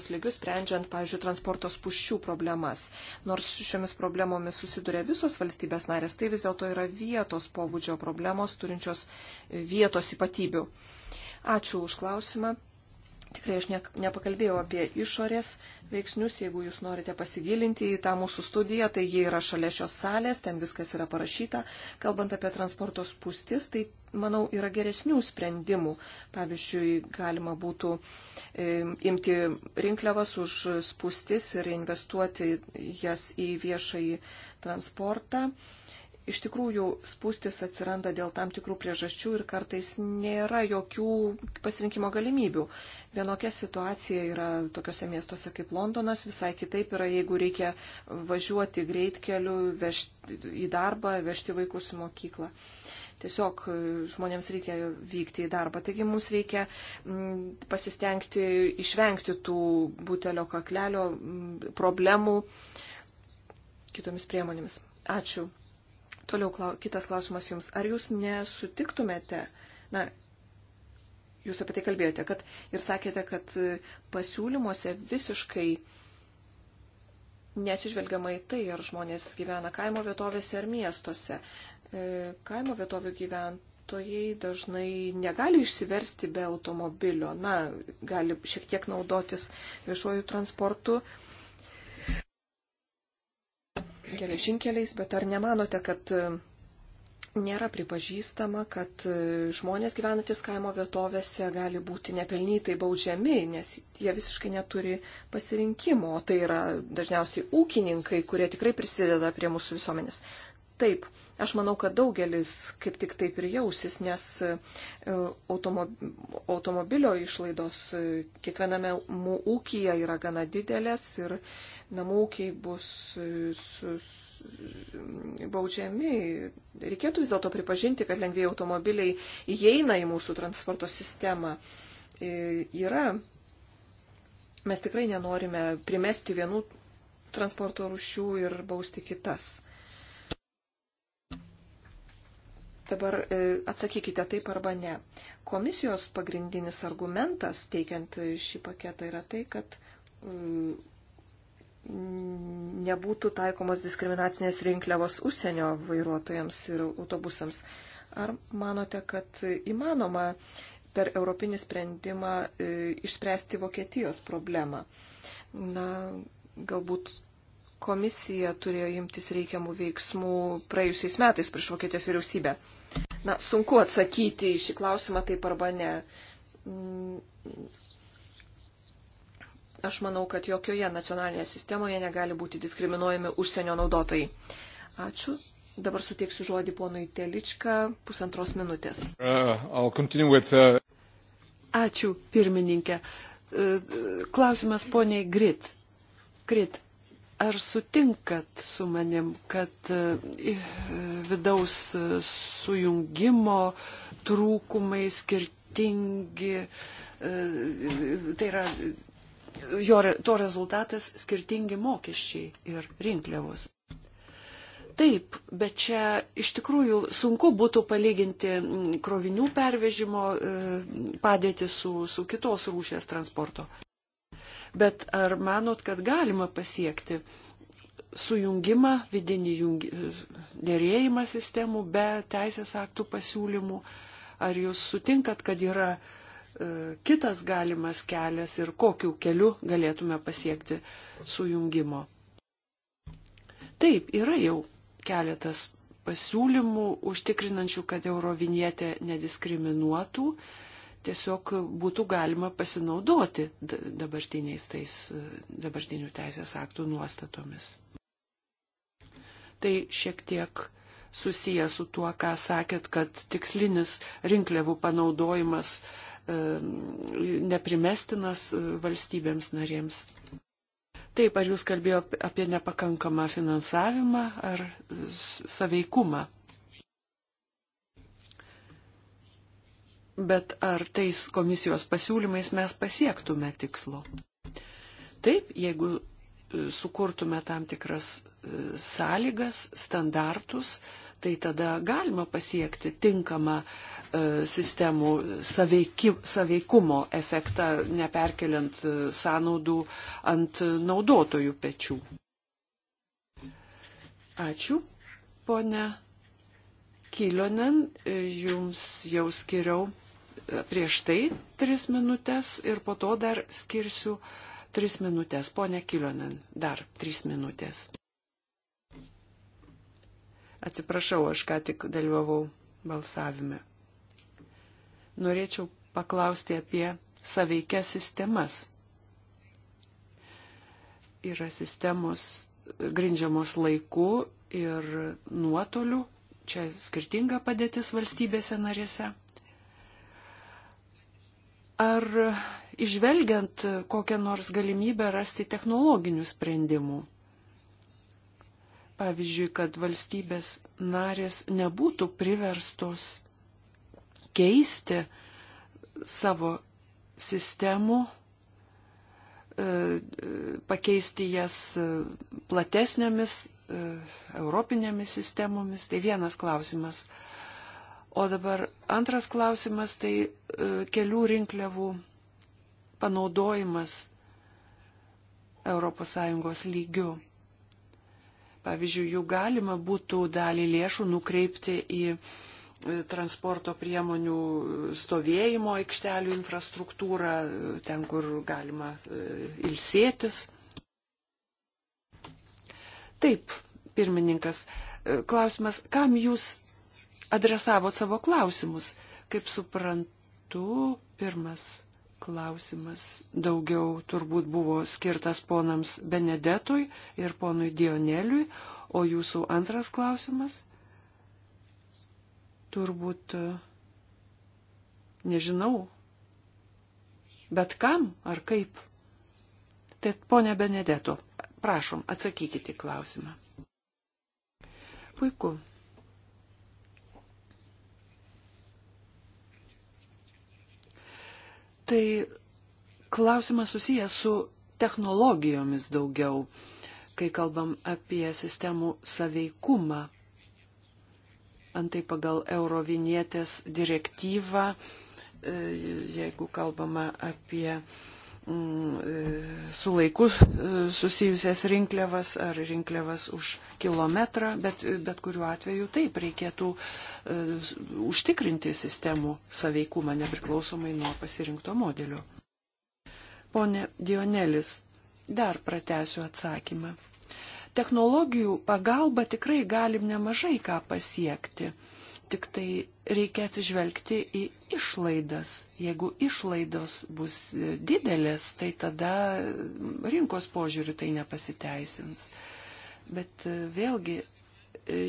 ES lygių sprendžiant, pavyzdžiui, transporto spuščių problemas? Nors šiomis problemomis susiduria visos valstybės narės, tai vis dėlto yra vietos pobūdžio problemos turinčios vietos ypatybių. Ačiū už klausimą. Tikrai aš ne, nepakalbėjau apie išorės veiksnius. Jeigu jūs norite pasigilinti į tą mūsų studiją, tai jie yra šalia šios salės, ten viskas yra parašyta. Kalbant apie transporto spūstis, tai, manau, yra geresnių sprendimų. Pavyzdžiui, galima būtų e, imti rinkliavas už spūstis ir investuoti jas į viešąjį transportą. E, iš tikrųjų spūstis atsiranda dėl tam tikrų priežasčių ir kartais nėra jokių pasirinkimo galimybių. Vienokia situacija yra tokiuose miestuose kaip Londonas, visai kitaip yra, jeigu reikia važiuoti greitkeliu, vežti į darbą, vežti vaikus į mokyklą. Tiesiog e, žmonėms reikia vykti į darbą. Taigi mums reikia pasistengti išvengti tų butelio kaklelio problemų kitomis priemonėmis. Ačiū Toliau klau, kitas klausimas jums. Ar jūs nesutiktumėte, na, jūs apie tai kalbėjote, kad ir sakėte, kad e, pasiūlymuose visiškai neatsižvelgiama į tai, ar žmonės gyvena kaimo vietovėse ar miestuose. E, kaimo vietovių gyventojai dažnai negali išsiversti be automobilio, na, gali šiek tiek naudotis viešuoju transportu, geležinkeliais, bet ar nemanote, kad e, nėra pripažįstama, kad e, žmonės gyvenantis kaimo vietovėse gali būti nepelnytai baudžiami, nes jie visiškai neturi pasirinkimo, o tai yra dažniausiai ūkininkai, kurie tikrai prisideda prie mūsų visuomenės. Taip, Aš manau, kad daugelis kaip tik taip ir jausis, nes e, automobilio išlaidos e, kiekviename ūkija yra gana didelės ir namų ūkiai bus e, baudžiami. Reikėtų vis dėlto pripažinti, kad lengviai automobiliai įeina į mūsų transporto sistemą. Yra. Mes tikrai nenorime primesti vienų transporto rušių ir bausti kitas. Dabar e, atsakykite taip arba ne. Komisijos pagrindinis argumentas teikiant šį paketą yra tai, kad e, nebūtų taikomas diskriminacinės rinkliavos užsienio vairuotojams ir autobusams. Ar manote, kad įmanoma per europinį sprendimą e, išspręsti Vokietijos problemą? Na, galbūt komisija turėjo imtis reikiamų veiksmų praėjusiais metais prieš Vokietijos vyriausybę. Na, sunku atsakyti į šį klausimą taip arba ne. Aš manau, kad jokioje nacionalinėje sistemoje negali būti diskriminuojami užsienio naudotojai. Ačiū. Dabar suteiksiu žodį ponui Teličką pusantros minutės. Uh, with, uh... Ačiū, pirmininkė. Uh, klausimas poniai Grit. Grit ar sutinkat su manim, kad e, vidaus sujungimo trūkumai skirtingi, e, tai yra jo, to rezultatas skirtingi mokesčiai ir rinkliavos. Taip, bet čia iš tikrųjų sunku būtų palyginti krovinių pervežimo e, padėtį su, su kitos rūšės transporto Bet ar manot, kad galima pasiekti sujungimą, vidinį jungi, dėrėjimą sistemų be teisės aktų pasiūlymų? Ar jūs sutinkat, kad yra e, kitas galimas kelias ir kokiu keliu galėtume pasiekti sujungimo? Taip, yra jau keletas pasiūlymų užtikrinančių, kad eurovinietė nediskriminuotų, uh, tiesiog būtų galima pasinaudoti dabartiniais tais dabartinių teisės aktų nuostatomis. Tai šiek tiek susijęs su tuo, ką sakėt, kad tikslinis rinkliavų panaudojimas e, neprimestinas valstybėms narėms. Taip, ar jūs kalbėjo apie nepakankamą finansavimą ar saveikumą? Bet ar tais komisijos pasiūlymais mes pasiektume tikslo? Taip, jeigu e, sukurtume tam tikras e, sąlygas, standartus, tai tada galima pasiekti tinkamą e, sistemų saveiki, saveikumo efektą, neperkeliant sąnaudų ant naudotojų pečių. Ačiū, ponia Kilionen, jums jau skiriau prieš tai tris minutės ir po to dar skirsiu tris minutės. Pone Kilionin, dar trys minutės. Atsiprašau, aš ką tik dalyvavau balsavime. Norėčiau paklausti apie saveikias sistemas. Yra sistemos grindžiamos laiku ir nuotoliu. Čia skirtinga padėtis valstybėse narėse. Ar išvelgiant kokią nors galimybę rasti technologinių sprendimų? Pavyzdžiui, kad valstybės narės nebūtų priverstos keisti savo sistemų, e, pakeisti jas e, platesnėmis e, europinėmis sistemomis. Tai vienas klausimas. O dabar antras klausimas - tai e, kelių rinkliavų panaudojimas ES lygių. Pavyzdžiui, jų galima būtų dalį lėšų nukreipti į e, transporto priemonių stovėjimo aikštelių infrastruktūrą, e, ten, kur galima ilsėtis. Taip, pirmininkas, klausimas, kam jūs adresavot savo klausimus. Kaip suprantu, pirmas klausimas daugiau turbūt buvo skirtas ponams Benedetui ir ponui Dioneliui, o jūsų antras klausimas turbūt nežinau, bet kam ar kaip. Tai ponia Benedeto, prašom, atsakykite į klausimą. Puiku, tai klausimas susijęs su technologijomis daugiau, kai kalbam apie sistemų saveikumą. Antai pagal Eurovinietės direktyvą, e, jeigu kalbama apie Mm, e, su laiku e, susijusias rinkliavas ar rinkliavas už kilometrą, bet, bet kuriuo atveju taip reikėtų uh, užtikrinti sistemų saveikumą nepriklausomai nuo pasirinkto modelio. Pone Dionelis, dar pratęsiu atsakymą. Technologijų pagalba tikrai galim nemažai ką pasiekti. Tik tai reikia atsižvelgti į išlaidas. Jeigu išlaidos bus didelės, tai tada rinkos požiūrių tai nepasiteisins. Bet e, vėlgi, e,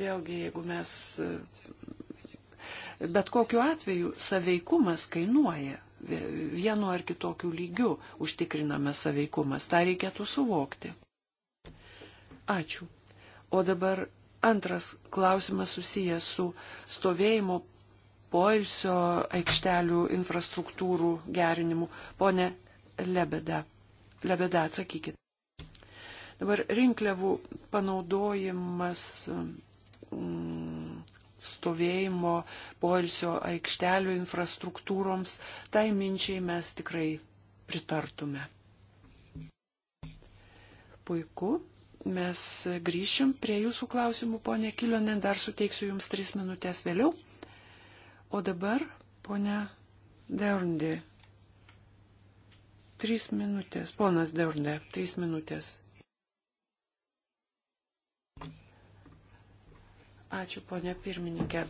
vėlgi jeigu mes. E, bet kokiu atveju saveikumas kainuoja vienu ar kitokiu lygiu užtikriname saveikumas. Ta reikėtų suvokti. Ačiū. O dabar Antras klausimas susijęs su stovėjimo poilsio aikštelių infrastruktūrų gerinimu. Pone Lebeda, Lebeda atsakykit. Dabar rinkliavų panaudojimas mm, stovėjimo poilsio aikštelių infrastruktūroms, tai minčiai mes tikrai pritartume. Puiku. Mes grįšim prie jūsų klausimų, ponė Kilionen, dar suteiksiu jums tris minutės vėliau. O dabar, ponė Deurndi, trys minutės, ponas Deurndi, trys minutės. Ačiū, ponė pirmininkė.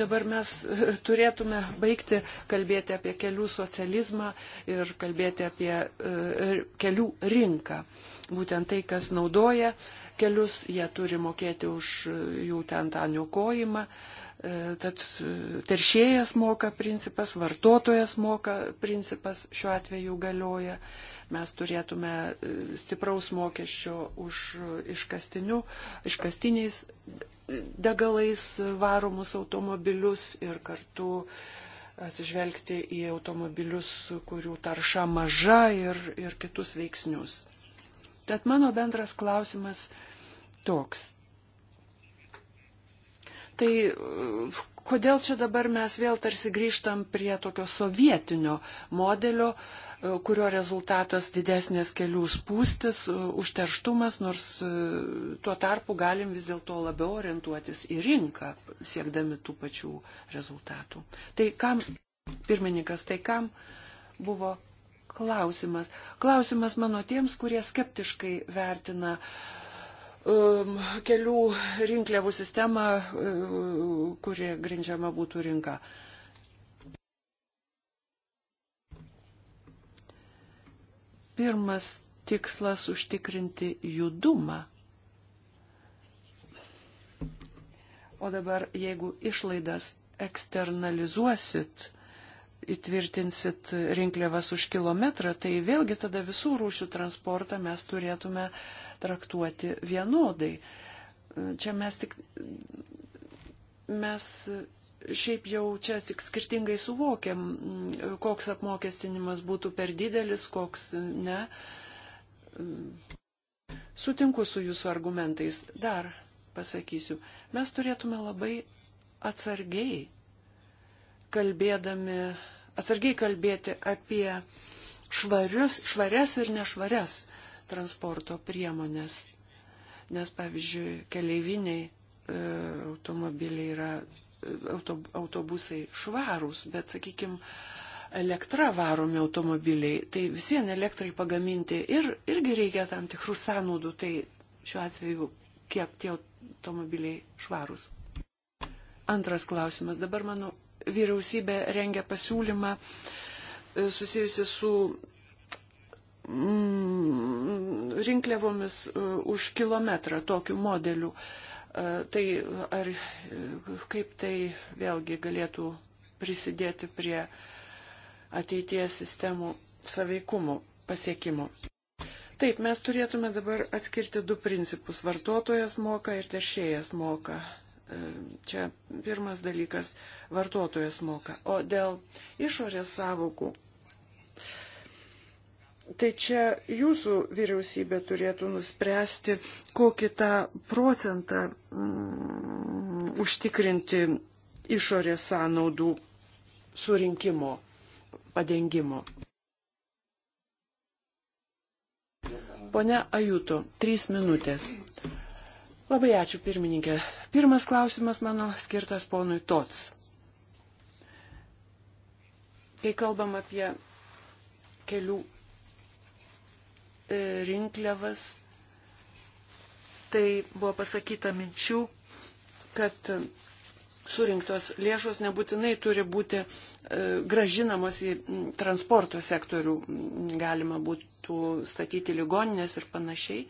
Dabar mes turėtume baigti kalbėti apie kelių socializmą ir kalbėti apie e, kelių rinką. Būtent tai, kas naudoja kelius, jie turi mokėti už jų ten tą niokojimą. E, tad e, teršėjas moka principas, vartotojas moka principas šiuo atveju galioja. Mes turėtume stipraus mokesčio už iškastiniais degalais varomus automobilius ir kartu atsižvelgti į automobilius, kurių tarša maža ir, ir kitus veiksnius. Tad mano bendras klausimas toks. Tai kodėl čia dabar mes vėl tarsi grįžtam prie tokio sovietinio modelio, uh, kurio rezultatas didesnės kelių spūstis, e, užterštumas, nors e, tuo tarpu galim vis dėlto labiau orientuotis į rinką, siekdami tų pačių rezultatų. Tai kam, pirmininkas, tai kam buvo klausimas? Klausimas mano tiems, kurie skeptiškai vertina um, kelių rinkliavų sistemą, um, kurie grindžiama būtų rinka. Uh, Pirmas tikslas - užtikrinti judumą. O dabar, jeigu išlaidas eksternalizuosit, įtvirtinsit rinkliavas už kilometrą, tai vėlgi tada visų rūšių transportą mes turėtume traktuoti vienodai. Čia mes tik mes šiaip jau čia tik skirtingai suvokiam, mm, koks apmokestinimas būtų per didelis, koks ne. Sutinku su jūsų argumentais. Dar pasakysiu, mes turėtume labai atsargiai kalbėdami, atsargiai kalbėti apie švarius, švarias ir nešvarias transporto priemonės. Nes, pavyzdžiui, keleiviniai e, automobiliai yra autobusai švarūs, bet, sakykime, elektra varomi automobiliai, tai visien elektrai pagaminti ir, irgi reikia tam tikrų sąnaudų, tai šiuo atveju kiek tie automobiliai švarūs. Antras klausimas. Dabar mano vyriausybė rengia pasiūlymą e, susijusi su mm, rinkliavomis e, už kilometrą tokiu modeliu. E, tai ar e, kaip tai vėlgi galėtų prisidėti prie ateities sistemų saveikumo pasiekimo. Taip, mes turėtume dabar atskirti du principus - vartotojas moka ir teršėjas moka. E, čia pirmas dalykas - vartotojas moka. O dėl išorės savokų Tai čia jūsų vyriausybė turėtų nuspręsti, kokį tą procentą mm, užtikrinti išorės sąnaudų surinkimo, padengimo. Pone Ajuto, trys minutės. Labai ačiū, pirmininkė. Pirmas klausimas mano skirtas ponui Tots. Kai kalbam apie kelių E, rinkliavas. Tai buvo pasakyta minčių, kad surinktos lėšos nebūtinai turi būti e, gražinamos į transporto sektorių, galima būtų statyti ligoninės ir panašiai.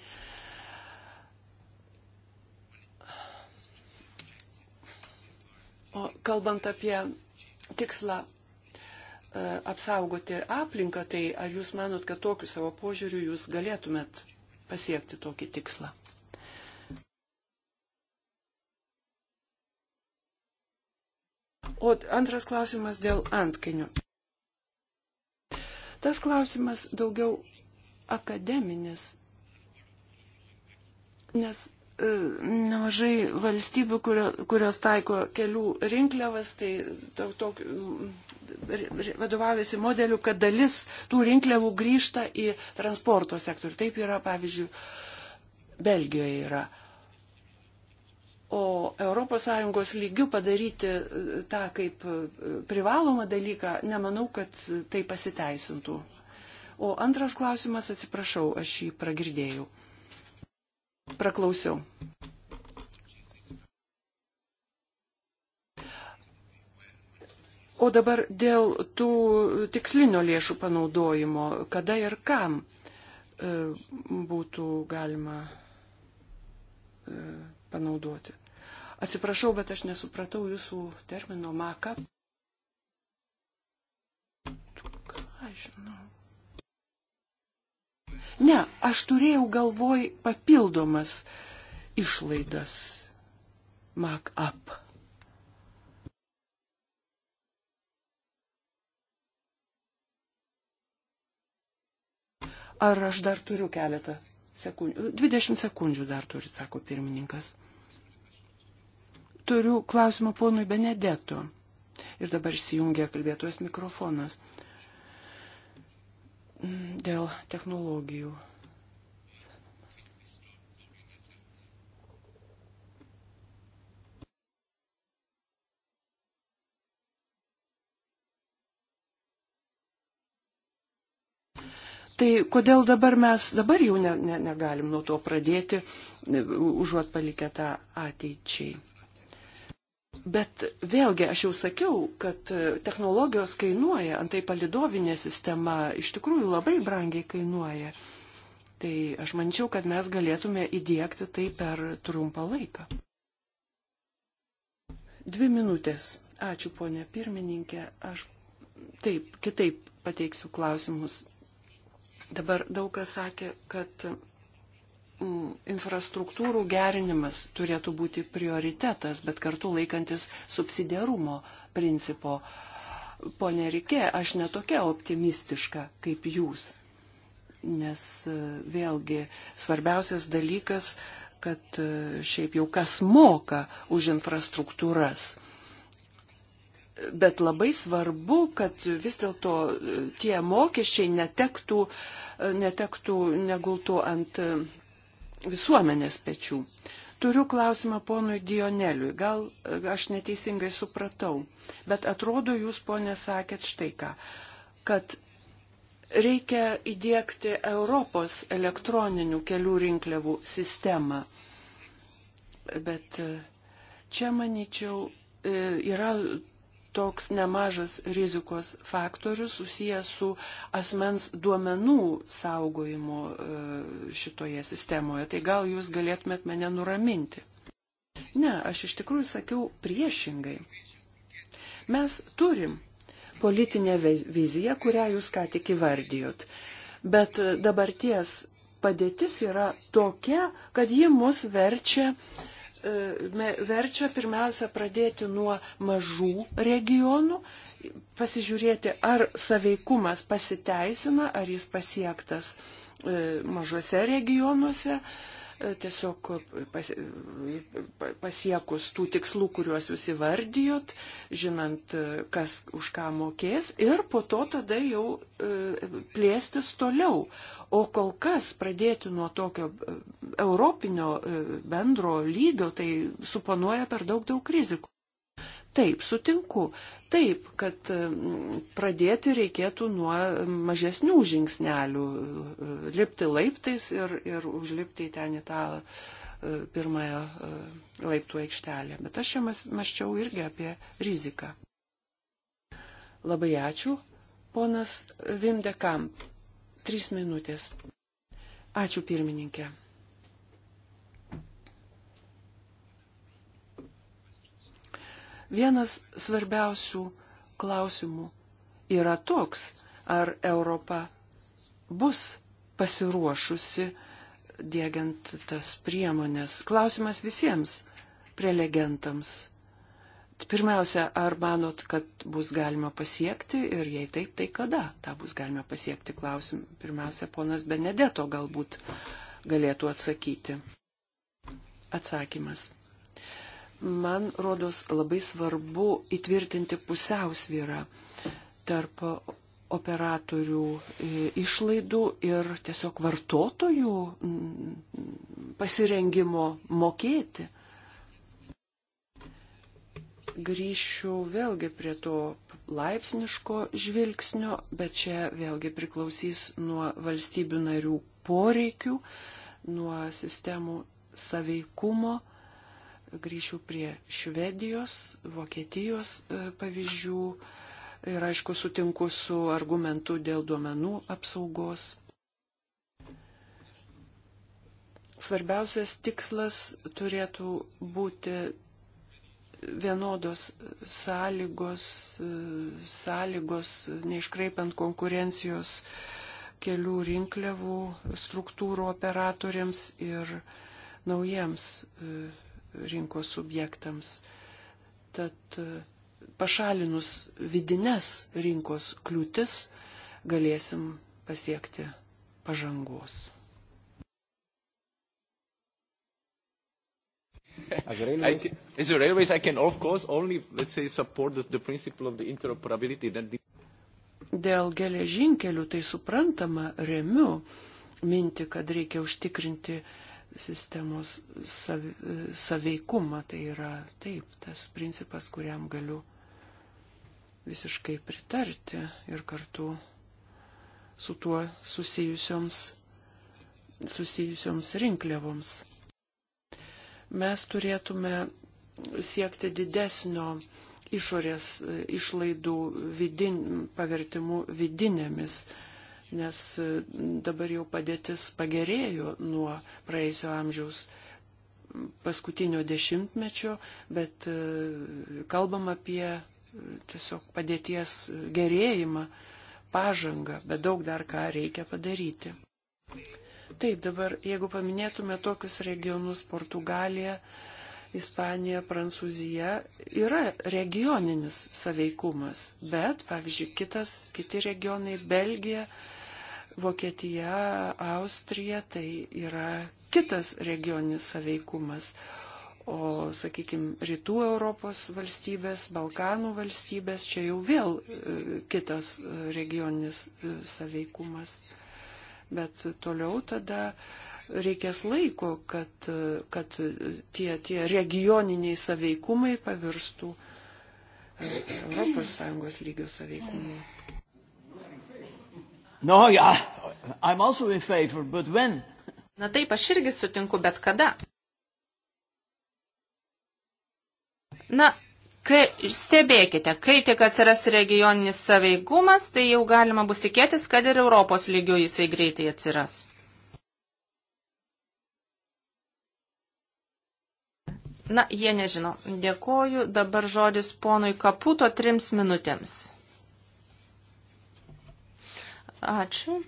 O kalbant apie tikslą E, apsaugoti aplinką, tai ar jūs manot, kad tokiu savo požiūriu jūs galėtumėt pasiekti tokį tikslą? O antras klausimas dėl antkainių. Tas klausimas daugiau akademinis, nes e, nemažai valstybių, kurio, kurios taiko kelių rinkliavas, tai to, to, vadovaujasi modeliu, kad dalis tų rinkliavų grįžta į transporto sektorių. Taip yra, pavyzdžiui, Belgijoje yra. O ES lygių padaryti e, tą kaip e, privalomą dalyką, nemanau, kad tai pasiteisintų. O antras klausimas, atsiprašau, aš jį pragirdėjau. Praklausiau. O dabar dėl tų tikslinio lėšų panaudojimo, kada ir kam e, būtų galima e, panaudoti. Atsiprašau, bet aš nesupratau jūsų termino maka. Ką žinau. Ne, aš turėjau galvoj papildomas išlaidas. Mak up. Ar aš dar turiu keletą sekundžių? 20 sekundžių dar turi, sako pirmininkas. Turiu klausimą ponui Benedetu. Ir dabar įsijungia kalbėtojas mikrofonas mm, dėl technologijų. Tai kodėl dabar mes dabar jau ne, ne, negalim nuo to pradėti, e, užuot palikę tą ateičiai. Bet vėlgi, aš jau sakiau, kad e, technologijos kainuoja, antai palidovinė sistema iš tikrųjų labai brangiai kainuoja. Tai aš mančiau, kad mes galėtume įdėkti tai per trumpą laiką. Dvi minutės. Ačiū, ponė pirmininkė. Aš taip, kitaip pateiksiu klausimus Dabar daug kas sakė, kad mm, infrastruktūrų gerinimas turėtų būti prioritetas, bet kartu laikantis subsidiarumo principo. Pone Rikė, aš netokia optimistiška kaip jūs, nes e, vėlgi svarbiausias dalykas, kad e, šiaip jau kas moka už infrastruktūras Bet labai svarbu, kad vis dėlto e, tie mokesčiai netektų, e, netektų, negultų ant e, visuomenės pečių. Turiu klausimą ponui Dioneliui, gal aš neteisingai supratau, bet atrodo jūs, ponė, sakėt štai ką, kad reikia įdėkti Europos elektroninių kelių rinkliavų sistemą. Bet čia, manyčiau, yra toks nemažas rizikos faktorius susijęs su asmens duomenų saugojimu e, šitoje sistemoje. Tai gal jūs galėtumėt mane nuraminti? Ne, aš iš tikrųjų sakiau priešingai. Mes turim politinę viziją, kurią jūs ką tik įvardijot. Bet dabarties padėtis yra tokia, kad ji mus verčia uh, verčia pirmiausia pradėti nuo mažų regionų, pasižiūrėti, ar saveikumas pasiteisina, ar jis pasiektas e, mažose regionuose E, tiesiog pas, e, pasiekus tų tikslų, kuriuos jūs įvardijot, žinant, e, kas už ką mokės ir po to tada jau plėstis toliau. O kol kas pradėti nuo tokio europinio bendro lygio, tai suponuoja per daug daug rizikų. Taip, sutinku. Taip, kad mm, pradėti reikėtų nuo mažesnių žingsnelių, e, lipti laiptais ir, ir užlipti ten į tą e, pirmąją e, laiptų aikštelę. Bet aš čia maščiau irgi apie riziką. Labai ačiū. Ponas Vimdekamp, trys minutės. Ačiū pirmininkė. Vienas svarbiausių klausimų yra toks, ar Europa bus pasiruošusi dėgiant tas priemonės. Klausimas visiems prelegentams. Pirmiausia, ar manot, kad bus galima pasiekti ir jei taip, tai kada tą bus galima pasiekti? Klausim, pirmiausia, ponas Benedeto galbūt galėtų atsakyti. Atsakymas man rodos labai svarbu įtvirtinti pusiausvyrą tarp operatorių e, išlaidų ir tiesiog vartotojų mm, pasirengimo mokėti. Grįšiu vėlgi prie to laipsniško žvilgsnio, bet čia vėlgi priklausys nuo valstybių narių poreikių, nuo sistemų saveikumo grįšiu prie Švedijos, Vokietijos e, pavyzdžių ir aišku sutinku su argumentu dėl duomenų apsaugos. Svarbiausias tikslas turėtų būti vienodos sąlygos, e, sąlygos neiškreipiant konkurencijos kelių rinkliavų struktūrų operatoriams ir naujiems e, rinkos subjektams. Tad e, pašalinus vidinės rinkos kliūtis galėsim pasiekti pažangos. I can, as a railways, I can of course only, let's say, support the, the principle of the interoperability. That the... Dėl geležinkelių tai suprantama remiu minti, kad reikia užtikrinti sistemos saveikumą. Tai yra taip, tas principas, kuriam galiu visiškai pritarti ir kartu su tuo susijusioms, susijusioms rinkliavoms. Mes turėtume siekti didesnio išorės e, išlaidų vidin, pavertimų vidinėmis nes e, dabar jau padėtis pagerėjo nuo praėjusio amžiaus paskutinio dešimtmečio, bet e, kalbam apie e, tiesiog padėties gerėjimą, pažangą, bet daug dar ką reikia padaryti. Taip, dabar jeigu paminėtume tokius regionus - Portugalija, Ispanija, Prancūzija yra regioninis saveikumas, bet, pavyzdžiui, kitas, kiti regionai - Belgija, Vokietija, Austrija tai yra kitas regioninis saveikumas, o, sakykime, rytų Europos valstybės, Balkanų valstybės, čia jau vėl e, kitas e, regioninis e, saveikumas. Bet toliau tada reikės laiko, kad, kad tie, tie regioniniai saveikumai pavirstų ES lygio saveikumai. No, yeah, I'm also in favor, but when? Na taip, aš irgi sutinku, bet kada. Na, kai, stebėkite, kai tik atsiras regioninis saveigumas, tai jau galima bus tikėtis, kad ir Europos lygių jisai greitai atsiras. Na, jie nežino. Dėkoju. Dabar žodis ponui Kaputo trims minutėms. Ačiū.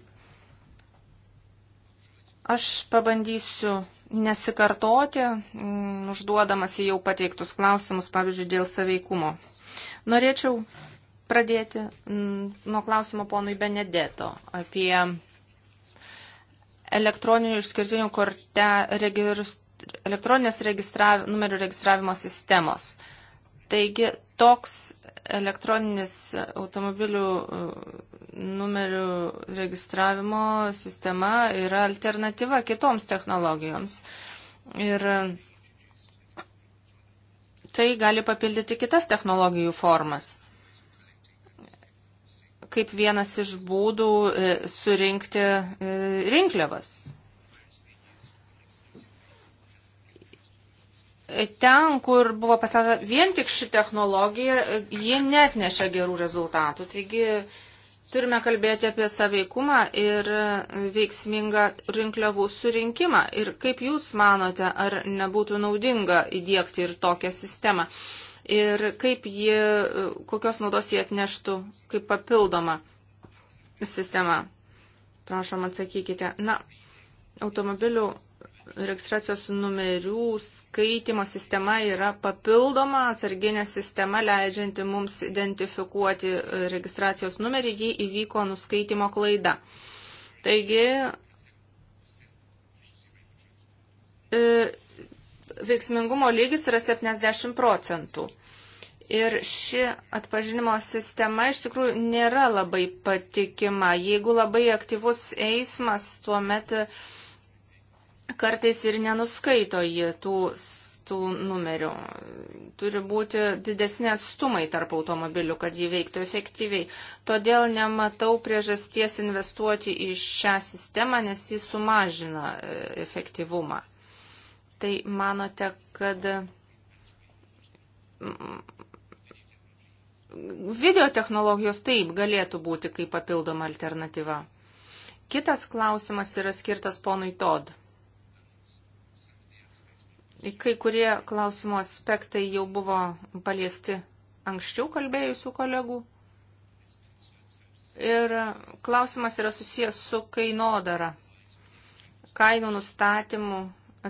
Aš pabandysiu nesikartoti, mm, užduodamas į jau pateiktus klausimus, pavyzdžiui, dėl saveikumo. Norėčiau pradėti mm, nuo klausimo ponui Benedeto apie elektroninių išskirtinių korte registr, elektroninės registrav, numerių registravimo sistemos. Taigi toks elektroninis automobilių e, numerių registravimo sistema yra alternatyva kitoms technologijoms. Ir e, tai gali papildyti kitas technologijų formas kaip vienas iš būdų e, surinkti rinkliavas. ten, kur buvo pasata vien tik ši technologija, jie net neša gerų rezultatų. Taigi turime kalbėti apie saveikumą ir veiksmingą rinkliavų surinkimą. Ir kaip Jūs manote, ar nebūtų naudinga įdėkti ir tokią sistemą? Ir kaip jie, kokios naudos jie atneštų kaip papildoma sistema? Prašom, atsakykite. Na, automobilių registracijos numerių skaitimo sistema yra papildoma atsarginė sistema, leidžianti mums identifikuoti registracijos numerį, jei įvyko nuskaitimo klaida. Taigi, e, veiksmingumo lygis yra 70 procentų. Ir ši atpažinimo sistema iš tikrųjų nėra labai patikima. Jeigu labai aktyvus eismas, tuomet met kartais ir nenuskaito jie tų, tų numerių. Turi būti didesni atstumai tarp automobilių, kad jį veiktų efektyviai. Todėl nematau priežasties investuoti į šią sistemą, nes jį sumažina e, efektyvumą. Tai manote, kad video technologijos taip galėtų būti kaip papildoma alternatyva. Kitas klausimas yra skirtas ponui Todd. Kai kurie klausimo aspektai jau buvo paliesti anksčiau kalbėjusių kolegų. Ir klausimas yra susijęs su kainodara, kainų nustatymu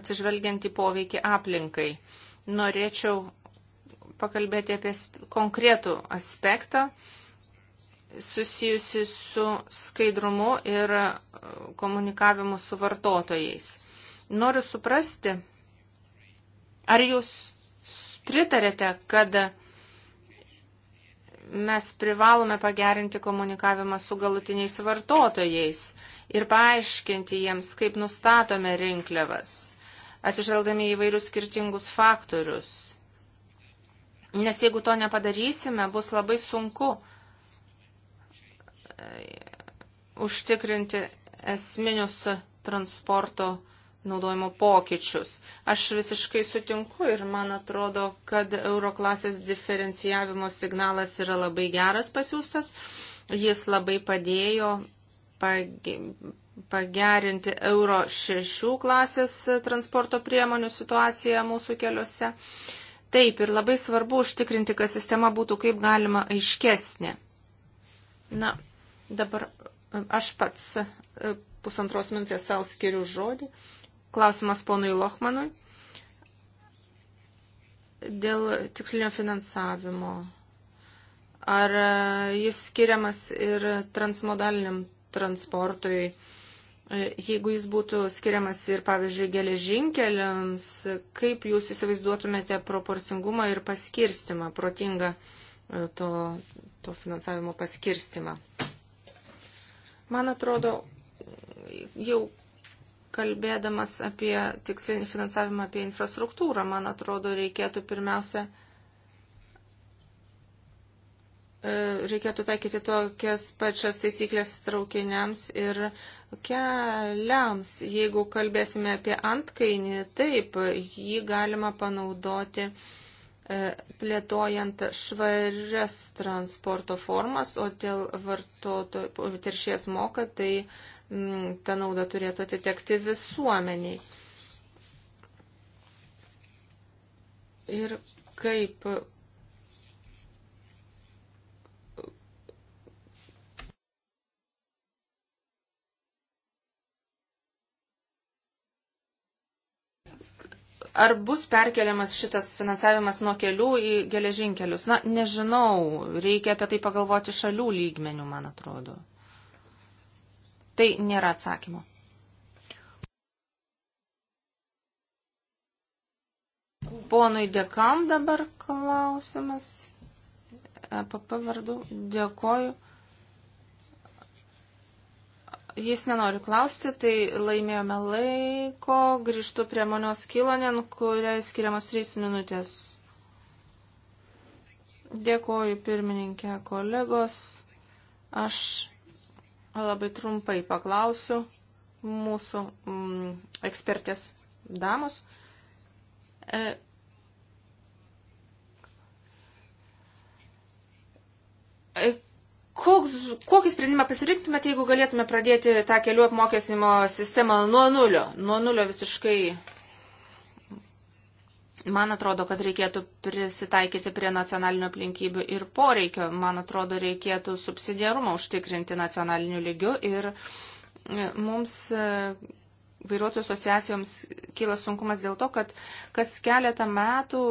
atsižvelgiant į poveikį aplinkai. Norėčiau pakalbėti apie konkretų aspektą susijusi su skaidrumu ir komunikavimu su vartotojais. Noriu suprasti, Ar jūs pritarėte, kad mes privalome pagerinti komunikavimą su galutiniais vartotojais ir paaiškinti jiems, kaip nustatome rinkliavas, atsižvelgdami į vairius skirtingus faktorius. Nes jeigu to nepadarysime, bus labai sunku e, užtikrinti esminius transporto naudojimo pokyčius. Aš visiškai sutinku ir man atrodo, kad euroklasės diferencijavimo signalas yra labai geras pasiūstas. Jis labai padėjo pagerinti euro šešių klasės transporto priemonių situaciją mūsų keliuose. Taip, ir labai svarbu užtikrinti, kad sistema būtų kaip galima aiškesnė. Na, dabar aš pats e, pusantros minutės savo skiriu žodį. Uh, Klausimas ponui Lochmanui dėl tikslinio finansavimo. Ar e, jis skiriamas ir transmodaliniam transportui? E, jeigu jis būtų skiriamas ir, pavyzdžiui, geležinkeliams, kaip jūs įsivaizduotumėte proporcingumą ir paskirstimą, protingą e, to, to finansavimo paskirstimą? Man atrodo, jau kalbėdamas apie tikslinį finansavimą, apie infrastruktūrą, man atrodo, reikėtų pirmiausia, e, reikėtų taikyti tokias pačias taisyklės traukiniams ir keliams. Jeigu kalbėsime apie antkainį, taip, jį galima panaudoti e, plėtojant švarias transporto formas, o dėl vartotojų teršies moka, tai ta nauda turėtų atitekti visuomeniai. Ir kaip ar bus perkeliamas šitas finansavimas nuo kelių į geležinkelius? Na, nežinau, reikia apie tai pagalvoti šalių lygmenių, man atrodo. Tai nėra atsakymo. Ponui Dekam dabar klausimas. PP e vardu dėkoju. Jis nenori klausti, tai laimėjome laiko. Grįžtu prie monios Kilonen, kuriai skiriamos 3 minutės. Dėkoju pirmininkė kolegos. Aš Labai trumpai paklausiu mūsų mm, ekspertės damos. E, e, koks, kokį sprendimą pasirinktumėte, jeigu galėtume pradėti tą kelių apmokestinimo sistemą nuo nulio, nuo nulio visiškai Man atrodo, kad reikėtų prisitaikyti prie nacionalinių aplinkybių ir poreikio. Man atrodo, reikėtų subsidiarumą užtikrinti nacionaliniu lygiu ir e, mums e, vairuotojų asociacijoms kyla sunkumas dėl to, kad kas keletą metų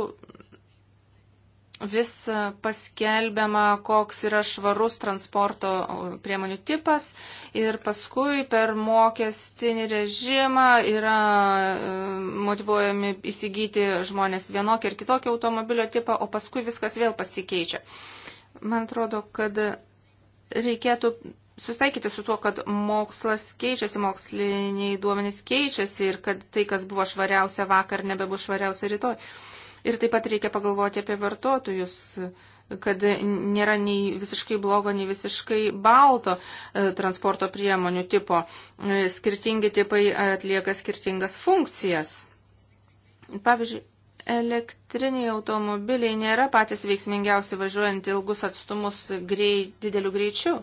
vis e, paskelbiama, koks yra švarus transporto e, priemonių tipas ir paskui per mokestinį režimą yra e, motivuojami įsigyti žmonės vienokį ir kitokį automobilio tipą, o paskui viskas vėl pasikeičia. Man atrodo, kad reikėtų susitaikyti su tuo, kad mokslas keičiasi, moksliniai duomenys keičiasi ir kad tai, kas buvo švariausia vakar, nebebus švariausia rytoj. Ir taip pat reikia pagalvoti apie vartotojus kad nėra nei visiškai blogo, nei visiškai balto e, transporto priemonių tipo. E, skirtingi tipai atlieka skirtingas funkcijas. Pavyzdžiui, elektriniai automobiliai nėra patys veiksmingiausi važiuojant ilgus atstumus grei, dideliu greičiu.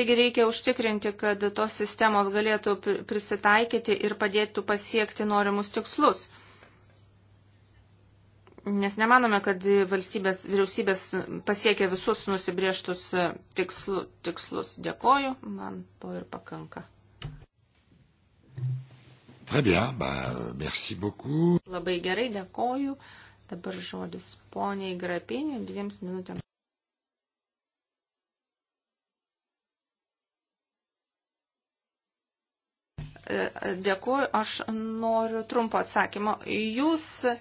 Taigi reikia užtikrinti, kad tos sistemos galėtų prisitaikyti ir padėtų pasiekti norimus tikslus. Nes nemanome, kad valstybės, vyriausybės pasiekia visus nusibrieštus e, tikslu, tikslus. Dėkoju, man to ir pakanka. Bien, bah, merci beaucoup. Labai gerai, dėkoju. Dabar žodis poniai Grapinė dviems minutėms. E, e, Dėkuoju, aš noriu trumpo atsakymo. Jūs uh,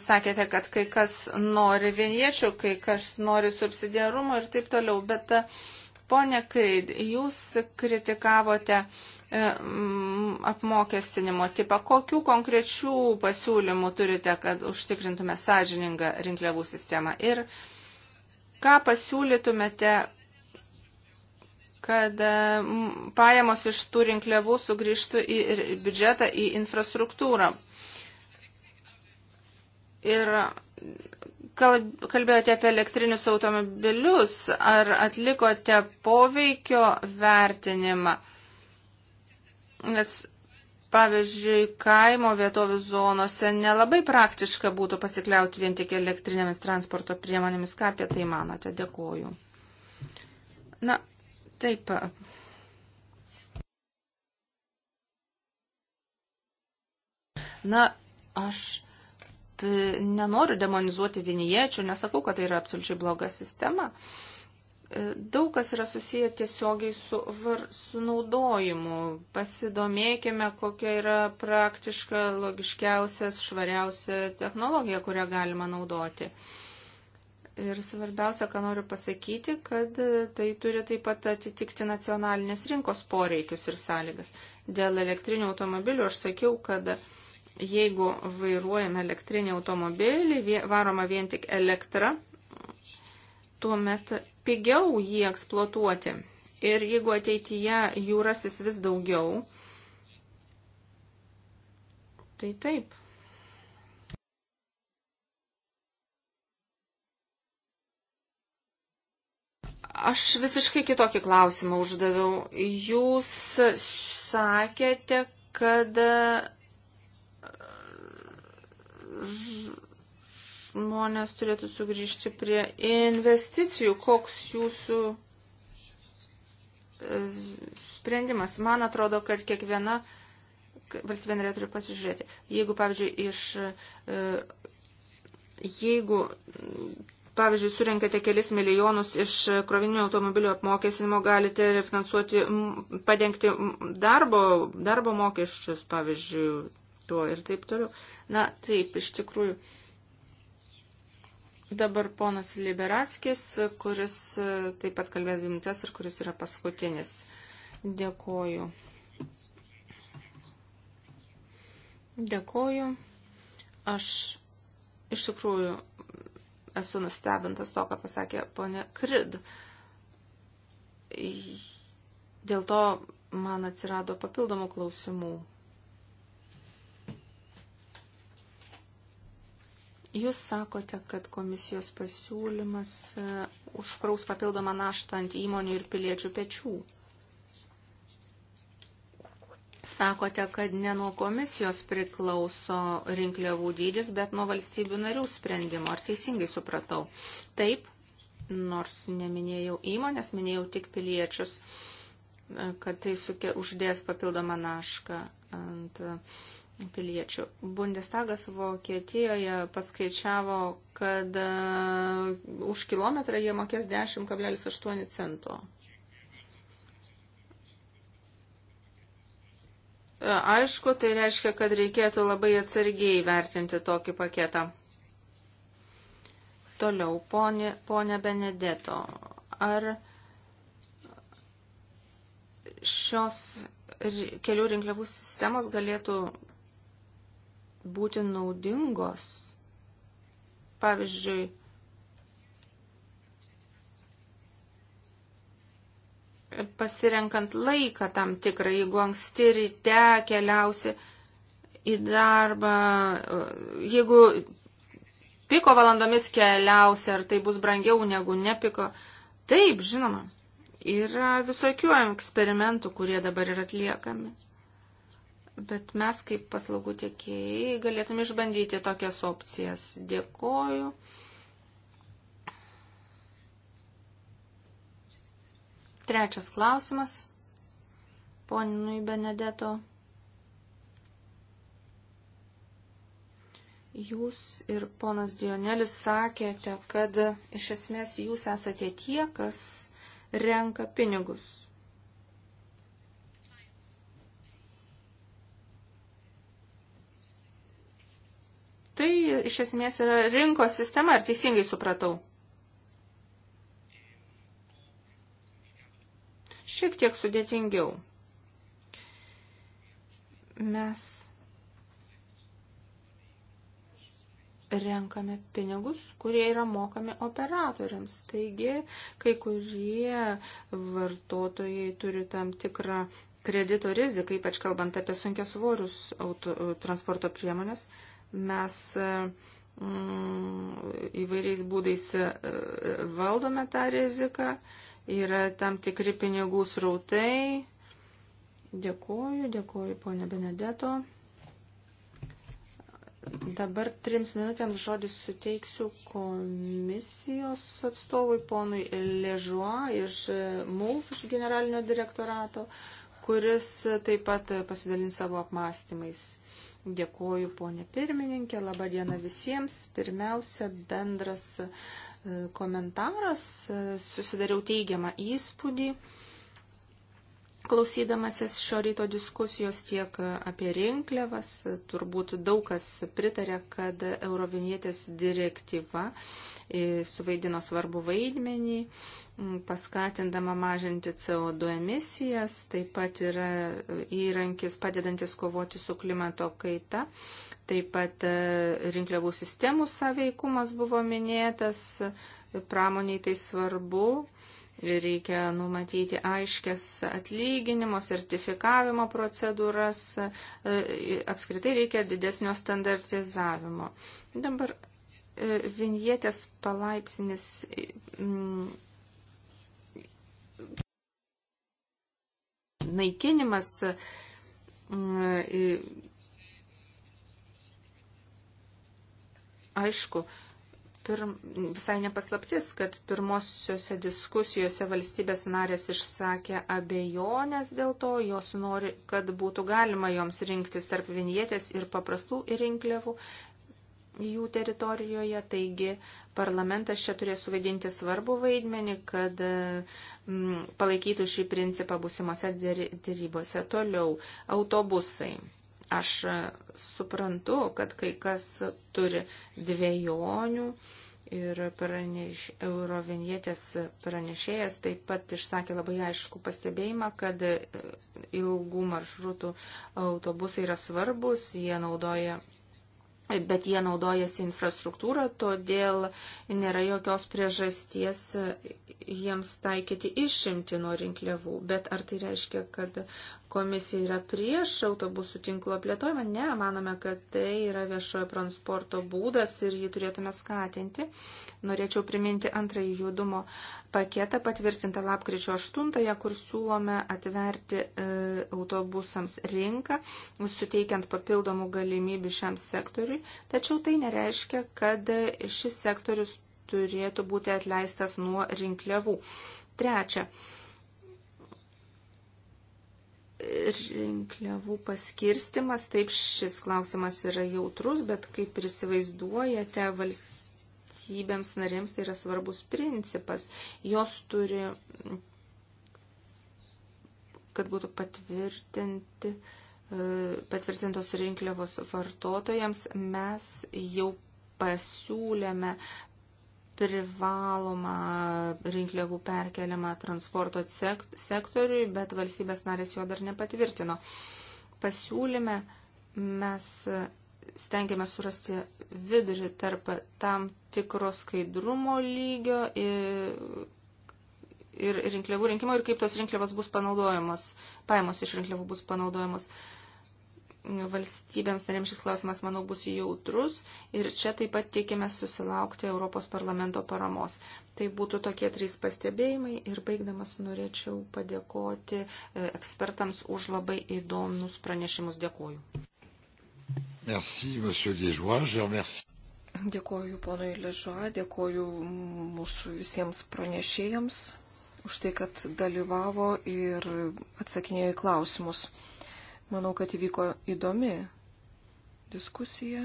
sakėte, kad kai kas nori vieniečių, kai kas nori subsidiarumo ir taip toliau. Bet, e, ponė Kreid, jūs kritikavote e, apmokestinimo tipą. Kokių konkrečių pasiūlymų turite, kad užtikrintume sąžiningą rinkliavų sistemą? Ir ką pasiūlytumėte, kad e, pajamos iš tų rinkliavų sugrįžtų į biudžetą, į infrastruktūrą? Ir kalbėjote apie elektrinius automobilius, ar atlikote poveikio vertinimą? Nes pavyzdžiui, kaimo vietovių zonose nelabai praktiška būtų pasikliauti vien tik elektrinėmis transporto priemonėmis. Ką apie tai manote? Dėkuoju. Na, taip. Na, aš E, nenoriu demonizuoti viniečių, nesakau, kad tai yra absoliučiai bloga sistema. E, daug kas yra susiję tiesiogiai su, var, su naudojimu. Pasidomėkime, kokia yra praktiška, logiškiausias, švariausia technologija, kurią galima naudoti. Ir svarbiausia, ką noriu pasakyti, kad e, tai turi taip pat atitikti nacionalinės rinkos poreikius ir sąlygas. Dėl elektrinių automobilių aš sakiau, kad jeigu vairuojame elektrinį automobilį, varoma vien tik elektra, tuomet pigiau jį eksploatuoti. Ir jeigu ateityje jų rasis vis daugiau, tai taip. Aš visiškai kitokį klausimą uždaviau. Jūs sakėte, kad žmonės turėtų sugrįžti prie investicijų. Koks jūsų e, sprendimas? Man atrodo, kad kiekviena valstybė narė turi pasižiūrėti. Jeigu, pavyzdžiui, iš e, jeigu Pavyzdžiui, surinkate kelis milijonus iš krovinio automobilio apmokestinimo, galite refinansuoti, padengti darbo, darbo mokesčius, pavyzdžiui, tuo ir taip toliau. Na, taip, iš tikrųjų. Dabar ponas Liberatskis, kuris e, taip pat kalbės dvi minutės ir kuris yra paskutinis. Dėkoju. Dėkoju. Aš iš tikrųjų esu nustebintas to, ką pasakė ponė Krid. Dėl to man atsirado papildomų klausimų. Jūs sakote, kad komisijos pasiūlymas e, užkraus papildomą naštą ant įmonių ir piliečių pečių. Sakote, kad ne nuo komisijos priklauso rinkliavų dydis, bet nuo valstybių narių sprendimo. Ar teisingai supratau? Taip, nors neminėjau įmonės, minėjau tik piliečius, e, kad tai suke, uždės papildomą naštą ant piliečių. Bundestagas Vokietijoje paskaičiavo, kad e, už kilometrą jie mokės 10,8 cento. E, aišku, tai reiškia, kad reikėtų labai atsargiai vertinti tokį paketą. Toliau, ponė, ponė Benedeto, ar šios kelių rinkliavų sistemos galėtų būti naudingos. Pavyzdžiui, pasirenkant laiką tam tikrą, jeigu anksti ryte keliausi į darbą, jeigu piko valandomis keliausi, ar tai bus brangiau negu nepiko. Taip, žinoma, yra visokių eksperimentų, kurie dabar yra atliekami. Bet mes kaip paslaugų tiekėjai galėtume išbandyti tokias opcijas. Dėkoju. Trečias klausimas. Poninui Benedeto. Jūs ir ponas Dionelis sakėte, kad iš esmės jūs esate tie, kas renka pinigus Tai iš esmės yra rinkos sistema, ar teisingai supratau? Šiek tiek sudėtingiau. Mes renkame pinigus, kurie yra mokami operatoriams. Taigi, kai kurie vartotojai turi tam tikrą kredito riziką, ypač kalbant apie sunkiasvorius transporto priemonės. Uh, mes mm, įvairiais būdais e, valdome tą riziką, yra tam tikri pinigų srautai. Dėkuoju, dėkuoju ponė Benedeto. Dabar trims minutėms žodį suteiksiu komisijos atstovui ponui Ležuo iš MUF, iš generalinio direktorato, kuris taip pat pasidalins savo apmąstymais. Dėkuoju, ponė pirmininkė, laba diena visiems. Pirmiausia, bendras e, komentaras, e, susidariau teigiamą įspūdį. Klausydamasis šio ryto diskusijos tiek apie rinkliavas, turbūt daug kas pritarė, kad Eurovinietės direktyva e, suvaidino svarbu vaidmenį, paskatindama mažinti CO2 emisijas, taip pat yra įrankis padedantis kovoti su klimato kaita, taip pat e, rinkliavų sistemų saveikumas buvo minėtas, pramoniai tai svarbu Reikia numatyti aiškės atlyginimo, sertifikavimo procedūras, e, apskritai reikia didesnio standartizavimo. Dabar e, vinjetės palaipsnis. Mm, naikinimas mm, e, aišku, pirm, visai nepaslaptis, kad pirmosiuose diskusijose valstybės narės išsakė abejonės dėl to, jos nori, kad būtų galima joms rinktis tarp vinietės ir paprastų rinkliavų jų teritorijoje. Taigi parlamentas čia turės suvaidinti svarbu vaidmenį, kad m, mm, palaikytų šį principą būsimose dėrybose. Toliau autobusai. Aš suprantu, kad kai kas turi dviejonių ir praneš, Eurovinietės pranešėjas taip pat išsakė labai aišku pastebėjimą, kad ilgų maršrutų autobusai yra svarbus, jie naudoja bet jie naudojasi infrastruktūrą, todėl nėra jokios priežasties jiems taikyti išimti nuo rinkliavų. Bet ar tai reiškia, kad komisija yra prieš autobusų tinklo plėtojimą. Ne, manome, kad tai yra viešojo transporto būdas ir jį turėtume skatinti. Norėčiau priminti antrąjį judumo paketą patvirtintą lapkričio 8-ąją, kur siūlome atverti e, autobusams rinką, suteikiant papildomų galimybių šiam sektoriui. Tačiau tai nereiškia, kad šis sektorius turėtų būti atleistas nuo rinkliavų. Trečia, rinkliavų paskirstimas, taip šis klausimas yra jautrus, bet kaip ir įsivaizduojate, valstybėms narėms tai yra svarbus principas. Jos turi, kad būtų patvirtinti, e, patvirtintos rinkliavos vartotojams, mes jau pasiūlėme privalomą rinkliavų perkeliamą transporto sektoriui, bet valstybės narės jo dar nepatvirtino. Pasiūlyme mes stengiame surasti vidurį tarp tam tikro skaidrumo lygio ir, ir rinkliavų rinkimo ir kaip tos rinkliavos bus panaudojamos, paėmos iš rinkliavų bus panaudojamos. Uh, valstybėms narėms šis klausimas, manau, bus jautrus ir čia taip pat tikime susilaukti Europos parlamento paramos. Tai būtų tokie trys pastebėjimai ir baigdamas norėčiau padėkoti e, ekspertams už labai įdomus pranešimus. Dėkuoju. Merci, monsieur Liežuo, je remercie. Dėkuoju ponui Liežuo, dėkuoju mūsų visiems pranešėjams už tai, kad dalyvavo ir atsakinėjo į klausimus. Manau, kad įvyko įdomi diskusija.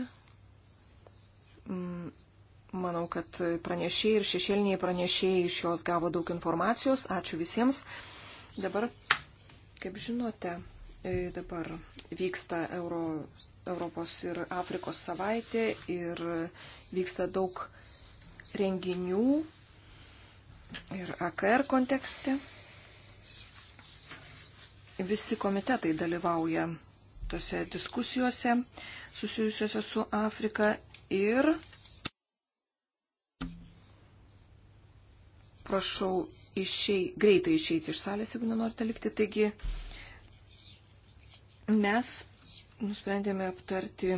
Mm, manau, kad pranešėjai ir šešėliniai pranešėjai iš jos gavo daug informacijos. Ačiū visiems. Dabar, kaip žinote, e, dabar vyksta Euro, Europos ir Afrikos savaitė ir vyksta daug renginių ir AKR kontekste. Visi komitetai dalyvauja tose diskusijose susijusiuose su Afrika ir prašau išei, greitai išeiti iš salės, jeigu nenorite likti. Taigi mes nusprendėme aptarti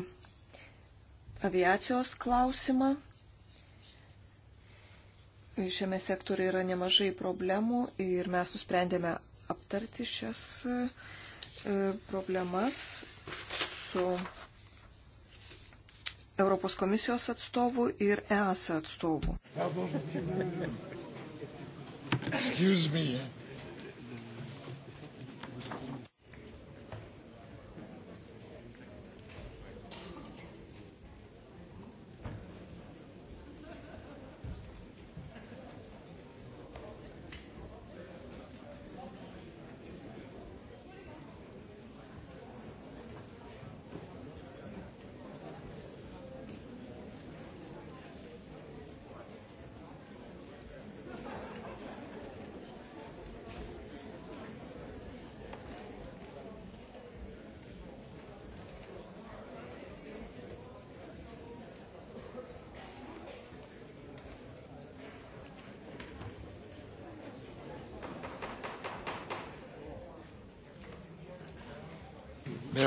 aviacijos klausimą. Šiame sektoriu yra nemažai problemų ir mes nusprendėme aptarti šias e, problemas su Europos komisijos atstovu ir EASA atstovu. Excuse me.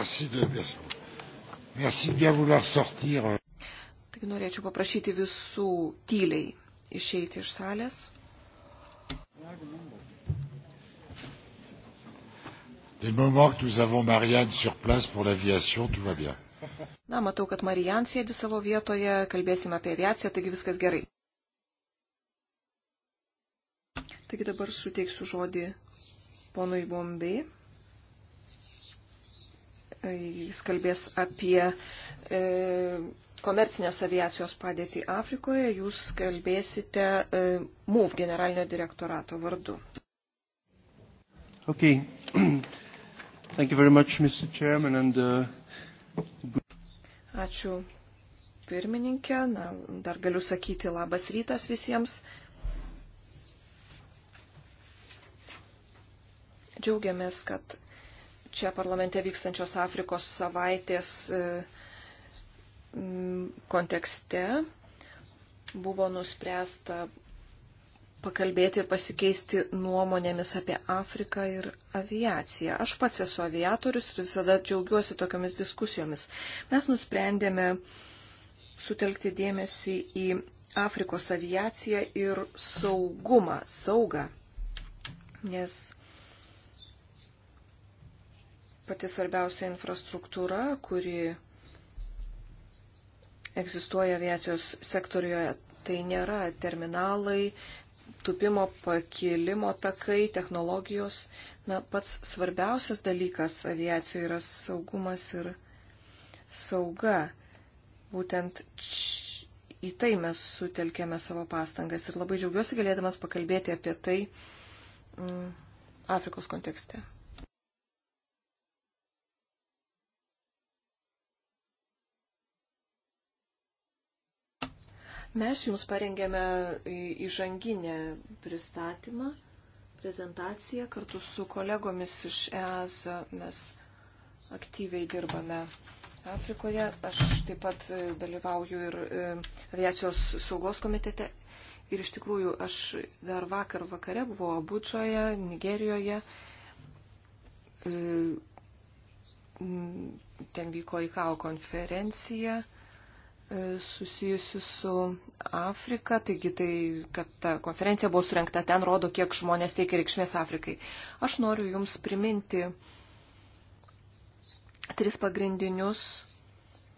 Merci de, merci, merci de bien vouloir sortir. Euh. Tik norėčiau paprašyti visų tyliai išeiti iš salės. Des moments que nous avons Marianne sur place pour l'aviation, tout va bien. Na, matau, kad Marijan sėdi savo vietoje, kalbėsime apie aviaciją, taigi viskas gerai. Taigi dabar suteiksiu žodį ponui Bombei. Jis kalbės apie e, komercinės aviacijos padėtį Afrikoje. Jūs kalbėsite e, MUV generalinio direktorato vardu. Okay. Thank you very much, Mr. Chairman, and, uh... Ačiū pirmininkė. Na, dar galiu sakyti labas rytas visiems. Džiaugiamės, kad čia parlamente vykstančios Afrikos savaitės e, kontekste buvo nuspręsta pakalbėti ir pasikeisti nuomonėmis apie Afriką ir aviaciją. Aš pats esu aviatorius ir visada džiaugiuosi tokiamis diskusijomis. Mes nusprendėme sutelkti dėmesį į Afrikos aviaciją ir saugumą, saugą. Nes pati svarbiausia infrastruktūra, kuri egzistuoja aviacijos sektorijoje, tai nėra terminalai, tupimo pakilimo takai, technologijos. Na, pats svarbiausias dalykas aviacijoje yra saugumas ir sauga. Būtent į tai mes sutelkėme savo pastangas ir labai džiaugiuosi galėdamas pakalbėti apie tai mm, Afrikos kontekste. Mes jums parengėme įžanginę pristatymą, prezentaciją. Kartu su kolegomis iš EAS mes aktyviai dirbame Afrikoje. Aš taip pat dalyvauju ir e, aviacijos saugos komitete. Ir iš tikrųjų aš dar vakar vakare buvau Abučoje, Nigerijoje. E, ten vyko IKAO konferencija E, susijusi su Afrika, taigi tai, kad ta konferencija buvo surinkta ten, rodo, kiek žmonės teikia reikšmės Afrikai. Aš noriu Jums priminti tris pagrindinius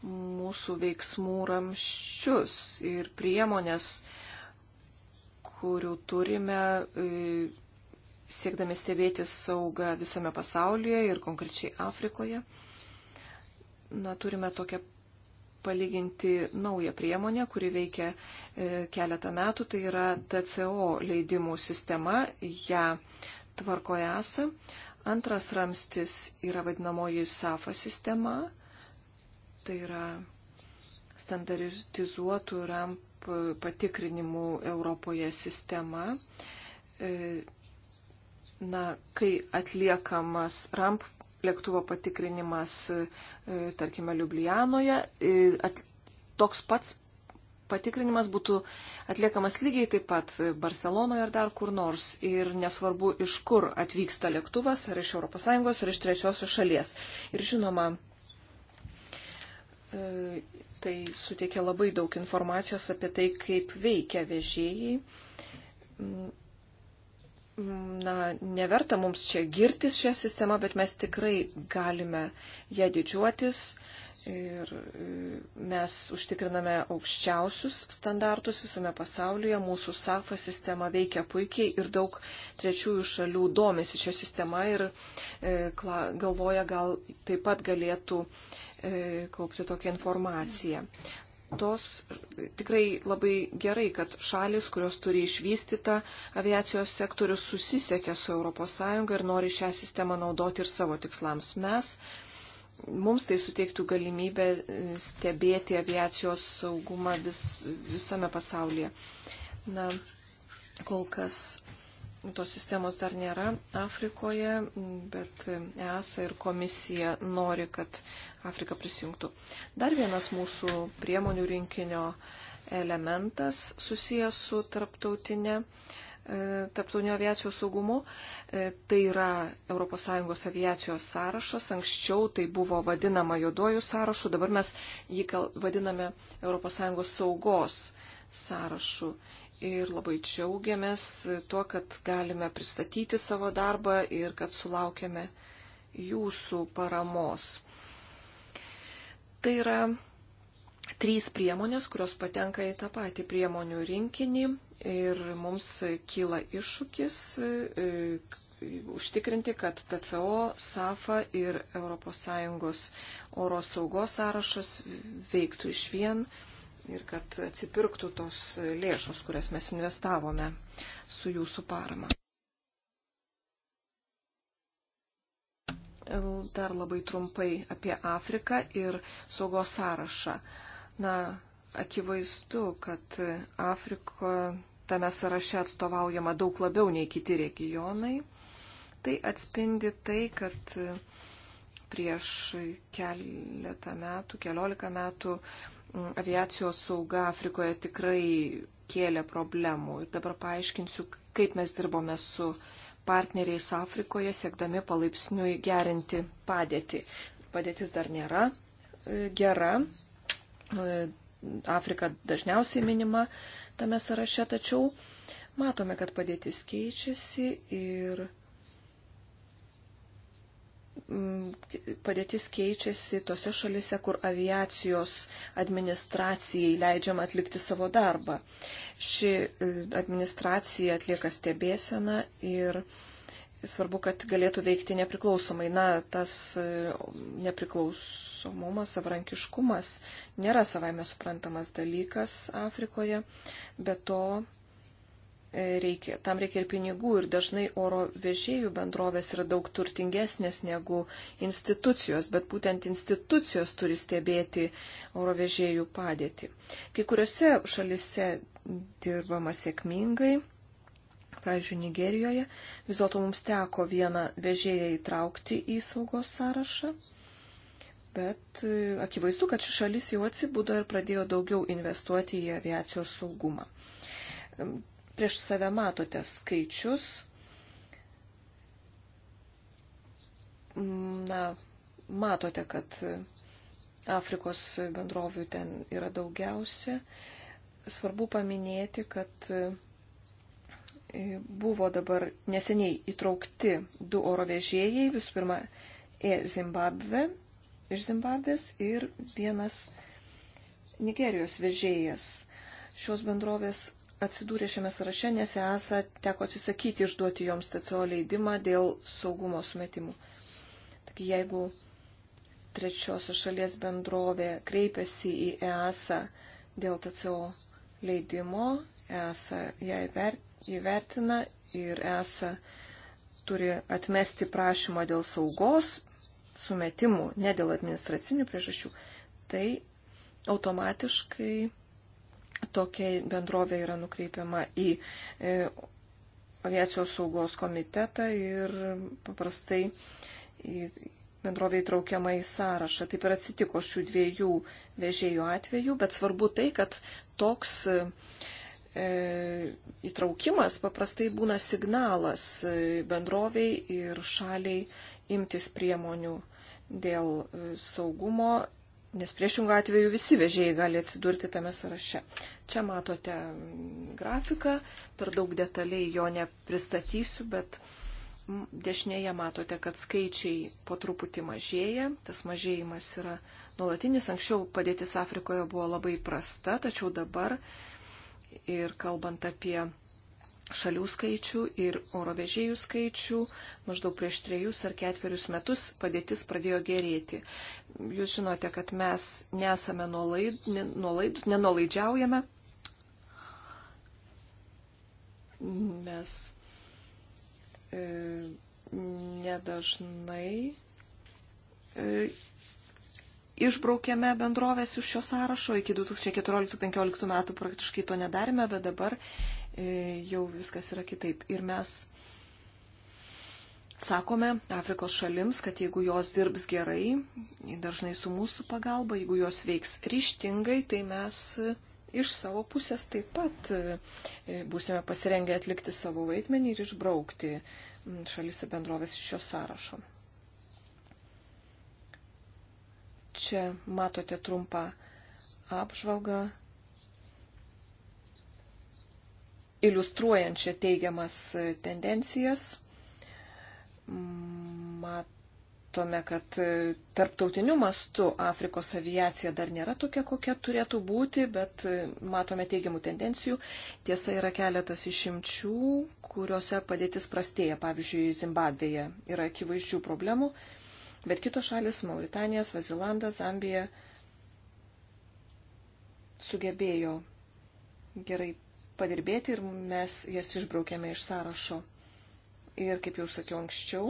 mūsų veiksmų ramščius ir priemonės, kurių turime e, siekdami stebėti saugą visame pasaulyje ir konkrečiai Afrikoje. Na, turime tokią palyginti naują priemonę, kuri veikia e, keletą metų, tai yra TCO leidimų sistema, ją tvarko esą. Antras ramstis yra vadinamoji SAFA sistema, tai yra standartizuotų ramp patikrinimų Europoje sistema. E, Na, kai atliekamas ramp lėktuvo patikrinimas, e, tarkime, Liublianoje, e, toks pats patikrinimas būtų atliekamas lygiai taip pat Barcelonoje ar dar kur nors ir nesvarbu, iš kur atvyksta lėktuvas, ar iš ES, ar iš trečiosios šalies. Ir žinoma, e, tai suteikia labai daug informacijos apie tai, kaip veikia vežėjai na, neverta mums čia girtis šią sistemą, bet mes tikrai galime ją didžiuotis ir e, mes užtikriname aukščiausius standartus visame pasaulyje. Mūsų SAFA sistema veikia puikiai ir daug trečiųjų šalių domisi šią sistemą ir e, kla, galvoja, gal taip pat galėtų e, kaupti tokią informaciją tos tikrai labai gerai, kad šalis, kurios turi išvystytą aviacijos sektorių, susisiekia su ES ir nori šią sistemą naudoti ir savo tikslams. Mes, mums tai suteiktų galimybę e, stebėti aviacijos saugumą vis, visame pasaulyje. Na, kol kas tos sistemos dar nėra Afrikoje, bet ESA ir komisija nori, kad Afrika prisijungtų. Dar vienas mūsų priemonių rinkinio elementas susijęs su tarptautinė, e, tarptautinio aviacijos saugumu. E, tai yra ES aviacijos sąrašas. Anksčiau tai buvo vadinama juodojų sąrašu, dabar mes jį vadiname ES saugos sąrašu ir labai džiaugiamės tuo, kad galime pristatyti savo darbą ir kad sulaukėme jūsų paramos. Tai yra trys priemonės, kurios patenka į tą patį priemonių rinkinį ir mums kyla iššūkis e, užtikrinti, kad TCO, SAFA ir ES oro saugos sąrašas veiktų iš vien ir kad atsipirktų tos lėšos, kurias mes investavome su jūsų parama. Dar labai trumpai apie Afriką ir saugos sąrašą. Na, akivaizdu, kad Afriko tame sąraše atstovaujama daug labiau nei kiti regionai. Tai atspindi tai, kad prieš keletą metų, keliolika metų aviacijos sauga Afrikoje tikrai kėlė problemų. Ir dabar paaiškinsiu, kaip mes dirbome su partneriais Afrikoje, siekdami palaipsniui gerinti padėtį. Padėtis dar nėra e, gera. E, Afrika dažniausiai minima tame sąraše, tačiau matome, kad padėtis keičiasi ir padėtis keičiasi tose šalise, kur aviacijos administracijai leidžiama atlikti savo darbą. Ši e, administracija atlieka stebėseną ir svarbu, kad galėtų veikti nepriklausomai. Na, tas e, nepriklausomumas, savrankiškumas nėra savaime suprantamas dalykas Afrikoje, bet to reikia, tam reikia ir pinigų ir dažnai oro vežėjų bendrovės yra daug turtingesnės negu institucijos, bet būtent institucijos turi stebėti oro vežėjų padėtį. Kai kuriuose šalise dirbama sėkmingai, pavyzdžiui, Nigerijoje, vis dėlto mums teko vieną vežėją įtraukti į saugos sąrašą. Bet e, akivaizdu, kad ši šalis jau atsibudo ir pradėjo daugiau investuoti į aviacijos saugumą Prieš save matote skaičius. Na, matote, kad Afrikos bendrovių ten yra daugiausia. Svarbu paminėti, kad e, buvo dabar neseniai įtraukti du oro vežėjai, visų pirma, e Zimbabve, iš Zimbabvės ir vienas Nigerijos vežėjas. Šios bendrovės atsidūrė šiame sąraše, nes ESA teko atsisakyti išduoti joms TCO leidimą dėl saugumo sumetimų. Taigi jeigu trečiosios šalies bendrovė kreipiasi į ESA dėl TCO leidimo, ESA ją įvertina ir ESA turi atmesti prašymą dėl saugos sumetimų, ne dėl administracinių priežasčių, tai automatiškai tokia bendrovė yra nukreipiama į e, aviacijos saugos komitetą ir paprastai bendrovė įtraukiama į sąrašą. Taip ir atsitiko šių dviejų vežėjų atveju, bet svarbu tai, kad toks e, įtraukimas paprastai būna signalas e, bendroviai ir šaliai imtis priemonių dėl e, saugumo Nes priešingų atveju visi vežėjai gali atsidurti tame sąraše. Čia matote grafiką, per daug detaliai jo nepristatysiu, bet dešinėje matote, kad skaičiai po truputį mažėja. Tas mažėjimas yra nuolatinis. Anksčiau padėtis Afrikoje buvo labai prasta, tačiau dabar ir kalbant apie šalių skaičių ir oro vežėjų skaičių, maždaug prieš trejus ar ketverius metus padėtis pradėjo gerėti. Jūs žinote, kad mes nesame nuolaid, nuolaid, nenolaidžiaujame. Mes e, nedažnai e, išbraukėme bendrovės iš šio sąrašo. Iki 2014-2015 metų praktiškai to nedarėme, bet dabar E, jau viskas yra kitaip. Ir mes sakome Afrikos šalims, kad jeigu jos dirbs gerai, dažnai su mūsų pagalba, jeigu jos veiks ryštingai, tai mes e, iš savo pusės taip pat e, būsime pasirengę atlikti savo vaidmenį ir išbraukti šalis ir bendrovės iš šio sąrašo. Čia matote trumpą apžvalgą iliustruojančią teigiamas tendencijas. Matome, kad tarptautiniu mastu Afrikos aviacija dar nėra tokia, kokia turėtų būti, bet matome teigiamų tendencijų. Tiesa, yra keletas išimčių, kuriuose padėtis prastėja. Pavyzdžiui, Zimbabvėje yra akivaizdžių problemų, bet kitos šalis - Mauritanija, Svazilanda, Zambija - sugebėjo gerai padirbėti ir mes jas išbraukėme iš sąrašo. Ir kaip jau sakiau anksčiau,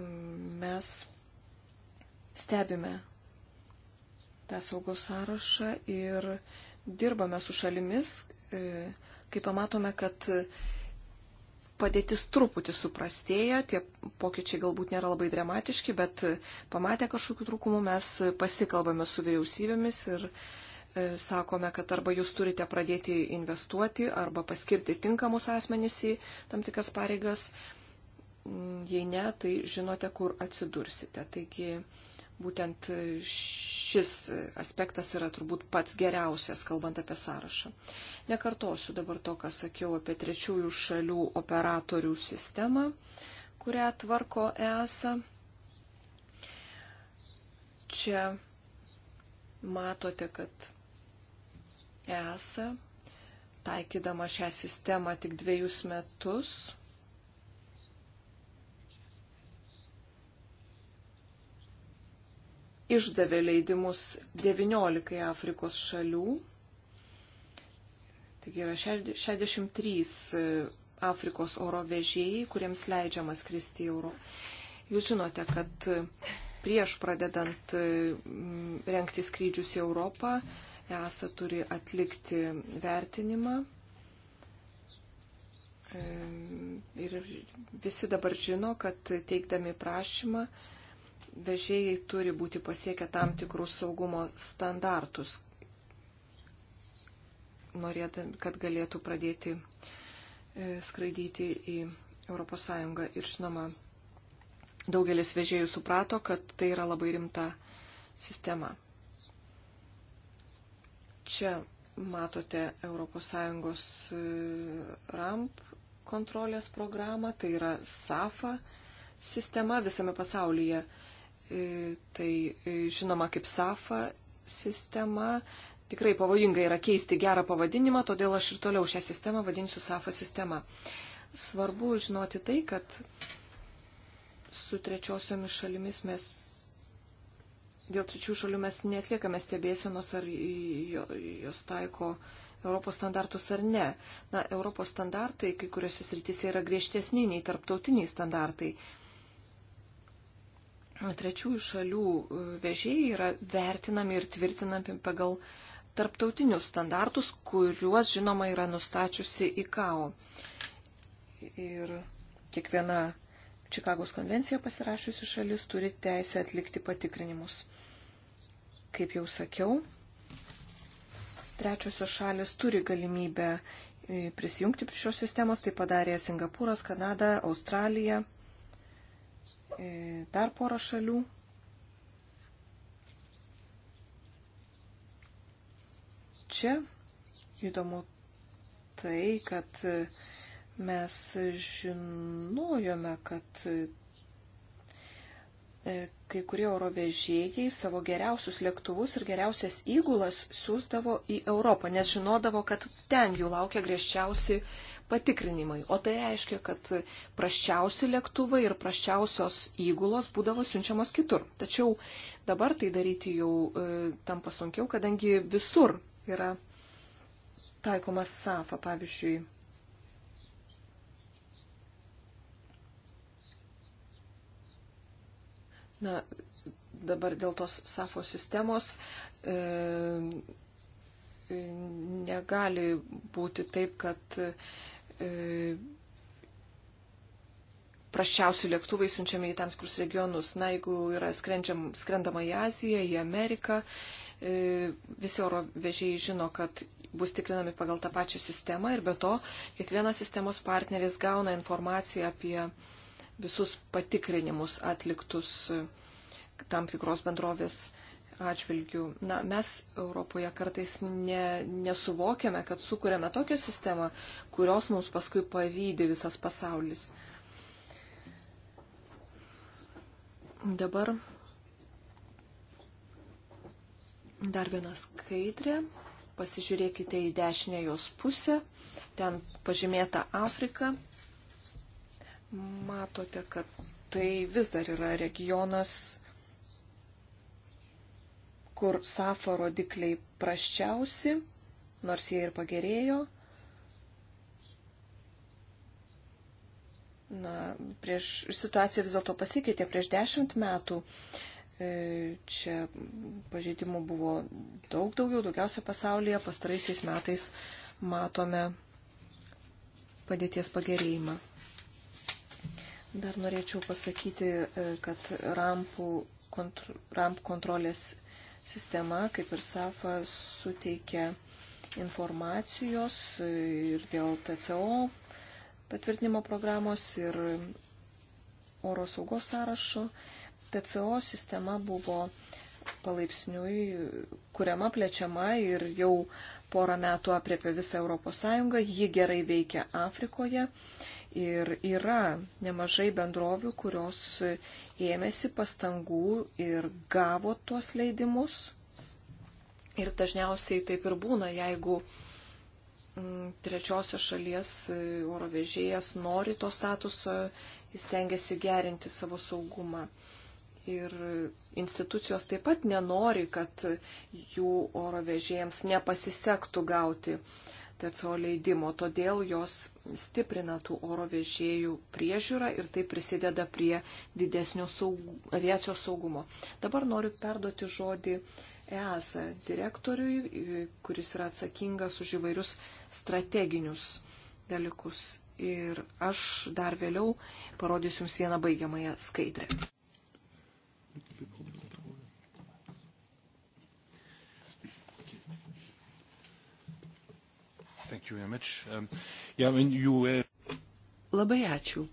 mes stebime tą saugos sąrašą ir dirbame su šalimis, e, kai pamatome, kad padėtis truputį suprastėja, tie pokyčiai galbūt nėra labai dramatiški, bet pamatę kažkokių trūkumų mes pasikalbame su vyriausybėmis ir uh, E, sakome, kad arba jūs turite pradėti investuoti, arba paskirti tinkamus asmenys į tam tikras pareigas. Jei ne, tai žinote, kur atsidursite. Taigi būtent šis aspektas yra turbūt pats geriausias, kalbant apie sąrašą. Nekartosiu dabar to, ką sakiau apie trečiųjų šalių operatorių sistemą, kurią tvarko ESA. Čia matote, kad ESA, taikydama šią sistemą tik dviejus metus. Išdavė leidimus 19 Afrikos šalių. Taigi yra 63 e, Afrikos oro vežėjai, kuriems leidžiama skristi į Euro. Jūs žinote, kad e, prieš pradedant e, renkti skrydžius į Europą, ESA turi atlikti vertinimą. Ir visi dabar žino, kad teikdami prašymą vežėjai turi būti pasiekę tam tikrus saugumo standartus, norėdami, kad galėtų pradėti e, skraidyti į ES. Ir žinoma, daugelis vežėjų suprato, kad tai yra labai rimta sistema. Čia matote ES e, RAMP kontrolės programą, tai yra SAFA sistema visame pasaulyje. E, tai e, žinoma kaip SAFA sistema. Tikrai pavojinga yra keisti gerą pavadinimą, todėl aš ir toliau šią sistemą vadinsiu SAFA sistema. Svarbu žinoti tai, kad su trečiosiomis šalimis mes dėl trečių šalių mes netliekame stebėsenos, ar jos taiko Europos standartus ar ne. Na, Europos standartai kai kuriuose srityse yra griežtesni nei tarptautiniai standartai. Trečiųjų šalių e, vežėjai yra vertinami ir tvirtinami pagal tarptautinius standartus, kuriuos, žinoma, yra nustačiusi ICAO. Ir kiekviena Čikagos konvenciją pasirašiusi šalis turi teisę atlikti patikrinimus. Kaip jau sakiau, trečiosios šalis turi galimybę e, prisijungti prie šios sistemos, tai padarė Singapūras, Kanada, Australija, e, dar pora šalių. Čia įdomu tai, kad mes žinojome, kad E, kai kurie oro vežėjai savo geriausius lėktuvus ir geriausias įgulas siūsdavo į Europą, nes žinodavo, kad ten jų laukia griežčiausi patikrinimai. O tai reiškia, kad praščiausi lėktuvai ir praščiausios įgulos būdavo siunčiamos kitur. Tačiau dabar tai daryti jau e, tampa sunkiau, kadangi visur yra taikomas SAFA, pavyzdžiui, Na, dabar dėl tos sako sistemos e, negali būti taip, kad e, praščiausi lėktuvai siunčiami į tam tikrus regionus. Na, jeigu yra skrendžiam, skrendama į Aziją, į Ameriką, e, visi oro vežėjai žino, kad bus tikrinami pagal tą pačią sistemą ir be to kiekvienas sistemos partneris gauna informaciją apie visus patikrinimus atliktus e, tam tikros bendrovės atžvilgių. Na, mes Europoje kartais ne, nesuvokiame, kad sukūrėme tokią sistemą, kurios mums paskui pavydė visas pasaulis. Dabar dar viena skaidrė. Pasižiūrėkite į dešinę jos pusę. Ten pažymėta Afrika matote, kad tai vis dar yra regionas, kur SAFO rodikliai praščiausi, nors jie ir pagerėjo. Na, prieš situacija vis dėlto pasikeitė prieš dešimt metų. E, čia pažeidimų buvo daug daugiau, daugiausia pasaulyje. Pastaraisiais metais matome padėties pagerėjimą. Dar norėčiau pasakyti, e, kad rampų, kontr, ramp kontrolės sistema, kaip ir SAFA, suteikia informacijos e, ir dėl TCO patvirtinimo programos ir oro saugos sąrašo. TCO sistema buvo palaipsniui kuriama, plečiama ir jau porą metų apriepia visą ES, ji gerai veikia Afrikoje Ir yra nemažai bendrovių, kurios ėmėsi pastangų ir gavo tuos leidimus. Ir dažniausiai taip ir būna, jeigu mm, trečiosios šalies e, oro vežėjas nori to statuso, jis tengiasi gerinti savo saugumą. Ir institucijos taip pat nenori, kad jų oro vežėjams nepasisektų gauti uh, TCO leidimo, todėl jos stiprina tų oro vežėjų priežiūrą ir tai prisideda prie didesnio saug... aviacijos saugumo. Dabar noriu perduoti žodį EASA direktoriui, kuris yra atsakingas už įvairius strateginius dalykus. Ir aš dar vėliau parodysiu Jums vieną baigiamąją skaidrę. Thank you very much. Um, yeah, I mean, you were... Labai ačiū.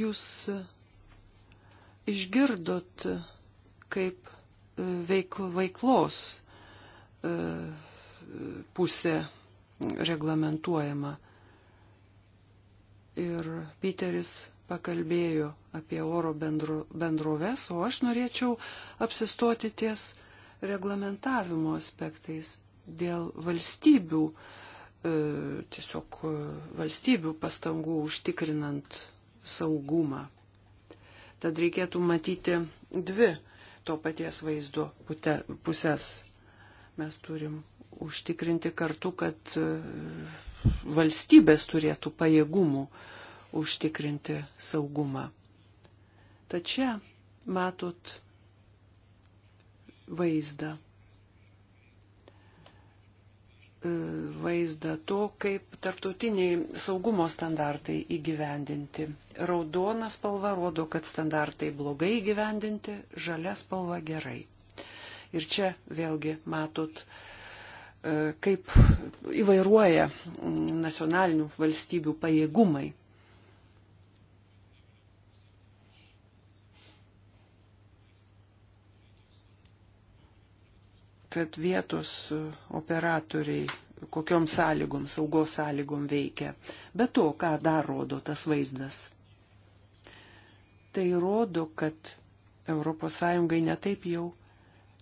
Jūs uh, išgirdot, uh, kaip uh, veikl, veiklos pusė reglamentuojama. Ir Piteris pakalbėjo apie oro bendro, bendroves, o aš norėčiau apsistoti ties reglamentavimo aspektais dėl valstybių, e, tiesiog e, valstybių pastangų užtikrinant saugumą. Tad reikėtų matyti dvi to paties vaizdo pusės. Mes turim užtikrinti kartu, kad e, valstybės turėtų pajėgumų užtikrinti saugumą. Tačiau matot vaizdą E, vaizdą to, kaip tartutiniai saugumo standartai įgyvendinti. Raudona spalva rodo, kad standartai blogai įgyvendinti, žalia spalva gerai. Ir čia vėlgi matot, e, kaip įvairuoja nacionalinių valstybių pajėgumai. kad vietos operatoriai kokiom sąlygom, saugos sąlygom veikia. Be to, ką dar rodo tas vaizdas. Tai rodo, kad ES netaip jau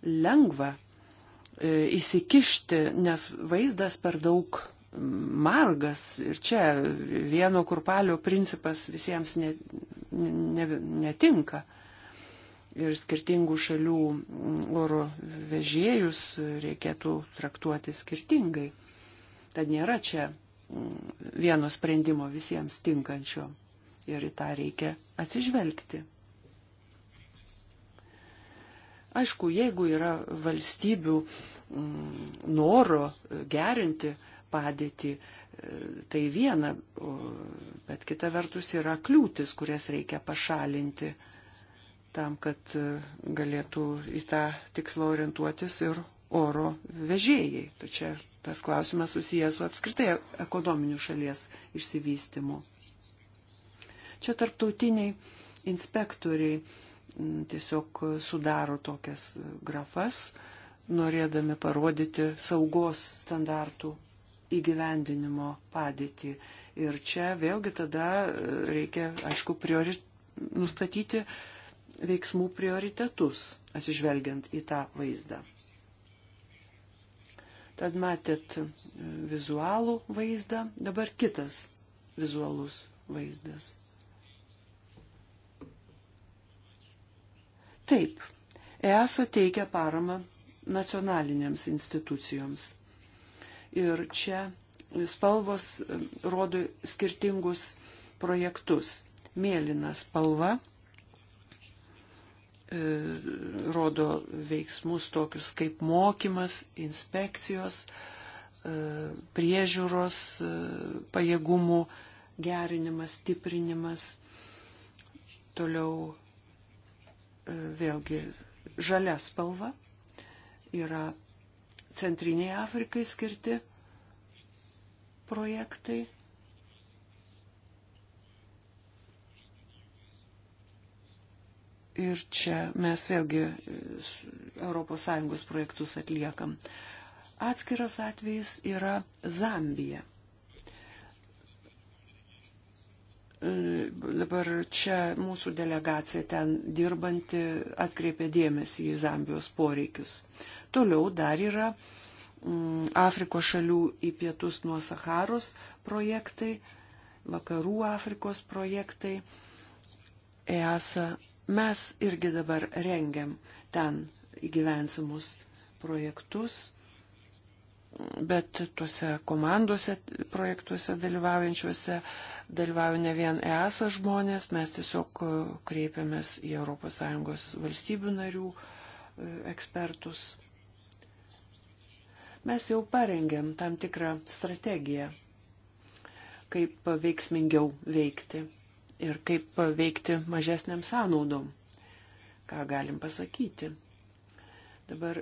lengva e, įsikišti, nes vaizdas per daug margas ir čia vieno kurpalio principas visiems ne, ne, netinka. Ne ir skirtingų šalių mm, oro vežėjus reikėtų traktuoti skirtingai. Tad nėra čia mm, vieno sprendimo visiems tinkančio ir į tą reikia atsižvelgti. Aišku, jeigu yra valstybių mm, noro gerinti padėtį, e, tai viena, bet kita vertus yra kliūtis, kurias reikia pašalinti tam, kad e, galėtų į tą tikslą orientuotis ir oro vežėjai. Tačiau tas klausimas susijęs su apskritai ekonominiu šalies išsivystimu. Čia tarptautiniai inspektoriai tiesiog sudaro tokias grafas, norėdami parodyti saugos standartų įgyvendinimo padėtį. Ir čia vėlgi tada e, reikia, aišku, priori... nustatyti uh, veiksmų prioritetus, atsižvelgiant į tą vaizdą. Tad matėt vizualų vaizdą, dabar kitas vizualus vaizdas. Taip, ESA teikia paramą nacionalinėms institucijoms. Ir čia spalvos rodo skirtingus projektus. Mėlyna spalva E, rodo veiksmus tokius kaip mokymas, inspekcijos, e, priežiūros e, pajėgumų gerinimas, stiprinimas. Toliau vėlgi žalia spalva yra Centriniai Afrikai skirti projektai ir čia mes vėlgi ES projektus atliekam. Atskiras atvejis yra Zambija. E, dabar čia mūsų delegacija ten dirbanti atkreipė dėmesį į Zambijos poreikius. Toliau dar yra mm, Afrikos šalių į pietus nuo Saharos projektai, vakarų Afrikos projektai. EASA Mes irgi dabar rengiam ten įgyvensimus projektus, bet tuose komanduose projektuose dalyvaujančiuose dalyvauja ne vien EASA žmonės, mes tiesiog e, kreipiamės į ES valstybių narių e, ekspertus. Mes jau parengėm tam tikrą strategiją, kaip veiksmingiau veikti ir kaip veikti mažesniam sąnaudom. Ką galim pasakyti? Dabar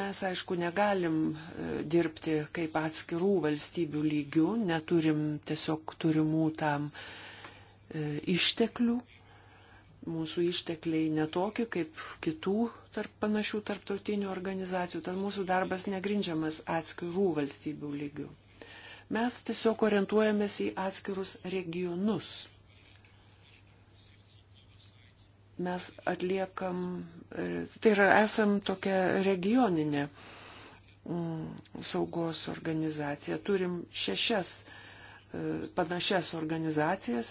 mes, aišku, negalim e, dirbti kaip atskirų valstybių lygių, neturim tiesiog turimų tam e, išteklių. Mūsų ištekliai netokie kaip kitų tarp panašių tarptautinių organizacijų, tad mūsų darbas negrindžiamas atskirų valstybių lygių. Mes tiesiog orientuojamės į atskirus regionus. Mes atliekam, e, tai yra esam tokia regioninė mm, saugos organizacija. Turim šešias e, panašias organizacijas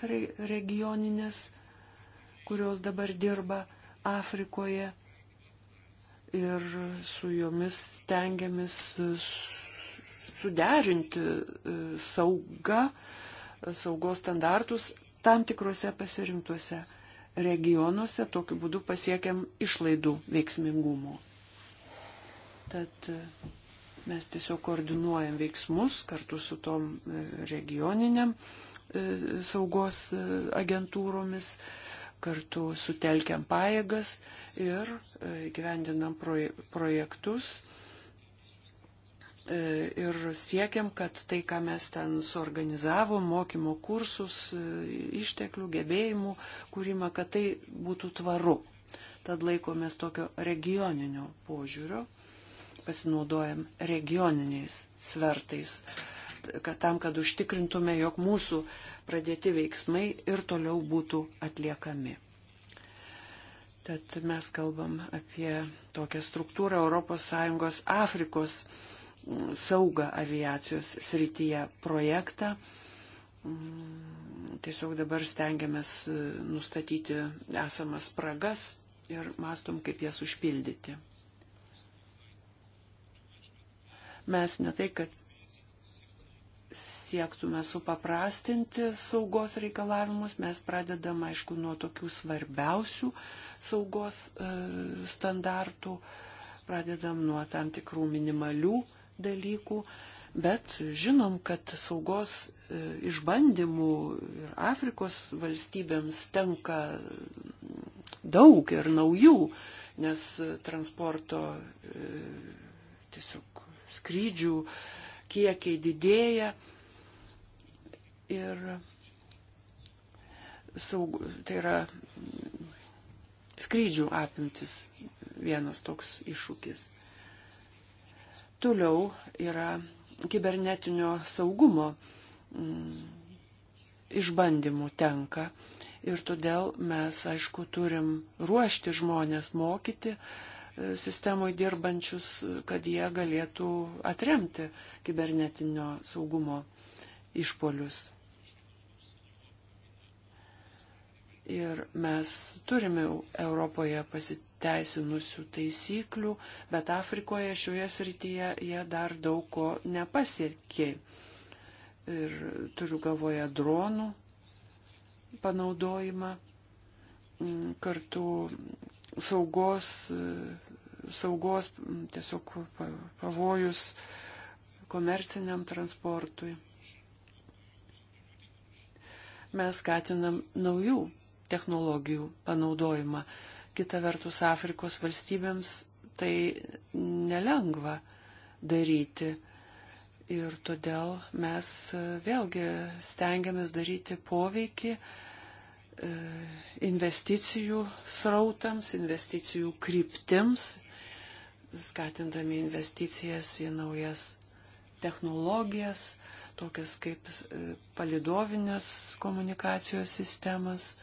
regioninės, kurios dabar dirba Afrikoje ir su jomis tengiamis suderinti e, saugą, saugos standartus tam tikrose pasirinktose regionuose, tokiu būdu pasiekiam išlaidų veiksmingumo. Tad e, mes tiesiog koordinuojam veiksmus kartu su tom e, regioniniam saugos agentūromis, kartu sutelkiam pajėgas ir gyvendinam projektus E, ir siekiam, kad tai, ką mes ten suorganizavom, mokymo kursus, e, išteklių, gebėjimų kūrimą, kad tai būtų tvaru. Tad laikomės tokio regioninio požiūrio, pasinaudojam regioniniais svertais, kad tam, kad užtikrintume, jog mūsų pradėti veiksmai ir toliau būtų atliekami. Tad mes kalbam apie tokią struktūrą ES Afrikos saugą aviacijos srityje projektą. Mm, tiesiog dabar stengiamės e, nustatyti esamas spragas ir mastom, kaip jas užpildyti. Mes ne tai, kad siektume supaprastinti saugos reikalavimus, mes pradedam, aišku, nuo tokių svarbiausių saugos e, standartų, pradedam nuo tam tikrų minimalių standartų dalykų, bet žinom, kad saugos e, išbandymų ir Afrikos valstybėms tenka daug ir naujų, nes transporto e, tiesiog skrydžių kiekiai didėja. Ir saug, tai yra skrydžių apimtis vienas toks iššūkis. Toliau yra kibernetinio saugumo mm, išbandymų tenka. Ir todėl mes, aišku, turim ruošti žmonės, mokyti e, sistemoje dirbančius, kad jie galėtų atremti kibernetinio saugumo išpolius. Ir mes turime Europoje pasiteisinusių taisyklių, bet Afrikoje šioje srityje jie dar daug ko nepasiekė. Ir turiu galvoje dronų panaudojimą, mm, kartu saugos, saugos mm, tiesiog pavojus komerciniam transportui. Mes skatinam naujų technologijų panaudojimą. Kita vertus, Afrikos valstybėms tai nelengva daryti. Ir todėl mes e, vėlgi stengiamės daryti poveikį e, investicijų srautams, investicijų kryptims, skatindami investicijas į naujas technologijas, tokias kaip e, palidovinės komunikacijos sistemas,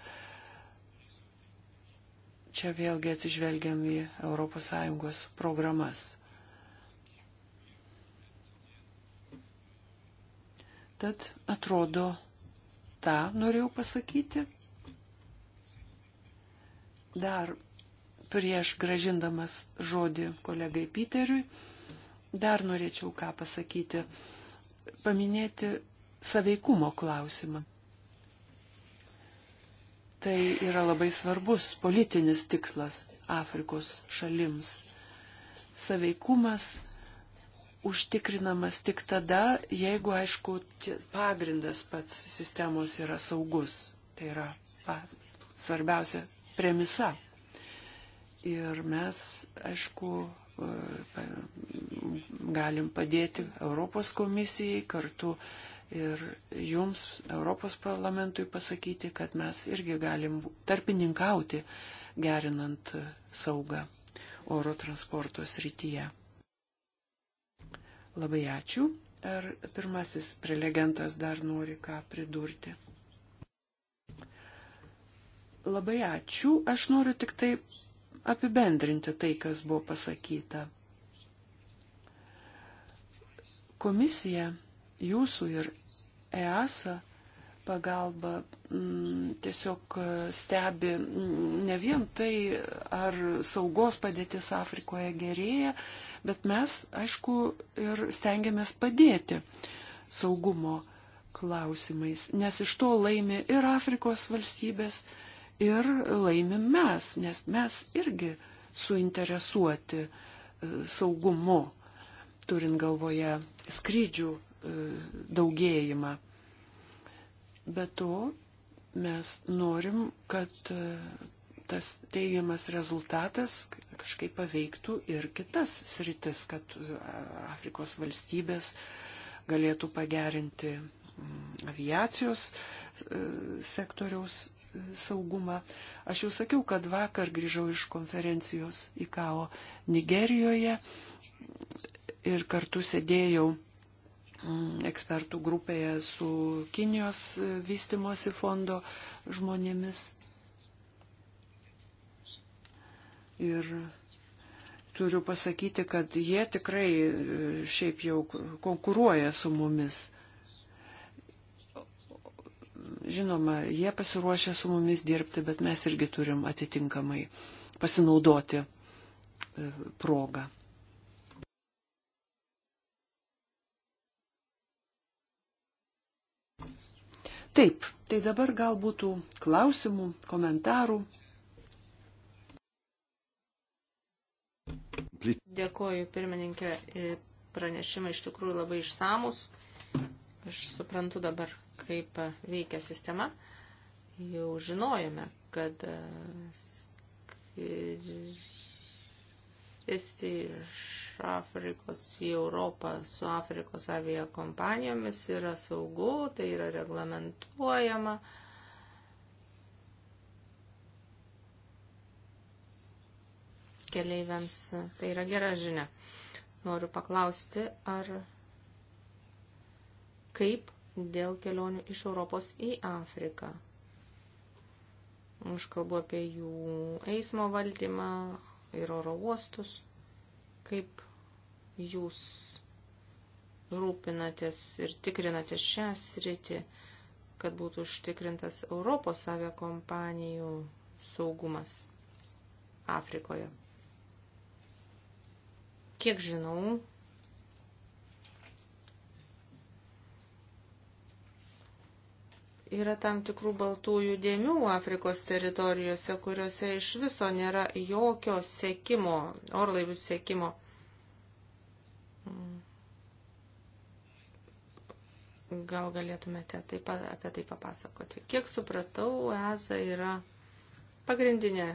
Čia vėlgi atsižvelgiam į ES programas. Tad atrodo, tą norėjau pasakyti. Dar prieš gražindamas žodį kolegai Piteriui, dar norėčiau ką pasakyti, paminėti saveikumo klausimą. Tai yra labai svarbus politinis tikslas Afrikos šalims. Saveikumas užtikrinamas tik tada, jeigu, aišku, pagrindas pats sistemos yra saugus. Tai yra pa, svarbiausia premisa. Ir mes, aišku, e, galim padėti Europos komisijai kartu ir jums, Europos parlamentui, pasakyti, kad mes irgi galim tarpininkauti, gerinant saugą oro transporto srityje. Labai ačiū. Ar pirmasis prelegentas dar nori ką pridurti? Labai ačiū. Aš noriu tik tai apibendrinti tai, kas buvo pasakyta. Komisija jūsų ir EASA pagalba m, mm, tiesiog e, stebi mm, ne vien tai, ar saugos padėtis Afrikoje gerėja, bet mes, aišku, ir stengiamės padėti saugumo klausimais, nes iš to laimi ir Afrikos valstybės, ir laimim mes, nes mes irgi suinteresuoti e, saugumu, turint galvoje skrydžių E, daugėjimą. Be to, mes norim, kad e, tas teigiamas rezultatas kažkaip paveiktų ir kitas sritis, kad e, Afrikos valstybės galėtų pagerinti mm, aviacijos sektoriaus saugumą. Aš jau sakiau, kad vakar grįžau iš konferencijos į Kao Nigerijoje ir kartu sėdėjau ekspertų grupėje su Kinijos vystimosi fondo žmonėmis. Ir turiu pasakyti, kad jie tikrai e, šiaip jau konkuruoja su mumis. Žinoma, jie pasiruošę su mumis dirbti, bet mes irgi turim atitinkamai pasinaudoti e, progą. Taip, tai dabar gal būtų klausimų, komentarų. Dėkuoju, pirmininkė, pranešimai iš tikrųjų labai išsamus. Aš suprantu dabar, kaip veikia sistema. Jau žinojame, kad e, tiesti iš Afrikos į Europą su Afrikos aviakompanijomis yra saugu, tai yra reglamentuojama. Keleiviams tai yra gera žinia. Noriu paklausti, ar kaip dėl kelionių iš Europos į Afriką. Aš kalbu apie jų eismo valdymą, ir oro uostus, kaip jūs rūpinatės ir tikrinate šią sritį, kad būtų užtikrintas Europos aviakompanijų saugumas Afrikoje. Kiek žinau, Yra tam tikrų baltųjų dėmių Afrikos teritorijose, kuriuose iš viso nėra jokio sekimo, orlaivių sekimo. Gal galėtumėte taip pat apie tai papasakoti. Kiek supratau, ESA yra pagrindinė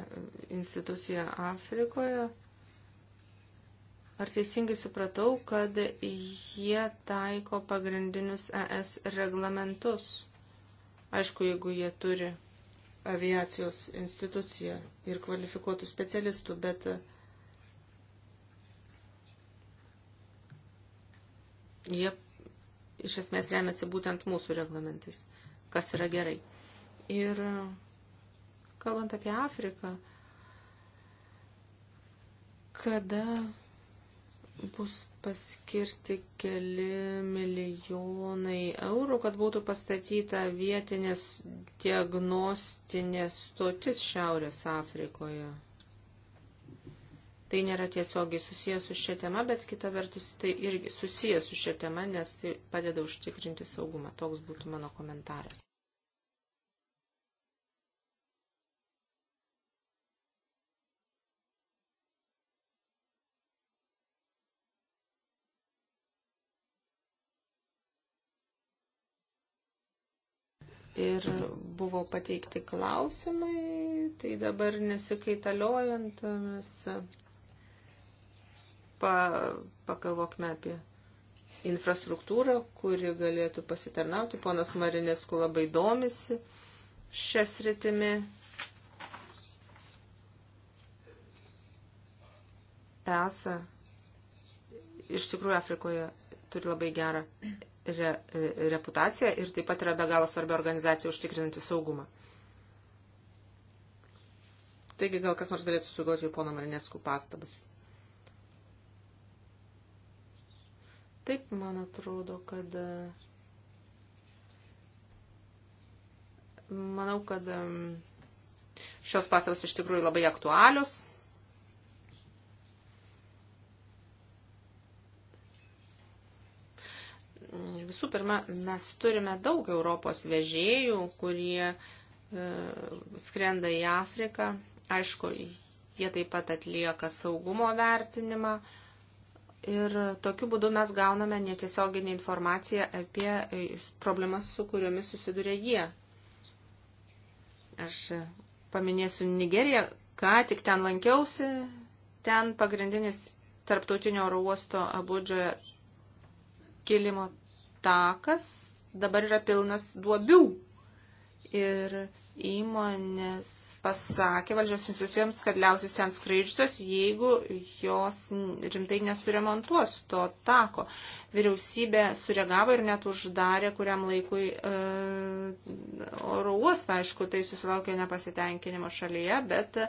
institucija Afrikoje. Ar teisingai supratau, kad jie taiko pagrindinius ES reglamentus? Aišku, jeigu jie turi aviacijos instituciją ir kvalifikuotų specialistų, bet e, jie iš esmės remiasi būtent mūsų reglamentais, kas yra gerai. Ir e, kalbant apie Afriką, kada bus paskirti keli milijonai eurų, kad būtų pastatyta vietinės diagnostinės stotis Šiaurės Afrikoje. Tai nėra tiesiogiai susijęs su šia tema, bet kita vertus tai irgi susijęs su šia tema, nes tai padeda užtikrinti saugumą. Toks būtų mano komentaras. ir buvo pateikti klausimai, tai dabar nesikaitaliojant mes pa, pakalvokime apie infrastruktūrą, kuri galėtų pasitarnauti. Ponas Marinesku labai domisi šias rytimi. ESA iš tikrųjų Afrikoje turi labai gerą re, e, reputaciją ir taip pat yra be galo svarbi organizacija užtikrinanti saugumą. Taigi gal kas nors galėtų sugalvoti pono Marineskų pastabas. Taip, man atrodo, kad. E, manau, kad e, šios pastabas iš tikrųjų labai aktualios. Visų pirma, mes turime daug Europos vežėjų, kurie e, skrenda į Afriką. Aišku, jie taip pat atlieka saugumo vertinimą. Ir tokiu būdu mes gauname netiesioginį informaciją apie e, problemas, su kuriomis susiduria jie. Aš paminėsiu Nigeriją, ką tik ten lankiausi. Ten pagrindinis tarptautinio oro uosto Abudžoje kilimo takas dabar yra pilnas duobių. Ir Įmonės pasakė valdžios institucijoms, kad liausis ten skraidžiusios, jeigu jos rimtai nesuremontuos to tako. Vyriausybė sureagavo ir net uždarė kuriam laikui e, oro uostą, aišku, tai susilaukė nepasitenkinimo šalyje, bet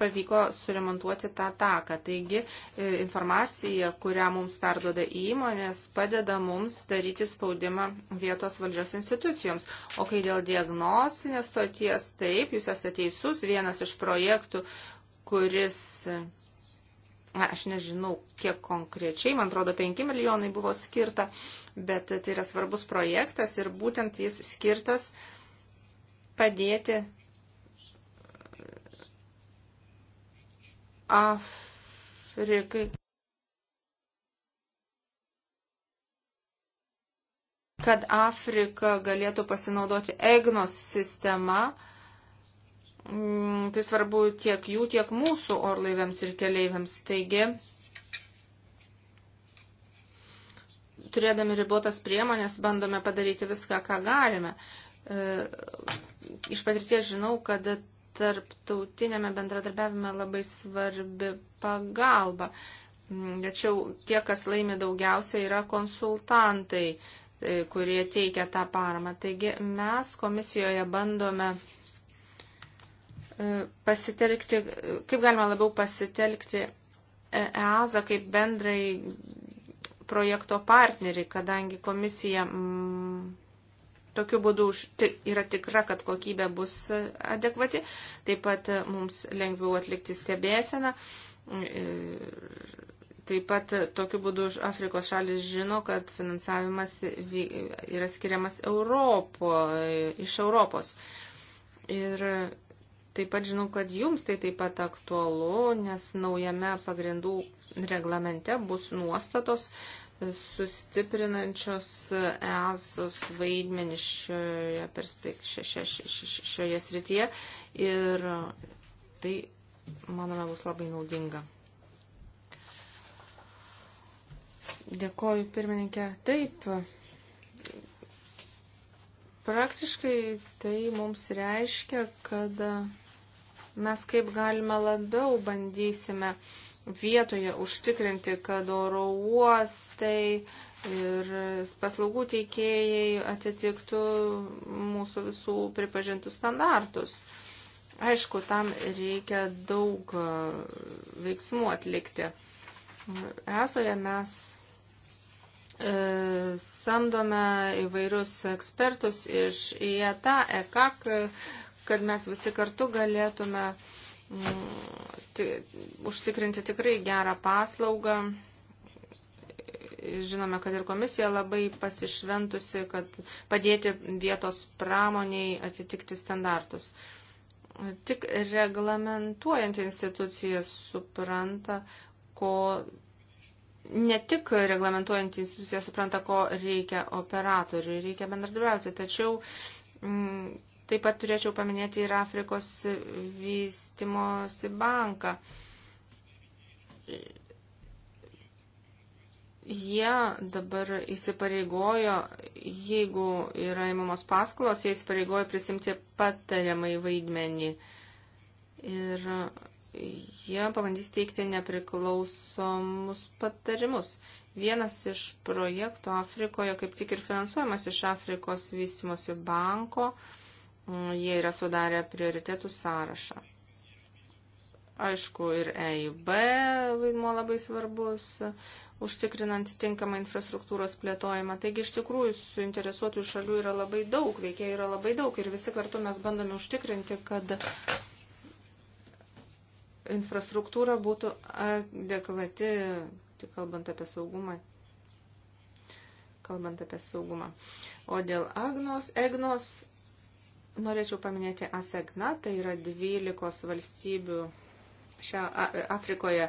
pavyko suremontuoti tą taką. Taigi e, informacija, kurią mums perdoda įmonės, padeda mums daryti spaudimą vietos valdžios institucijoms. O kai dėl diagnostinės, to stoties. Taip, jūs esate teisus, vienas iš projektų, kuris na, aš nežinau, kiek konkrečiai, man atrodo, 5 milijonai buvo skirta, bet tai yra svarbus projektas ir būtent jis skirtas padėti Afrikai. kad Afrika galėtų pasinaudoti EGNOS sistema. Mm, tai svarbu tiek jų, tiek mūsų orlaiviams ir keleiviams. Taigi, turėdami ribotas priemonės, bandome padaryti viską, ką galime. E, iš patirties žinau, kad tarptautinėme bendradarbiavime labai svarbi pagalba. Mm, tačiau tie, kas laimi daugiausia, yra konsultantai. E, kurie teikia tą paramą. Taigi mes komisijoje bandome e, pasitelkti, kaip galima labiau pasitelkti EASA e kaip bendrai projekto partnerį, kadangi komisija m, tokiu būdu už, t, yra tikra, kad kokybė bus adekvati, taip pat mums lengviau atlikti stebėseną Taip pat tokiu būdu Afrikos šalis žino, kad finansavimas yra skiriamas Europo, iš Europos. Ir taip pat žinau, kad jums tai taip pat aktualu, nes naujame pagrindų reglamente bus nuostatos sustiprinančios EASOS vaidmenį šioje, šioje, šioje srityje ir tai, manome, bus labai naudinga. Dėkoju, pirmininkė. Taip, praktiškai tai mums reiškia, kad mes kaip galime labiau bandysime vietoje užtikrinti, kad oro uostai ir paslaugų teikėjai atitiktų mūsų visų pripažintus standartus. Aišku, tam reikia daug veiksmų atlikti. Esoje mes E, samdome įvairius ekspertus iš IETA, EKAK, kad mes visi kartu galėtume mm, užtikrinti tikrai gerą paslaugą. Žinome, kad ir komisija labai pasišventusi, kad padėti vietos pramoniai atitikti standartus. Tik reglamentuojant institucijas supranta, ko ne tik reglamentuojant instituciją supranta, ko reikia operatoriui, reikia bendradarbiauti, tačiau m, mm, taip pat turėčiau paminėti ir Afrikos vystimosi banką. Jie dabar įsipareigojo, jeigu yra įmamos paskolos, jie įsipareigojo prisimti patariamai vaidmenį. Ir jie pabandys teikti nepriklausomus patarimus. Vienas iš projektų Afrikoje kaip tik ir finansuojamas iš Afrikos vystimosi banko. Mm, jie yra sudarę prioritėtų sąrašą. Aišku, ir EIB vaidmo labai svarbus, užtikrinant tinkamą infrastruktūros plėtojimą. Taigi, iš tikrųjų, suinteresuotų šalių yra labai daug, veikėjų yra labai daug ir visi kartu mes bandome užtikrinti, kad infrastruktūra būtų adekvati, tik kalbant apie saugumą. Kalbant apie saugumą. O dėl Agnos, Egnos norėčiau paminėti ASEGNA, tai yra 12 valstybių šią Afrikoje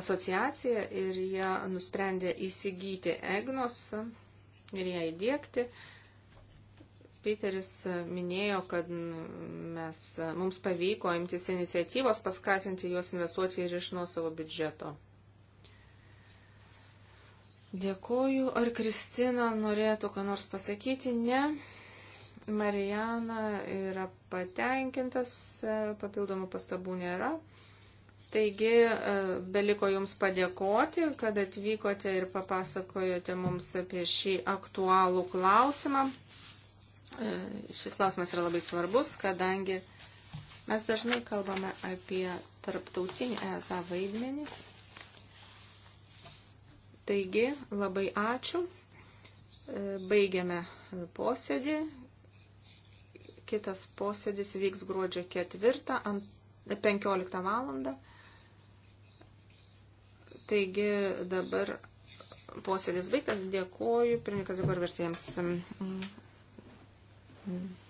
asociaciją ir jie nusprendė įsigyti EGNOS ir ją įdėkti. Uh, Peteris minėjo, kad mes, mums pavyko imtis iniciatyvos paskatinti juos investuoti ir iš nuosavo biudžeto. Dėkoju. Ar Kristina norėtų ką nors pasakyti? Ne. Marijana yra patenkintas, papildomų pastabų nėra. Taigi, e, beliko Jums padėkoti, kad atvykote ir papasakojote mums apie šį aktualų klausimą. E, šis klausimas yra labai svarbus, kadangi mes dažnai kalbame apie tarptautinį ESA vaidmenį. Taigi, labai ačiū. E, baigiame posėdį. Kitas posėdis vyks gruodžio 4, 15 valandą. Taigi dabar posėdis baigtas. Dėkoju. Pirmininkas dabar vertėjams. Mm.